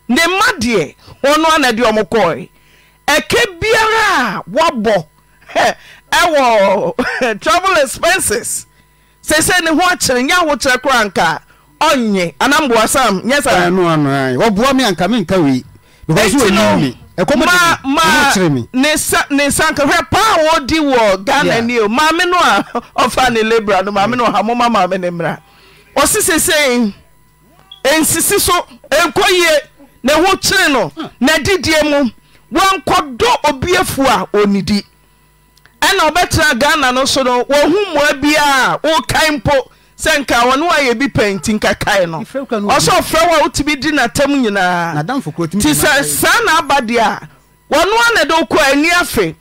S2: ne ma deɛ wɔno ana deɛ ɔmo kɔe ɛkɛ biara a wɔbɔ ɛwɔ travel expenses sɛsɛ ne ho akyerɛ nyɛ ahokyerɛ koraa nka
S8: ɔnye anamboa sam nyɛ sa wɔboa me anka menka wei because wɔnyi me
S2: ne nsanka hwɛ paa wɔdi wɔ ghana ni o maame no a ɔfa ne labra no maame no ɔhamoma maame ne mmra ɔse sesei ɛnsisi so ɛnkɔ yie na ɛho kyere no hmm. na didiɛ mu wɔnkɔdɔ obiafu a ɔnnidi ɛna wɔbɛtera ghana no so no wɔhu mmoa biaa wokae mpo sɛ nka wɔne sị bi pɛ nkakae no ɔsɛ ɔfrɛ wo a wotumi di natam sɛ saa na abadeɛ a ani afe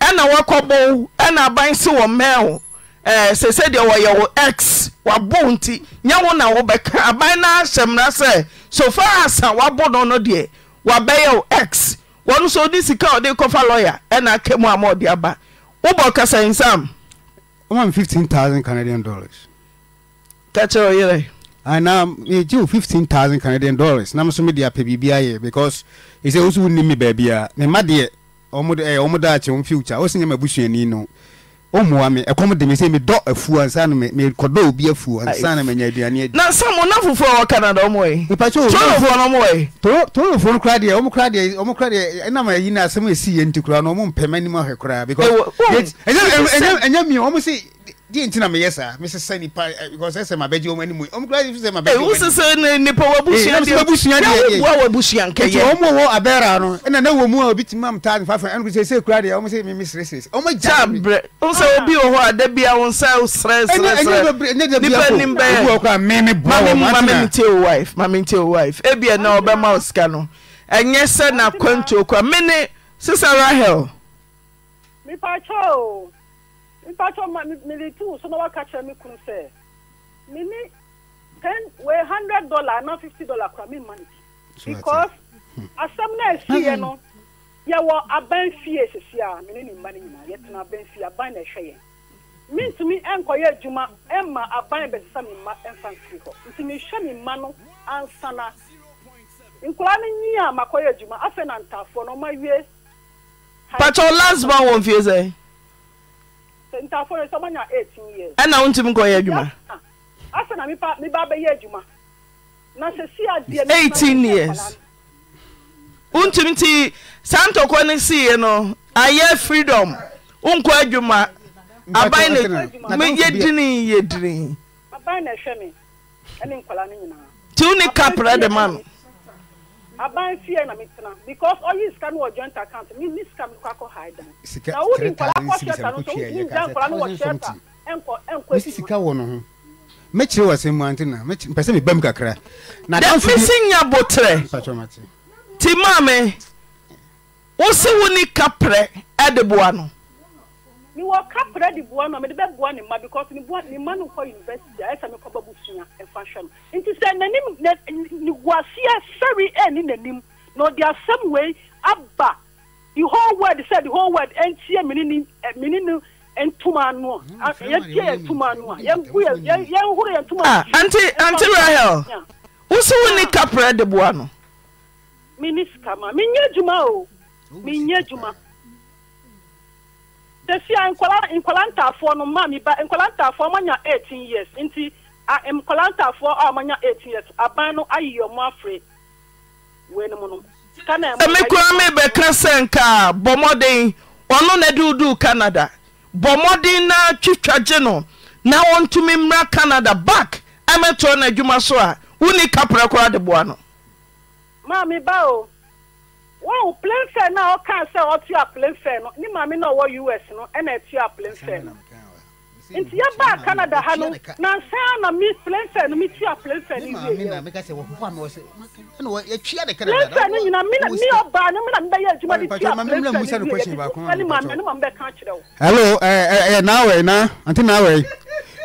S2: ɛna ɛna aban ɛɛ eh, sɛsɛ deɛ wɔyɛ wo x wabɔ wo nti nyɛ wo na wobɛka aban no ahyɛ mmara sɛ sofa asa wabɔ no no deɛ wabɛyɛ wo x wɔn nso ɔde sika ɔde kɔfa lɔya ɛna aka mu a ɔde aba wobɔ kasa nsam.
S8: wọ́n mi fifteen thousand canadian dollars. kẹ́kẹ́ ọ yẹrẹ. ana meji wo fifteen thousand canadian dollars na nso mi de apɛ biribi ayɛ because ɛsɛ wosowo nim me baabi a mema deɛ ɔmo de ɛɛ eh, ɔmo daakye wɔn future ɔsi nyɛ ma busuani no ɔmoa me ɛkɔm de me sɛ medɔ afuo ansa no mekɔdɔ obi afuo ansa na manya aduane adi na sɛ mo na fofoɔ wɔ canada ɔmɔɛ tolofoɔ no mɔɛ tolofoɔ no koraa deɛ ɔmo koraa deɛ ɔmo koraa deɛ ɛnam ayi no asɛm ɛsii yɛ nti koraa no ɔmo mpɛma anim ahwɛ koraa because ɛnyɛ mia ɔmo se di nti na meyɛ saa mesesɛ nipa eh, because ɛsɛ mabɛgye wɔm anim ɔm kora sɛ mabɛgye wo sesɛ eh,
S2: ne nipa wabusua eh, deɛ wo
S8: wabusua nkɛyɛ ɔm wɔ abɛra no ɛna na wɔ mu a obi tumi amtaa ne fafa ɛno sɛ sɛ kora deɛ ɔm sɛ me mesresres ɔm gya brɛ wo sɛ ah. obi wɔ hɔ a da bia wo nsa wo srɛsrɛsrɛ nipa nim bɛyɛ obi wɔ kora me me bɔ
S2: mame ntie wo wife mame ntie wo wife ebia na ɔbɛma wo sika no ɛnyɛ na kwantuo kora mene sister rahel
S6: mepatwɛ o mpatsɔ ma militiri sɔnɔba ka kyerɛ mi kun sɛ mi ni ten wɛ hundred dollar na fifty dollar kura mi ma ni because asɛm hmm. na esi yɛ no yɛwɔ aban fie sisi a mi ni ni mma ni nyinaa yɛtena aban fie aban na ɛhwɛ yɛn mintumi nkɔyɛ adwuma ɛma aban bɛsesa mi mma ɛnfa nfiri hɔ nti mi hwɛ mi mma no ansana nkwadaa no nyi a makɔyɛ adwuma afɛ na ntaafoɔ na ɔma wie. pàtó last born
S2: wọ̀ nfie ɛna wontumi nkɔ yɛ
S6: adwuma8
S2: years wontumi nti sa ntɔkɔ no see no ayɛ freedom wonkɔ adwuma aban nmɛyɛ dini yɛ dirinti wo ne kapra de ma no
S6: abanfie na metena because no joint account mi ni sika mi kɔ akɔ high down na wo di nkɔla akɔ shelter no so wo di nja nkɔla no wɔ shelter ɛnkɔ ɛnkɔ esi
S8: sika wɔ no ho mɛkyerɛ wɔ sɛn mu ante na mɛkyerɛ mpɛsɛ mi bɛm kakra na danfo bi dɛfisi nya botrɛ ti maame
S2: wosi wo ni kaprɛ ɛde boa no
S6: mi wɔ kapra de bua no a mede bɛboa ne mma because ne bua ne mma no nkɔ university a ɛsɛ mekɔba busua ɛfa hwɛ no nti sɛ n'anim ne guaseɛ sɛre ɛni n'anim na ɔde asɛm wei aba the whole world sɛ the whole world ɛntie mene ne mene ne ntoma ano a yɛntie yɛn ntoma ano a yɛnku yɛn yɛnhoro yɛn ntoma Ah, aunty ah, aunty rahel
S2: wosi wo ni ah. kapra de bua no.
S6: mi ni sika ma mi nye juma o mi nye juma. sisi a nkwala ntaafoɔ no mmaa mi ba nkwala ntaafoɔ ɔmo anya eighteen years nti a nkwala ntaafoɔ a ɔmo anya eighteen years aban no ayi ɔmo afiri wei no mu no. ɛmi kura mi
S2: bɛka sɛ nka bɔmɔden ɔno na duudu canada bɔmɔden na twitwa gye no na wɔntumi mmra canada back ɛmɛtoɔ na adwuma so a wuni kapra kora de boa no.
S6: maami ba o. wọn plane fare náà ọkà sẹ a plane fare no ní maame náà wọ us no ẹna ẹtua plane fare no nti yẹ baa canada ha no nansan na mi plane fare no mi tua plane fare no yie yẹ plane fare no nyina mi na mi ọba ni mi na mi bẹ yẹ adwuma de tua plane fare no yie yẹ ẹni maame ẹni maame bẹ kàn kyerẹ o.
S8: hello ẹ ẹ náà wẹ̀ náà àǹtí náà wẹ̀ yìí.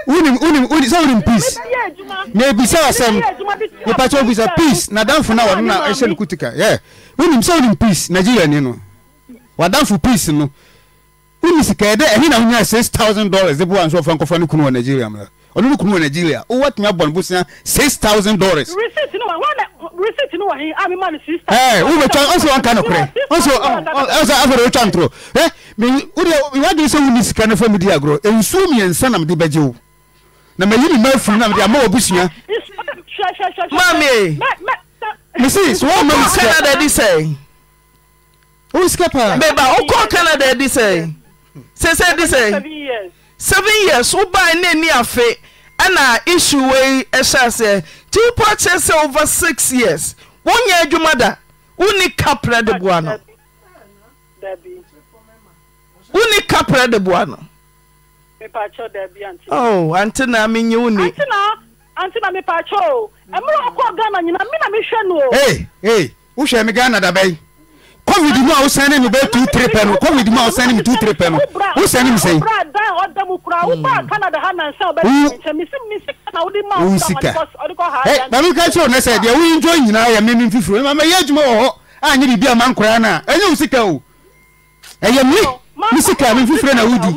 S8: sa n
S6: peac bisaee e
S2: bawokɔɔ canada adi sɛe seisɛ di sɛ seven years wobae ne ani afe ana issue wei hyɛ ase timi pɔ akyeɛ sɛ ove six years wonyɛ adwuma da woni kapr deboano woni kaprɛ de boa no
S6: mepatwɛ daabi ante oh
S2: ante na menye wo ni ante
S6: na ante na mepatwɛ o
S8: ɛmmerɛ ɔkɔ ghana nyina me na mehwɛ no o ee ee wohwɛ me ghana dabɛyi covid mu a wosɛn ne mi bɛ tu tiri pɛ no covid mu a wosɛn hmm. ne mi tu tiri pɛ no wosɛn mi sɛn. wura
S6: dan ɔda mu kura wo ba canada ha nansa o bɛ di nkyɛn misi misi kana o di ma o sika ɔdi kɔ ha yan. maame ka kyerɛ o nɛsɛ deɛ woyi
S8: njo nyinaa yɛ mímí fifiri o maame yɛ adwuma wɔ hɔ a ah, nye bibi a ma nkora na ɛnyɛ o sika o ɛyɛ mi mi sika mi fifire na wudi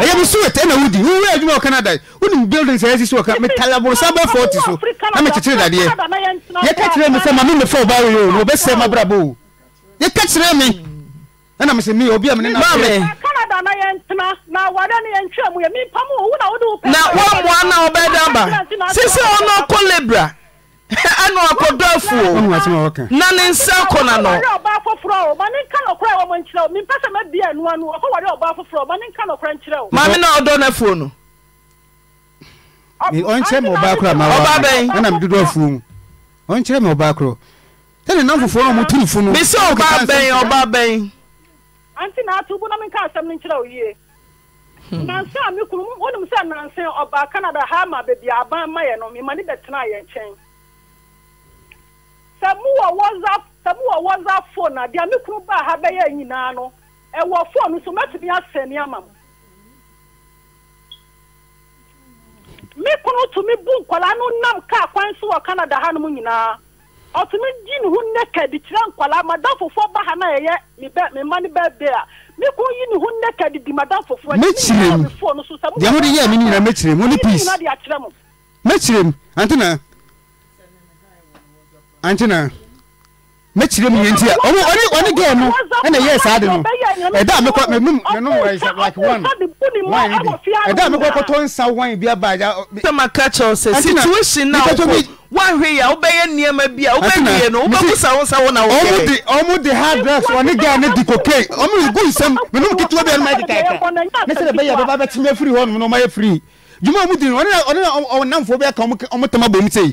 S6: ɛyɛ mi so wɛtɛ na
S8: wudi wuwu adwuma wɔ canada wunim buildings a yɛsisi wɔ canada mi talaburusa bɛ fɔɔti so na mi kyekyere dadeɛ
S6: yɛ kɛkyerɛ mi sɛ maame mi fɛ ɔbaa
S8: wei o na ɔbɛ sɛ ma brabo o yɛ kɛkyerɛ mi ɛna mi sɛ mi obi a mi ne na fɛ. canada
S6: na yɛn tena na awade ni yɛn twɛ mu yɛ mi pam owu na o de o pɛ. na wɔn mu ana ɔbɛ daba sisi ɔno kɔ
S7: lebra. ɛna
S6: ɔkɔdɔafuo
S2: na ne nsa kɔ na no e maame na
S8: ɔdɔ no no ɔnkyerɛ ma ɔbaa koro amawa ɛnam afuo mu ɔnkyerɛ ma ɔbaa koro sɛne nam fofoɔ no fu no mesɛ bɛn bɛn
S6: anti na ato bu na asɛm no nkyerɛ hmm. nanse a me kunu wonim sɛ nanse canada ha ma baabi aban ma yɛ no yɛ nkyɛn sɛ mowɔ whatsapp sɛ whatsapp phone a deɛ me ha bɛyɛ nyinaa no ɛwɔ phone so mɛtumi asɛ ne ama mo me tumi bu nkwadaa no nam kaa kwan so wɔ canada ha nom nyinaa ɔtumi gyi ne ho naked kyerɛ nkwadaa madam fofoɔ ba ha na ɛyɛ me bɛ me mma ne bɛɛbɛ a me yi ne ho naked di madam fofoɔ ɛkyerɛ me phone so sɛ mo deɛ mo de nyinaa mɛkyerɛ mo ne peace
S8: mɛkyerɛ mo antena antina mɛkyerɛ mu yɛnti a ɔmo ɔne ɔne gɛɛ no ɛna yɛɛ saa de no ɛda a mekɔ menum menum wine sɛ like one
S6: wine bi ɛda a mekɔ kɔtɔ
S8: nsa wine bi aba ya. sɛma ka kyɛw situation na ɔkɔ
S2: wahwe ya wobɛyɛ nneɛma bi a wobɛwie no wobɛkusa wo nsa wo na wokɛ. ɔmo de ɔmo de hard drugs ɔne gɛɛ ne di
S8: cocaine ɔmo gu nsɛm menum ketewa bi a ɛnum ayɛ ne sɛ de bɛyɛ bɛba no ɔne ɔne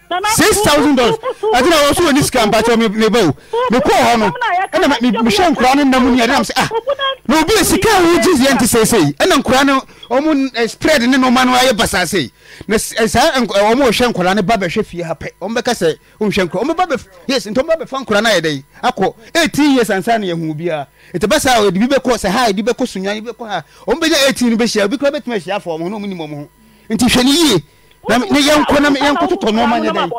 S8: six thousand dollars ɛti um, ah, uh, uh, na wɔn so wɔ ni sika mpatsɛ mi ba o mi kɔ hɔ no ɛna mi mi hyɛ nkura ne nam nia ɛna mi sɛ ah na obi yɛ sika a wɔn gyi yɛn ti sɛsɛyi ɛna nkura no wɔn spread ne nneɛma no ayɛ basaase na saa wɔn wɔ hyɛ nkura ne ba bɛ hwɛ fie ha pɛ wɔn bɛ kasa wɔn hyɛ nkura wɔn ba bɛ yes ntɔn ba bɛ fa nkura n'ayɛ dɛ akɔ eighteen years ansa na yɛ hu biara ètò bá sá ɛdi bi bɛ kɔ sɛ ha ɛdi bɛ kɔ sunya ɛdi bɛ kɔ ha wɔn bɛ nyɛ eighteen bɛ hyia obi kura bɛ tuma hyia afɔ wɔn ho na wɔn ho nti hwɛ ni yie ne yɛnkɔ nam yɛnkɔ totɔ nɔɔma nyɛ dɛ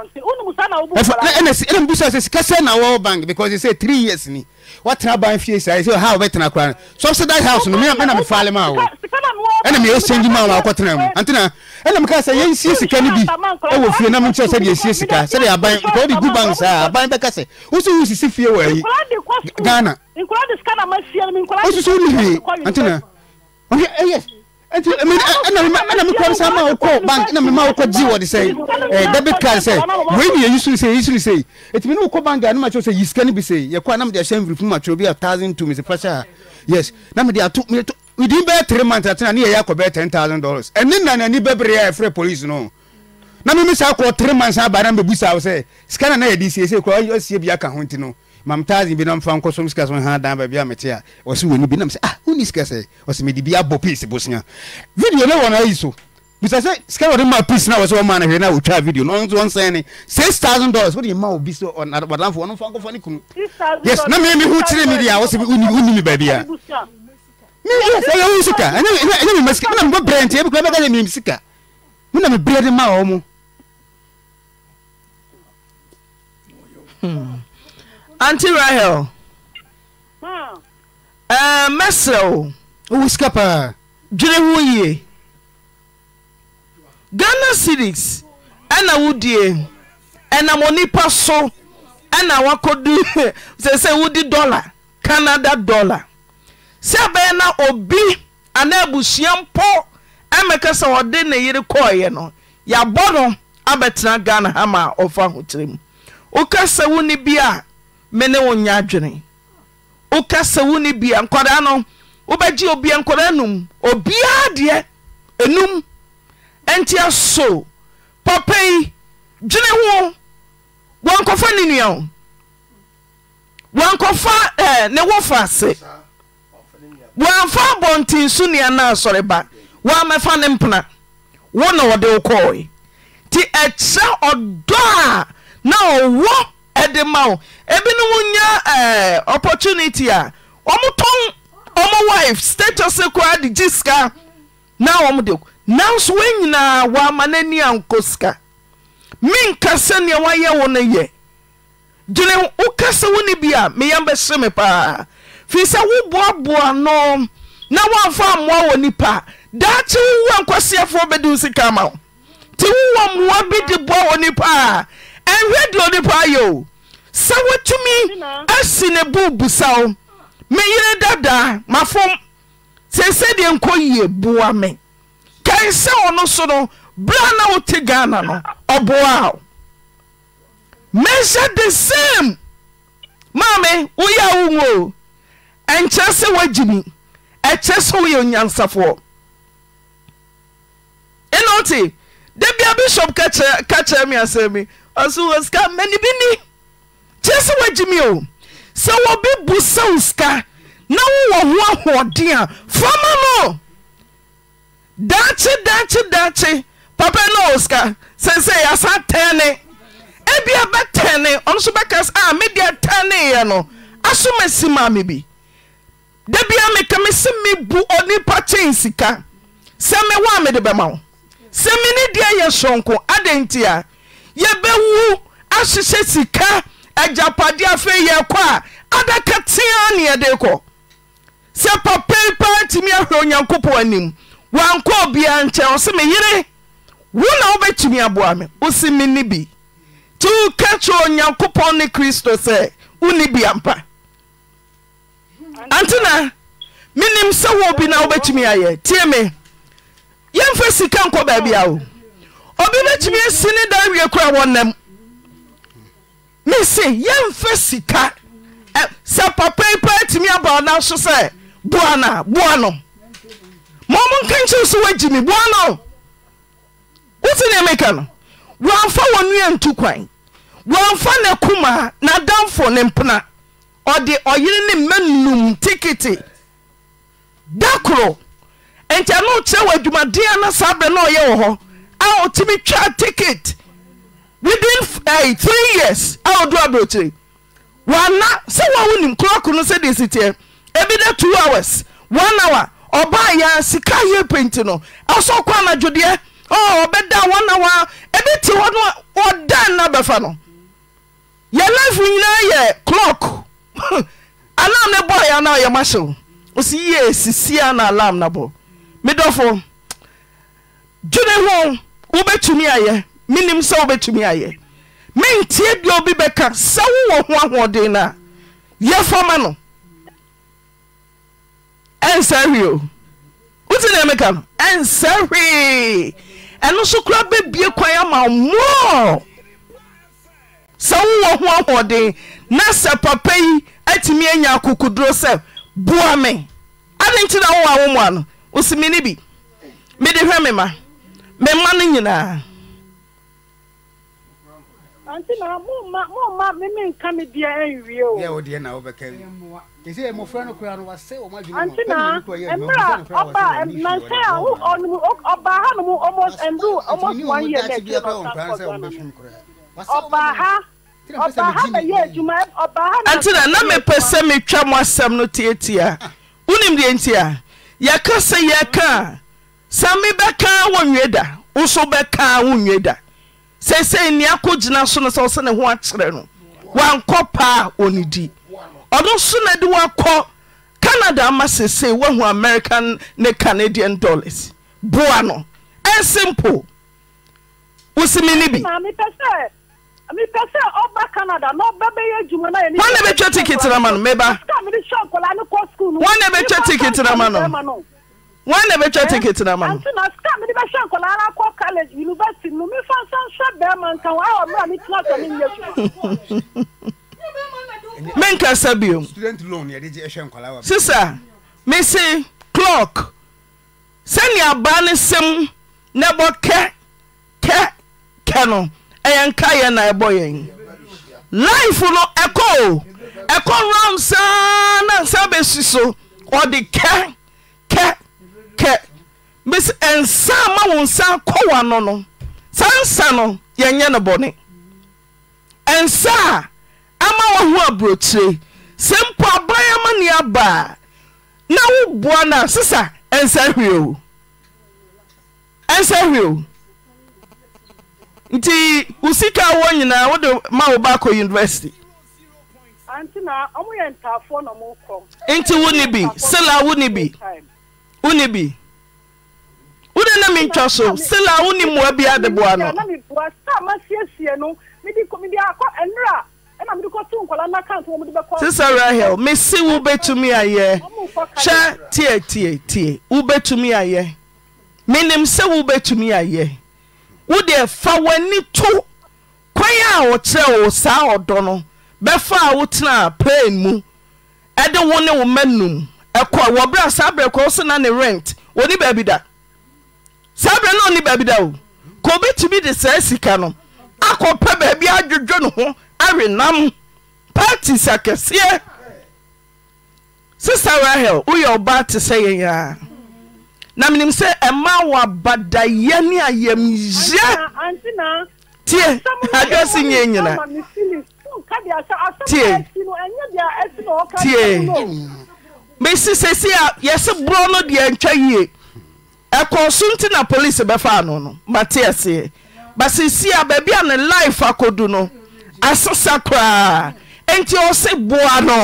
S8: ɛfɛ ɛna ɛna mbu sɛ sɛ sika sɛ na wɔwɔ bank because sɛ three years ni watena ban fie sa sɛ ha wɔbɛtena kora no subsidized house no mena mena mefaale ma wo ɛna meyɛ exchange ma wo akɔtena mu antena ɛna meka sɛ yɛnsie sika no bi ɛwɔ fie na menkyerɛ sɛde yɛsie sika sɛde aban nka wode gu bank saa aban bɛka sɛ wo sɛ wosisi fie wɔ ayi
S6: ghana wosusu wone hwee antena ɔhwɛ ɛyɛ nti ɛna mi kɔm sa ma okɔ bank ɛna mi ma okɔ gyi wɔ de sɛ ɛɛ eh, debit card sɛ
S8: wei ni yɛ yusuru sɛ yusuru sɛ eti mi ni okɔ bank a ne ma kyerɛ sɛ yisika ni bi sɛ yɛ kɔ a na mi de ahyɛ nviri fun ma kyerɛ obi a thousand two mi sɛ fasa yes na mi de ato mi de to within bɛɛ three months ati na ne yɛ yɛ akɔ bɛɛ ten thousand dollars ɛne nana ni bɛbere yɛ ɛfrɛ police no na mi mi sa akɔ three months aba na mi bu sa sɛ sika na na yɛ de sie sɛ kura ɔsie bi aka ho ti no mam taazin bi na mfa nkɔ so sika so ha dan baabi a mete a ɔse wɔni bi nam sɛ ah woni sika sɛ ɔse mede bi abɔ piece bosea video ne wɔ no ayi so bisa sɛ sika wɔde ma piece na wɔsɛ wɔma no hwɛ na wɔtwa video no ɔnso ɔnsɛn ne six thousand dollars wode ma obi sɛ ɔdamfo ɔno mfa nkɔfa ne kunu yes na me me ho kyerɛ me deɛ a wɔsɛ wonni me baabi a meyɛ sɛ yɛwo sika ɛnyɛ mema sika mena mebɔ brɛ nti ɛbɛkura bɛka sɛ menim sika mena mebrɛ de ma wɔ mo anti rahel
S2: mɛserɛ hmm. eh, wo wo sika paa dwene ho yie ghana series ɛna wodie ɛnam onipa so ɛna wakodu, sɛ sɛ wodi dɔla canada dɔla sɛ abɛyɛ na obi anaa abusua mpo ɛmɛka sɛ ɔde ne yere kɔɔeɛ no yɛabɔ no abɛtena ghana hama a ɔfa ahokyerɛ mu woka sɛ wo ne mene woya dwene woka sɛ wone bia nkwdaa no wobɛgye obia nka nom obiaa deɛ anum ntiaso pɔpɛyi dwene wo wankɔfa ne nua o wankɔfa eh, ne wo fa ase wamfa bɔɔntenso neanasɔre ba woamɛfa ne mpena wona wɔde wokɔe nti ɛkyirɛ ɔdɔ a na ɔwɔ ɛde ma wo ebinom nya eh, opportunity a ɔmotɔn ɔmo wife status koraa de gye sika na wɔmde nanso woa nyinaa sika no yɛ bi a meyam paa sɛ no na woamfa ammoa nipa daakye wowu a nkwaseafoɔ bɛde wo sika ma wo nti mmoa bi de boa nipa ɛnhwɛ deɛ onipa ayɛ o sɛ wotumi asi ne buubu saw meyere dadaa mafom sɛsɛdeɛ nkɔ yie boa me kae sɛ ɔno so no bere na wote ghana no ɔboa o mehyɛ the same maame woyɛ wo ngo o ɛnkyerɛ sɛ woagyi mi ɛkyerɛ sɛ woyɛ onyansafoɔ ɛnɔ nti da bishop ka kyerɛ me asɛm mi ɔso wɔ sika mani bi ni kyerɛ sɛ woagye me o sɛ wɔbi bu sɛ wo sika na wowɔ ho ahoɔden a fama no daakye daakye daakye papa na ɔwɔ sika sɛsɛ yɛasa tɛne ebia bɛtɛne ɔno nso bɛka sɛ a ah, medeɛ tɛneeɛ no aso masi maa me bi da bia meka me sɛ mebu onipa kyɛn sika sɛ mewɔ a mede bɛma wo sɛ mene deɛ yɛ sonko adɛn nti a yɛbɛwu ahyehyɛ sika agyapadeɛ afei yɛkɔ a adaka tea ne yɛde kɔ sɛ papai paa tumi ahwɛ onyankopɔn anim wankɔ obiaa nkyɛn ɔse me yere wo na wobɛtumi aboa me wosi menni bi nti woka kyerɛ onyankopɔn ne kristo sɛ wonni bi ampa ante na menim sɛ wɔ bi na wobɛtumi ayɛ tie me yɛmfa sika nkɔ baabia o obi bɛtumi esi ne da awie koraa wɔnam me se yɛmfa sika sɛ papa yi paa atumi aba ɔna so sɛ boa no boa no maɔmo nka nkyɛw so woagyi me boa no wote ne meka no wɔamfa wɔnnua ntu kwan wɔamfa ne kumaa n'adamfo ne mpena ɔde ɔyere ne mma num tikiti da koro ɛnti ɛno kyerɛ wɔ adwumadeɛ a na saa berɛ na ɔyɛ wɔ hɔ a ɔtumi twa ticket within eh, three years a ɔdu aburokyire wana sɛ wɔn awo nim clock no sɛ de si teɛ ebi de two hours one hour ɔbaa yɛ sika yɛ penti no ɔsɔ kɔ anadwodeɛ ɔɔ ɔbɛda one hour ebi te hɔ no ɔda nna bɛfa no yɛ life nyinaa yɛ clock alarm ne bɔ yɛ anaa yɛ ma hyew osi yie sisi ana alarm na bɔ midɔfo dwene ho. wobɛtumi ayɛ menim sɛ wobɛtumi ayɛ mentie bia obi bɛka sɛ wowɔ ho ahoɔden no a yɛfama no ɛnsa hwee o woti ne meka no ɛnsa hwee ɛno so koraa bɛbie kwan ama mmoɔ sɛ wowɔ ho ahoɔden na sɛ papa yi atumi anya akokoduro sɛ boa me ade nti na wowɔ a wo mu a no bi mede
S8: hwɛ me ma mema no nyinaa
S6: nti na moma moma meme nka me bia anwie o. yẹ o o bɛ na mmerɛ ɔba nansi ɔba ha nomu almost ndu almost one year na ɛkyɛ n'ɔsa ɔba ha ɔba ha na yɛ adwuma ɔba ha na. nti na na mepɛ
S2: sɛ metwa mo asɛm no tietia wunim deɛ ntia yɛka sɛ yɛka a sɛ me bɛkaa wɔ nwie da woso bɛkaa wo nwie da seisei nnea kɔgyina so no sɛ wɔsɛ ne ho akyerɛ no wankɔ paa ɔnedi ɔno so na de woakɔ canada ama seisei woahu american ne canadian dollars boa
S6: no ɛnsimple wosimi ne bi mepɛ sɛ ɔba canada na ɔba bɛyɛ adwuma na wɔne bɛtwa ticket nama no meba wɔne bɛtwa ticket nama no wọn na bɛtwa ticket na ma no. àti na sika mi ni bɛ hyɛ nkɔla ara kɔ college university mu mi fa nsa nsa bɛrima nkan wa awɔ mura mi tena sɔ
S8: mi nyɛ dwuma. mi nkasa bio. student loan yɛ de je ɛhyɛ nkɔla wa. sisa
S2: mi si clock sani abani sim sɛm ne bɔ kɛ kɛ kɛ no ɛyɛ nka yɛ na ɛbɔ yɛn life no ɛkɔ o ɛkɔ round saa na nsa si so ɔde kɛ. kɛ nsa ma wo nsa kɔwa no no saa nsa no yɛnyɛ no bɔne nsa a ama woaho aborɔkyire sɛ mpo aban ama ne abaa na woboa no a sesa ɛnsa hwio ɛnsa hwio nti wo sika nyinaa wode ma wo baakɔ university
S6: nti wo ne bi sela wo ne bi
S2: woni bi wode ne mentwa so sela woni mmoa bi adeboa
S6: nosisa rahel
S2: mese wobɛtumi ayɛ hyɛ tietietie wobɛtumi ayɛ menim sɛ wobɛtumi ayɛ wodeɛ fa w'ani to kwan a wɔkyerɛ wo saa ɔdɔ no bɛfa a wotena plan mu ɛde wo ne wo ma num ɛkɔ wɔberɛ a saa berɛ kɔ so na ne rent ɔni baabi da saa berɛ na ɔni baabi da o ka obɛtumi de saa sika no akɔpɛ baabi adwodwo ne ho awenam party sakɛseɛ sista rahel woyɛ ɔbaa te sɛ yɛn aa na menim sɛ ɛma wɔ abadayɛ ne ayamyɛ tie adwase nyɛ nyina
S6: tie tie
S2: mesi sesi a yɛse borɔ no deɛ ntwa yie ɛkɔɔ so nti na police bɛfaa no no mateaseɛ ba sesi a baabi a ne life akɔdu no
S6: asesa koraa enti ɔse boa no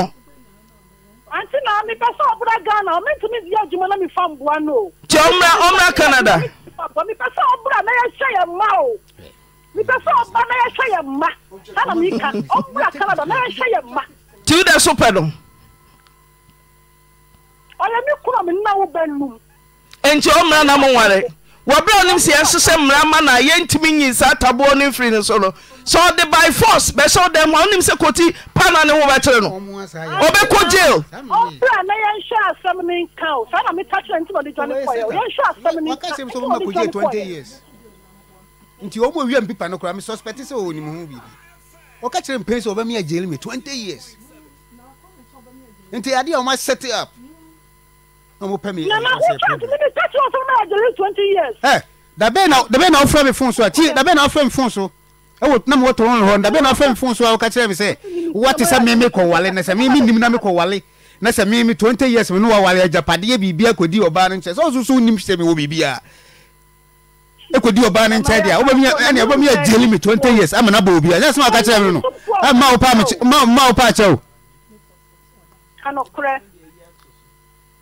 S6: nti na mepɛ sɛ ɔbra ghana ɔmentumi yɛ adwuma na mefa mboa no o nti ɔmmra ɔmmra canada mepɛ sɛ ɔbra na yɛhyɛ yɛ mma o mepɛ sɛ ɔba na yɛhyɛ yɛ mma sana meka ɔbra canada na yɛhyɛ yɛ mma
S2: nti wodɛ so pɛ no ɔyɛ me kura me nna wo bɛnum enti ɔmmara na mo ware wɔberɛ ɔnim sɛ yɛhyehyɛ mmara ma na yɛntumi nyi saa taboɔ no mfiri no so no sɛ ɔde by force bɛhyɛ wodɛ mu a wonim sɛ kɔti pana ne ho bɛkyere no ɔbɛkɔ jail
S6: ɔbrɛ na yɛnhwɛ asɛm no nka o saa na meka kyerɛ nti ɔde dwane kɔɛ yɛnhwɛ asɛm no nka ɔde years
S8: nti ɔmɔ wia mpipa no koraa me suspect sɛ ɔnim ho biribi ɔka kyerɛ mpɛn sɛ ɔbɛmea jail me 20 years nti adeɛ a ɔma set up na mo pɛ mi ɛ ɔsɛ pɛ mi. ɛ dabe na dabe na ɔfrɛ mi fon so a ti dabe na ɔfrɛ mi fon so ɛwɔ na mo tɔn hɔ dabe na ɔfrɛ mi fon so a ɔka kyerɛ mi sɛ wa ti sɛ mi mi kɔ wale na sɛ mi mi nim na mi kɔ wale na sɛ mi mi twenty years mi ni wa wale agyapadeɛ biribi akɔdi ɔbaa ne nkyɛn sɛ ɔsoso nim sɛ mi wɔ biribi a E ekodi ɔbaa ne nkyɛn deɛ ɔbɛmi ɛni ɔbɛmi agyeli mi twenty years ama na bɔ obi a nyɛ sɛ ɔka kyerɛ mi no ɛma ɔpa akyɛw.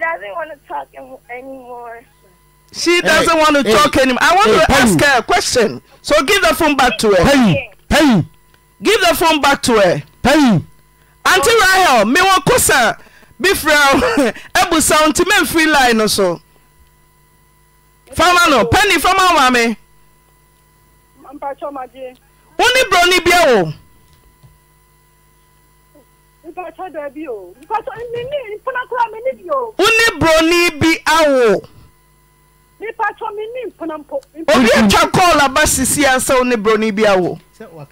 S6: doesn't want to talk anymore.
S2: She doesn't hey, want to hey, talk anymore. I want hey, to Penny. ask her a question. So give the phone back to her. Penny, Penny. Give the phone back to her. Penny. Auntie Rahel, me wa kosa Ebu ebusa nti me free line no so. Fama no, Penny fama wame.
S6: Mampacho maje.
S2: Woni broni bia wo
S6: bọ̀ ọ̀tọ́ dẹ̀ bi o because mi ní ìfúnnakura mi níbi o. ó ní
S2: broni bi awo.
S6: nípa tó mi ní ìfúnnampo. obi atwa kọ́ọ̀lù aba
S2: sisi ansa ó ní broni bi awo.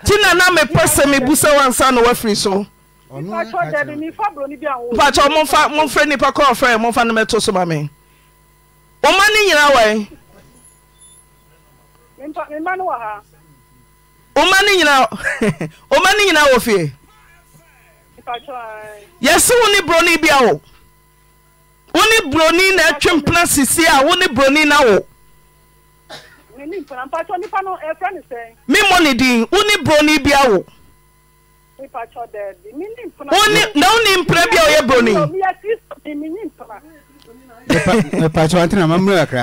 S2: tí nana mi pẹ́ sẹ́ mi wà nsá na wàfiri so.
S6: nípa tó dẹ̀ bi mi fa awo. nípa tó mo fa mo fẹ́ nípa
S2: kọ́ ọ̀fẹ́ mo fa ni mẹ́ tó ma mi. nyina wọ̀ ma ni nyina wọ́n máa yɛse wo ne buroni bia wo wo ne buroni na atwe mpena sisi a wo ne buroni na wo
S6: memmɔ
S2: ne din wo ne buroni bia wo
S6: na wo ne mpena bia woyɛ buroni
S8: mepakyɛ antena mammerɛ kakra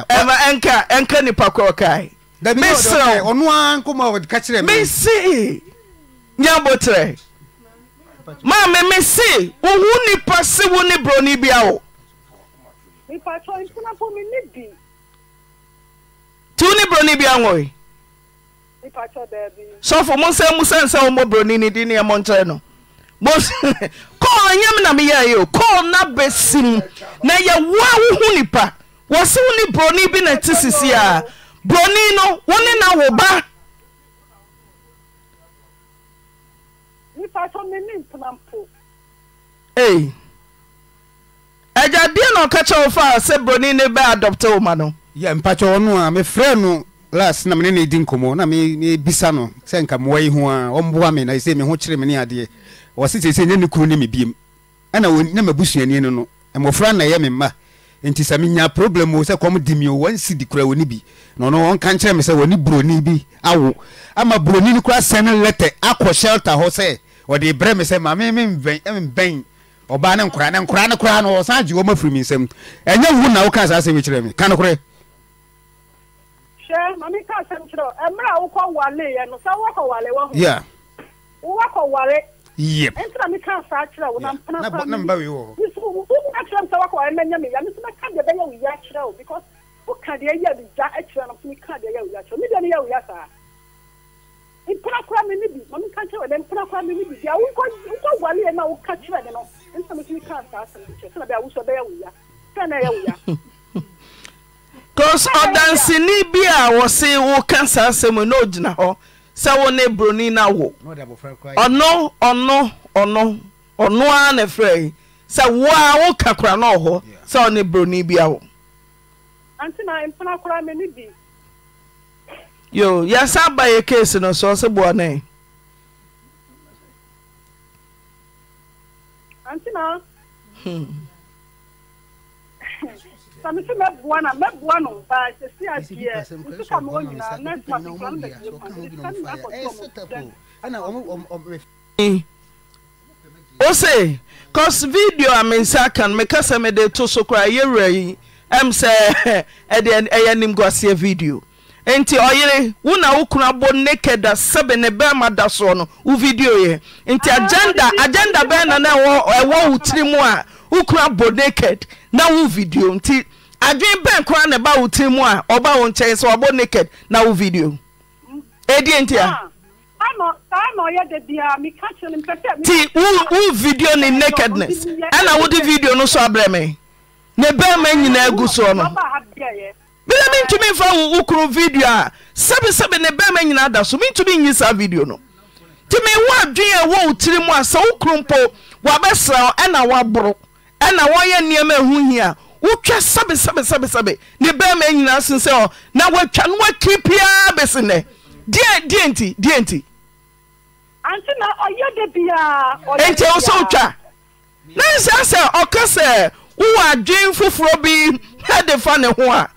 S2: ɛnka ɛnka nipa kɔ kae meserɛ ɔno a nkɔma wɔde ka kyerɛ me mese nya botrɛ maame me se wohu nnipa se wo ne borɔni bia wo nti wo ne borɔni bia wɔ
S6: sɔfo mo nsɛm mu sɛne
S2: sɛ wommɔ borɔni ne di ni neɛmɔ nkyerɛ no kɔɔ ɛnyam na mi meyɛɛ o kɔɔ na bɛsim na yɛwoa wohu nnipa wɔ se wo ni broni bi na ɛte sisi a borɔni no wo ni na wo ba ee agya deɛ na wo
S8: sɛ a mefrɛ no na mene ne ɛdi nkɔmmɔ na mebisa no sɛ nka mmoa yi ho a ɔmboa me na ɛsɛ kyere me ne adeɛ nyɛ e na mabusuani no no e mmɔfra na me mma nti sɛ menya problem o sɛ kɔm di na ɔno ɔnka nkyerɛ me sɛ wɔne bi awo ama no kora sɛne akɔ shelter hɔ sɛ ɔde brɛ me sɛ maame membɛn ɔbaa ne nkora ne nkora ne koraa no ɔsan gye wɔm afiri me nsɛm ɛnyɛ wu na woka saa asɛm kyerɛ me ka nokorɛ
S6: hwɛ mame ka asɛm kyerɛ ɛmmerɛ a wokɔ waleɛ no sɛ wokɔ wale wɔ ho wowakɔ ware yep ɛntina mi kan saa kyerɛ wo na mpana paa na mba wi wɔ wo ka kyerɛ mi sɛ wakɔ ayɛ mɛnyɛ mi ya mi sɛ deɛ bɛyɛ wo ya kyerɛ wo because wo ka deɛ yɛ mi ya kyerɛ no mi ka deɛ yɛ wo ya kyerɛ mpirakura mi ni bi mami ka kyerɛ dɛ mpirakura mi ni bi bi a wokɔ wokɔ wale yɛ na woka kyerɛ dɛ no nsɛm tumi ka saa asɛm kyerɛ sɛnɛ bɛ awusɔ bɛyɛ wuya sɛnɛ yɛ wuya.
S2: cause ɔdansini bi a wɔsi woka saa asɛm na ogyina hɔ sɛ wo ne broni na wo ɔno ɔno ɔno ɔno ara na efra yi sɛ wo a woka kora na ɔhɔ sɛ ɔne broni bi a wo.
S6: na mpirakura mi ni bi
S2: yo yɛsa ba yɛ case no so ɔse boɔ ne
S6: sàmìsí mẹ́bùá náà mẹ́bùá nù bá a ṣe sí àdìẹ ìsúkà mi ò yìnà náà ti ma fi
S8: kúrò nígbà tí mo kàn ní sẹ́ni náà o
S2: se cos e ah, hmm. video a me nsa kan mekasa mede to so koraa yɛwura yi ɛm sɛ ɛdeɛ e ɛyɛ e nimguaseɛ video nti ɔyere wo na wo kunu abɔ naked a sɛbe ne bɛrima da soɔ no wo video yɛ nti agenda agenda bɛn na na ɛwɔ ɛwɔ wo tiri mu a wo kunu abɔ naked na wo video nti adwene bɛn kora na ɛba wo tiri mu a ɔba wo nkyɛn sɛ ɔbɔ naked na wo video ɛdi e nti ah,
S6: a. ti wo wo video ne nakedness ɛna e wode video
S2: no so abrɛ me ne bɛrima nyinaa gu soɔ no meyɛ mentumi mfa wo kuro video a sɛbesɛbe ne bɛrima nyinaa da so mentumi nyi saa video no nti mewɔ adwene a ɛwɔ wo tiri mu a sɛ wo kuro mpo wɔabɛsra wo ɛna woaboro ɛna wɔyɛ nneɛma ɛho hi a wotwa sɛbesɛbesɛbesɛbe ne bɛrima nyinaa sen sɛ ɔ na watwa no wakiri piaa bɛsi nnɛ deɛ deɛ nti deɛ nti
S6: ɛnti wo sɛ
S2: na nsa sɛ ɔka sɛ wowɔ adwene foforɔ bi ɛde fa ne ho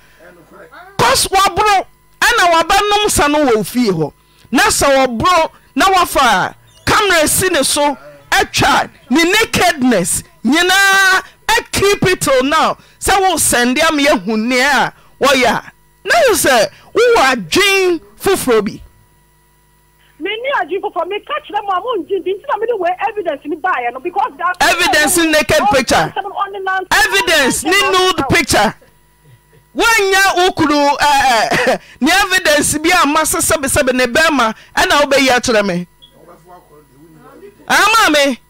S2: because wɔboro ɛna wɔbɛnom sa no wɔ fie hɔ na sɛ wɔboro na wɔfa camera si ne so atwa ne nakedness nyinaa akiri till now sɛ wosɛnde ama yɛhu nneɛ a wɔyɛ a na yɛ sɛ wowɔ adwen foforɔ bi
S6: mene adwen foforɔ meka kyerɛ mu a mongye di nti na mede wɔ evidence ne baeɛ no because evidence naked picture evidence ni nude
S2: picture woanya wo kuru eh, eh, ne evidence bi a ma se sɛbesɛbe ne bɛrima ɛna wobɛyi akyerɛ me ama me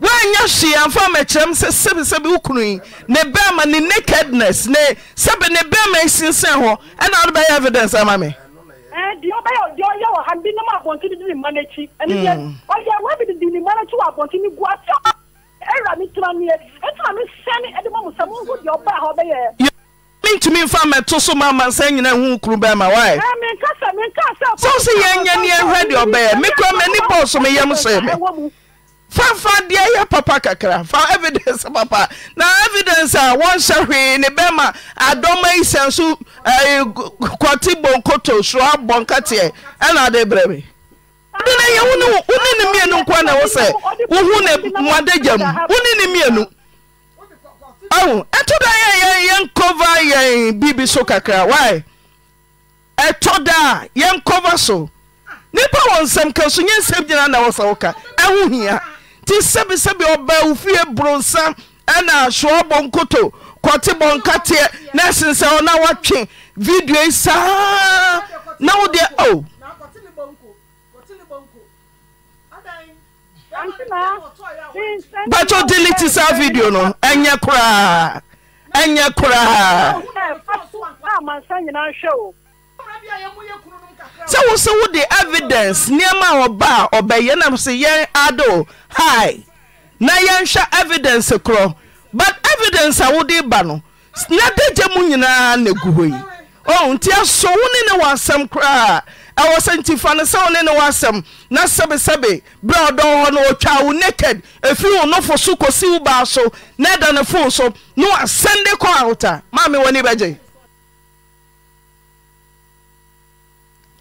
S2: woanya hwee amfa makyerɛ m sɛ sɛbesɛbe wo yi ne bɛrima ne nakedness ne sɛbe ne bɛrima ɛsinsɛn hɔ ɛna wode bɛyɛ evidence ama me
S6: eh, deɛ ɔbɛyɛ deɛ ɔyɛ wɔ ha bi nam abɔnten de ne mma n'akyi ɛne deɛ mm. ɔyɛ wabi de ne mma n'akyi wɔ abɔnten gu asɛ ɛwura me tena neɛ ɛtena me sɛne ɛde ma mo sɛ monhu deɛ ɔbaa ha ɔbɛyɛ
S2: mentumi mfa mɛto so ma amansa nyina hu kuru bɛrima wae
S6: sɛ sɛ yɛnyɛ ne yɛhwɛ deɛ ɔbɛyɛ me kora m'ani bɔɔ so meyam sɛ me
S2: fafa deɛ yɛ papa kakra fa evidence papa na evidence a wɔnhyɛ hwee ne bɛrima adɔma yi sɛn so eh, kɔte bonkoto soro abɔ nkateɛ ɛna ade brɛ me de na yɛ wone ne mmienu nkoa na ɛwɔ sɛ wohu ne mmoadagya mu wone ne mmienu ɛtɔ da a yɛnkova yɛn bibi so kakra wy ɛtɔ da a so nipa wɔ nsɛm ka so nsɛm gyina na wɔsa wo ka ɛho hia nti sɛbisɛbi ɔba wo fie boronsa ɛna soɔ bɔ nkoto kɔte bɔnkateɛ na ɛsen sɛ ɔna woatwe video yi saa na wodeɛ o
S6: bàtò delete saa video
S2: no ɛnyɛ koraa ɛnyɛ koraa. sɛ wo sɛ wode evidence nneɛma a ɔba a ɔbɛyɛ nam sɛ yɛn ado hi na yɛnhwɛ evidence korɔ but evidence a wode ba no na dagya mu nyinaa na gu hɔ yi ɔ oh, nti aso wo ne ne wɔ asɛm koraa awɔ sɛ nti fa ne sɛwo ne ne woasɛm na sɛbesɛbe berɛ ɔdɔɔ hɔ no ɔtwa wo naked fi wo nofo so kosi wo baa so na ɛdane foo so n wsɛnde kɔ awota mamewani bɛgye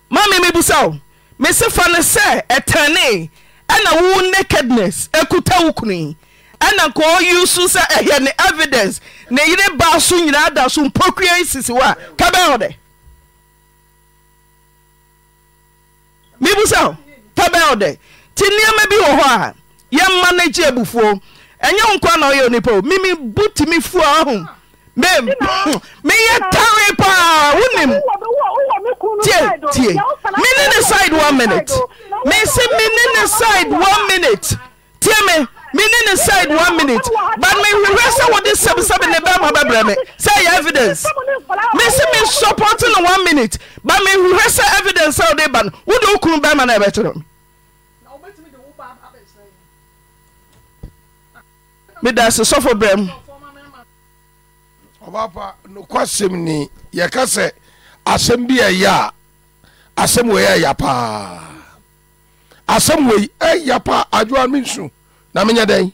S2: ma memebusawo mese fa ne sɛ tanee ɛna wo nakedness kuta wo kuni ɛna nɔɔus sɛ ɛhɛ ne evidence ne yere baa so nyinaa da so mpokai sisiwɔ aɛdɛ mebu sɛw ka bɛo dɛ ti nneɛma bi wɔ hɔ a yɛ ma ne gye bufoɔ ɛnyɛ wonkoana ɔyɛ onipa memebu timi fuaa ho meyɛ tare paa wonim
S6: men ne i 1 mnut e mnnsid 1
S2: minut Meaning inside one minute but mehwehwɛ sɛ wode sɛbsɛbe ne bɛma bɛbrɛ me sɛ Say evidence
S6: mese me support
S2: no one minute but me rehearse evidence sɛ wode ba no wode wo kunu bɛma na ɛbɛkyerɛ me meda se sɔfo brɛ mu
S5: ɔbapa nokwasɛm ni yɛka sɛ asɛm bi ɛyɛ a asɛm wei ɛya paa asɛm wei ɛya paa adwoa me nsu na menyɛ dɛn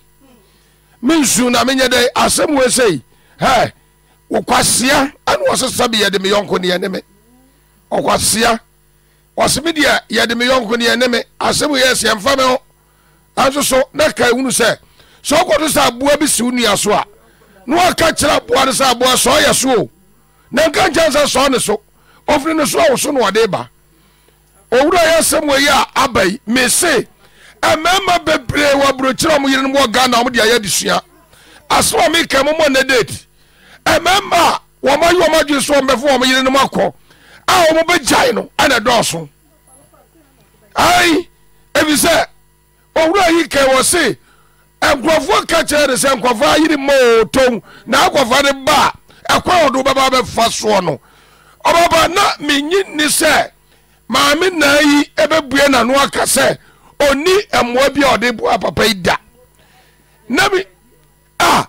S5: mensu na menyɛ dɛn asɛm wei sei hɛ wokwasea ɛne wɔsesa bi yɛde me yɔnko neɛ ne me ɔkwasea ɔse me deɛ yɛde me yɔnko neɛ ne me asɛm wei ɛsiɛ mfa me ho nanso so na ka hunu sɛ sɛ wokɔto sɛ aboa bi si wo nnua so a na waka kyerɛ aboa no sɛ aboa sɛ ɔyɛ so o na nka nkyɛn sɛ sɛ ɔne so ɔfiri ne so a wo so na ɔde ba owura yɛ asɛm wei a aba yi mese mmarima bebree wɔ aburokyerɛ ɔmo yerenom wɔ ghana ɔmo de ayɛ adesua aso ɔmo ka mu mɔ ne date mmarima a wɔn ayi wɔn adwene so wɔn bɛfo wɔn yerenom akɔ a wɔn bɛgyae no ɛna dɔɔso ayi ebi sɛ owurɔ yi ka wɔ se nkurɔfoɔ ka de sɛ nkurɔfoɔ ayiri mɔ otom na akɔfa de ba ɛkɔ ɔdo bɛba bɛfa soɔ no ɔbɛba na menyi ni sɛ maame naa yi ɛbɛbue n'ano aka oni mmoa bi a ɔde boa papa yi da na mi a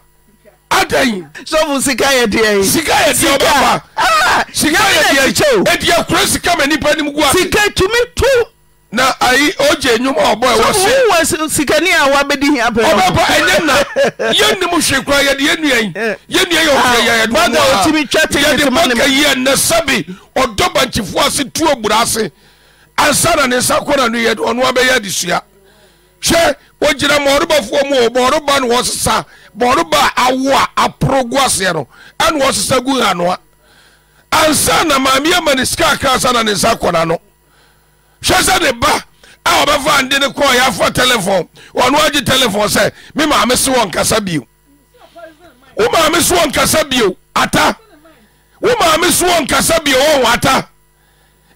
S5: adan. sọfún sika yẹ diẹ yi. sika yẹ diẹ ọba pa sika yẹ diẹ kyẹw. edi kure sika ma nipa ni gu sika tumi tu. na ayi oje enyum a ɔbɔ ɛwɔ se. sọfún wọ sikani a wabedi ɔbɛ ɛnyɛ yɛn se kura nua yi eh. nua ɔkura yɛ ah, a ɔdɔ ase ase. ansa na ne nsa kɔ na no yɛ ɔno abɛyɛ adesua hwɛ wɔgyina mɔɔrobɔfoɔ mu o mɔɔroba ne wɔsesa mɔɔroba awo a aporo gu aseɛ no ɛne wɔsesa gu hanoa ansa na maame ama ne sika ka ansa na ne nsa kɔ na no hwɛ sɛ ne ba a ɔbɛfa ande ne kɔɔ yɛafa telefon ɔno agye telefon sɛ me maame se wɔ nkasa bio wo maame so wɔ nkasa bio ata wo maame so wɔ nkasa bio wɔwɔ ata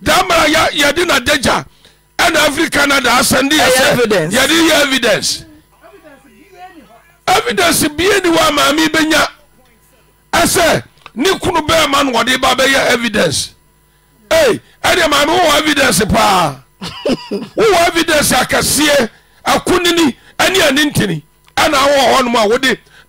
S5: da mara yɛde na dagya ɛna afiri canada asɛm de yɛsɛ yɛde yɛ evidence evidence bie ni wɔ amaame bɛnya ɛsɛ ne kunu bɛɛ ma no wɔde ba bɛyɛ evidence ee ɛdeɛ maame wowɔ evidence paa wowɔ evidence akasie akonini ɛne anintini ɛna
S2: wowɔ hɔ nom a wode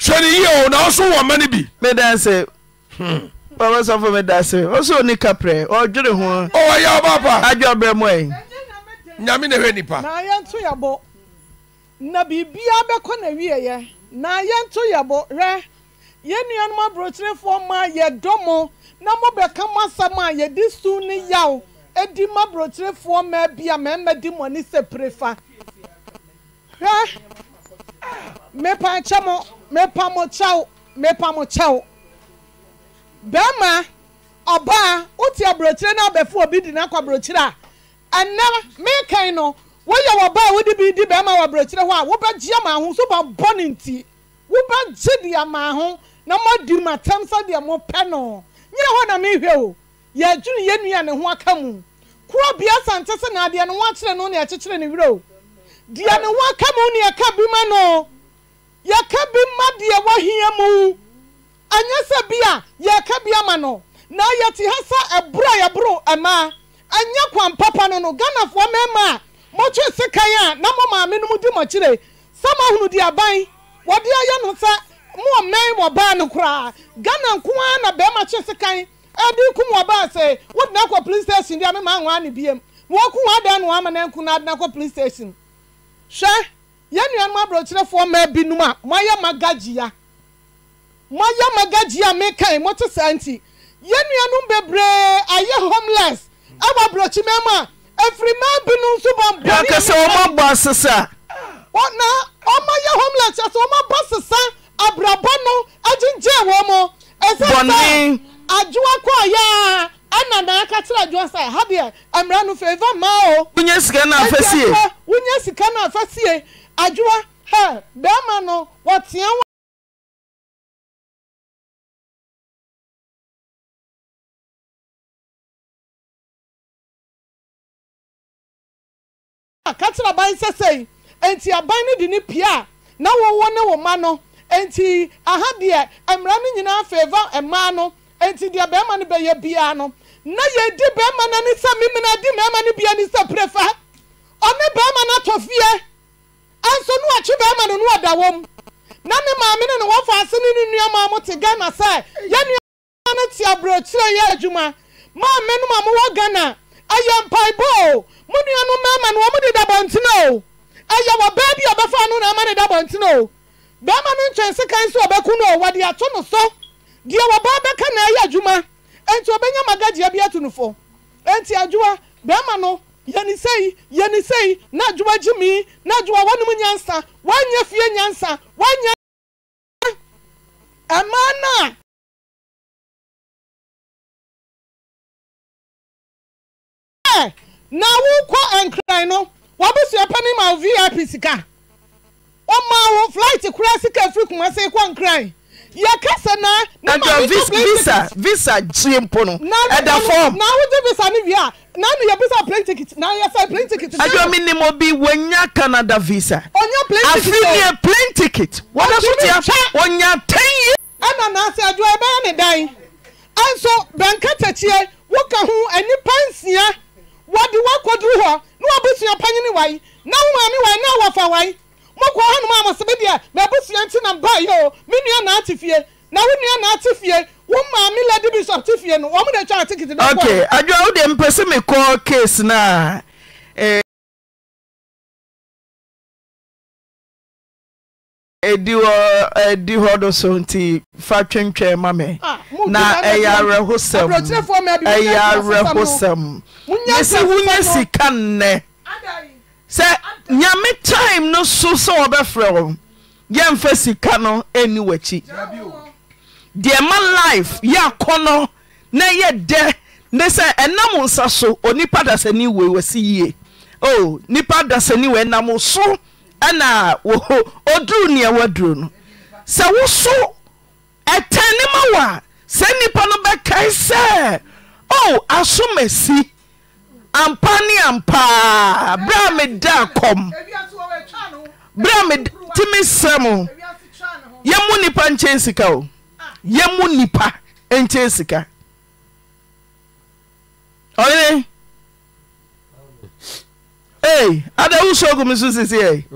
S2: hwɛ ne yie o na ɔso wɔ ma no bi meda sɛ bàbá sọfọ mi da se o sọ ní kaprẹ ọdúnrún hàn. ó wá yá ọba pa. ajọ abirẹ mọ ẹ. nyami na ehwẹ nipa. na ya tún yẹ bọ na biribi abẹkọ na wiye yẹ na yẹn tún yẹ bọ rẹ yẹn nua no aburokyerefo ma yẹ dọmọ na mo bẹ ka mo asam a yẹ di su ni yaw edi mo aburokyerefo ma bi a mẹmẹ di mo ni sẹ pere fa rẹ. mepa nkyɛ mo mepa mo kyɛw mepa mo kyɛw bɛrima ɔbaa wote aburokyire na abɛfo obi di n'akɔ aburokyire a ɛnɛ mekan no woyɛ wɔbaa a wode bi di bɛrima wɔ aburokyire hɔ a wobɛgye ama ho so bɛbɔ ne nti wobɛgye de ama ho na moadi ma tam sɛdeɛ mopɛ no nyina hɔ na mehwɛ o adwiri yɛadwene yɛnnua ne ho aka mu kuro bia sante se na adeɛ no ho akyerɛ no ne ɛkyekyere ne werɛ o deɛ ne wɔka mu ne yɛka bi ma no yɛka bi ma deɛ wahia mu anyɛ sɛ bi a yɛka bi ama no na yɛte ha sɛ ɛboro e a yɛboro ɛmaa e ɛnyɛ kwan papa no no ghanafoɔ mmarima a mɔtwe sekan a na mo maame no mu di mo akyire sɛ mahunu di aban wɔde ayɛ no sɛ mo ɔmɛn wɔ baa no koraa ghana nko ara na bɛrima twe sekan ɛde e kum wɔ baa sɛ wodena kɔ police station deɛ mema anwa ne biem wɔko wɔ adan no wama na nku na adena kɔ police station hwɛ yɛn nuanom aburokyerefoɔ mmaa binom a moayɛ magagyia moayɛ magagyia mekan mote saa nti yɛn nuanom bebree ayɛ homeless ɛwɔ aburokyi mmaa a efiri mmaa binom nso bɔ bɔnni. yàkɛsɛ wɔn abɔ asesa. na ọmọ yẹ homeless yẹ sọ ọmọ bọ sisan aburabọ no agyingye wọn mu. bọnni. adwowa kọ ya ɛna na aka kyerɛ adwo sɛ ha deɛ mmara no fɛva maa
S4: o. wúnyɛ sika náà fɛ sie. wúnyɛ sika náà fɛ sie adwoa hɛ bɛrima no wɔtea wɔn. aka ah, kyerɛ aban sɛsɛn nti aban no de ne pia na
S2: wɔwɔ ne wɔn ma no nti aha deɛ mmara no nyinaa fɛva mmaa no nti deɛ bɛrima no bɛyɛ biara no na yɛdi bɛrima na ne sɛ memena di mmarima ni bia ne sɛ prefa ɔne bɛrima na atɔ fie ɛnso ne wakye bɛrima na ne wɔda wɔ na ne maame no ne wɔfa ase ne ne nnuama mo te ghana sɛ yɛnnuama no te aborɔkyerɛ yɛ adwuma maame no ma mowɔ ghana ɛyɛ mpaebɔ o mo nua no mmarima no wɔn de da bɔntene o ɛyɛ wɔ bɛɛ a ɔbɛfa no na ama ne da bɔntene o bɛrima no nkyɛnsekan so ɔbɛku no wɔde ato no so deɛ wɔbaa bɛka na ɛyɛ adwuma enti obenya magadia bi ato no fo enti adwoa bɛrima no yɛni sɛyi yɛni sɛyi na adwoa gye mi na adwoa wɔnum nyansa wɔnyɛ fie nyansa
S4: wɔnyɛ ɛmaa naa. Eh, na wokɔ nkran no wabusua panin ma vip sika ɔmaa wo
S2: flight kura sika firi kumase kɔ nkran. yɛkasa na na maame plane ticket. visa visa gye mpo no ɛda fam. na ahosuo visa ni wia na anu visa plane ticket na
S3: yɛfɛ plane ticket. adwo mi ni mo
S2: bi wonya canada visa. onya plane ticket o afi ni plane ticket wɔn so ti onya ten years. ɛna n'ase adwo ɛbɛyɛ ne dan ɛnso bɛnka tɛkyeɛ woka ho anipa nsia wɔde wakɔduru hɔ na wabusua panyin wa yi na wɔn maame wa yi na wɔfa wa yi mokɔ hɔnom a mosɛbe deɛ mabusua nti na mbaeɛ o me nua na ate fie na wo nua na ate fie wo maame lady
S4: bishop te fie no wɔn de twa atikiti dɛ ok adwa wo de mpɛ sɛ mekɔ case na. edi hɔ edi hɔ do so nti fa twɛntwɛn ma mi
S7: ah, na ɛyɛ awerɛhosɛm ɛyɛ awerɛhosɛm yɛsi wunyɛ sika
S2: nnɛ sɛ nyame time no so sɛ wɔbɛfrɛ wo yɛmfa sika no ɛnni w'akyi deɛ ma life yɛ akɔ no na ɛyɛ dɛ ne sɛ ɛnam nsa so onipa dasani wei wɔsi yie o oh, nipa dasani wei nam so ɛna wɔ oduru nea waduro no sɛ woso ɛtɛn ne ma wa sɛ nipa no bɛkae sɛ o oh, asomasi. ampa ne ampaa bere a meda kɔm ere e time sɛ mo yɛmu nnipa nkyɛ sika o yɛmu nnipa nkyɛ
S1: sika ɔne ada wosogu m so sisi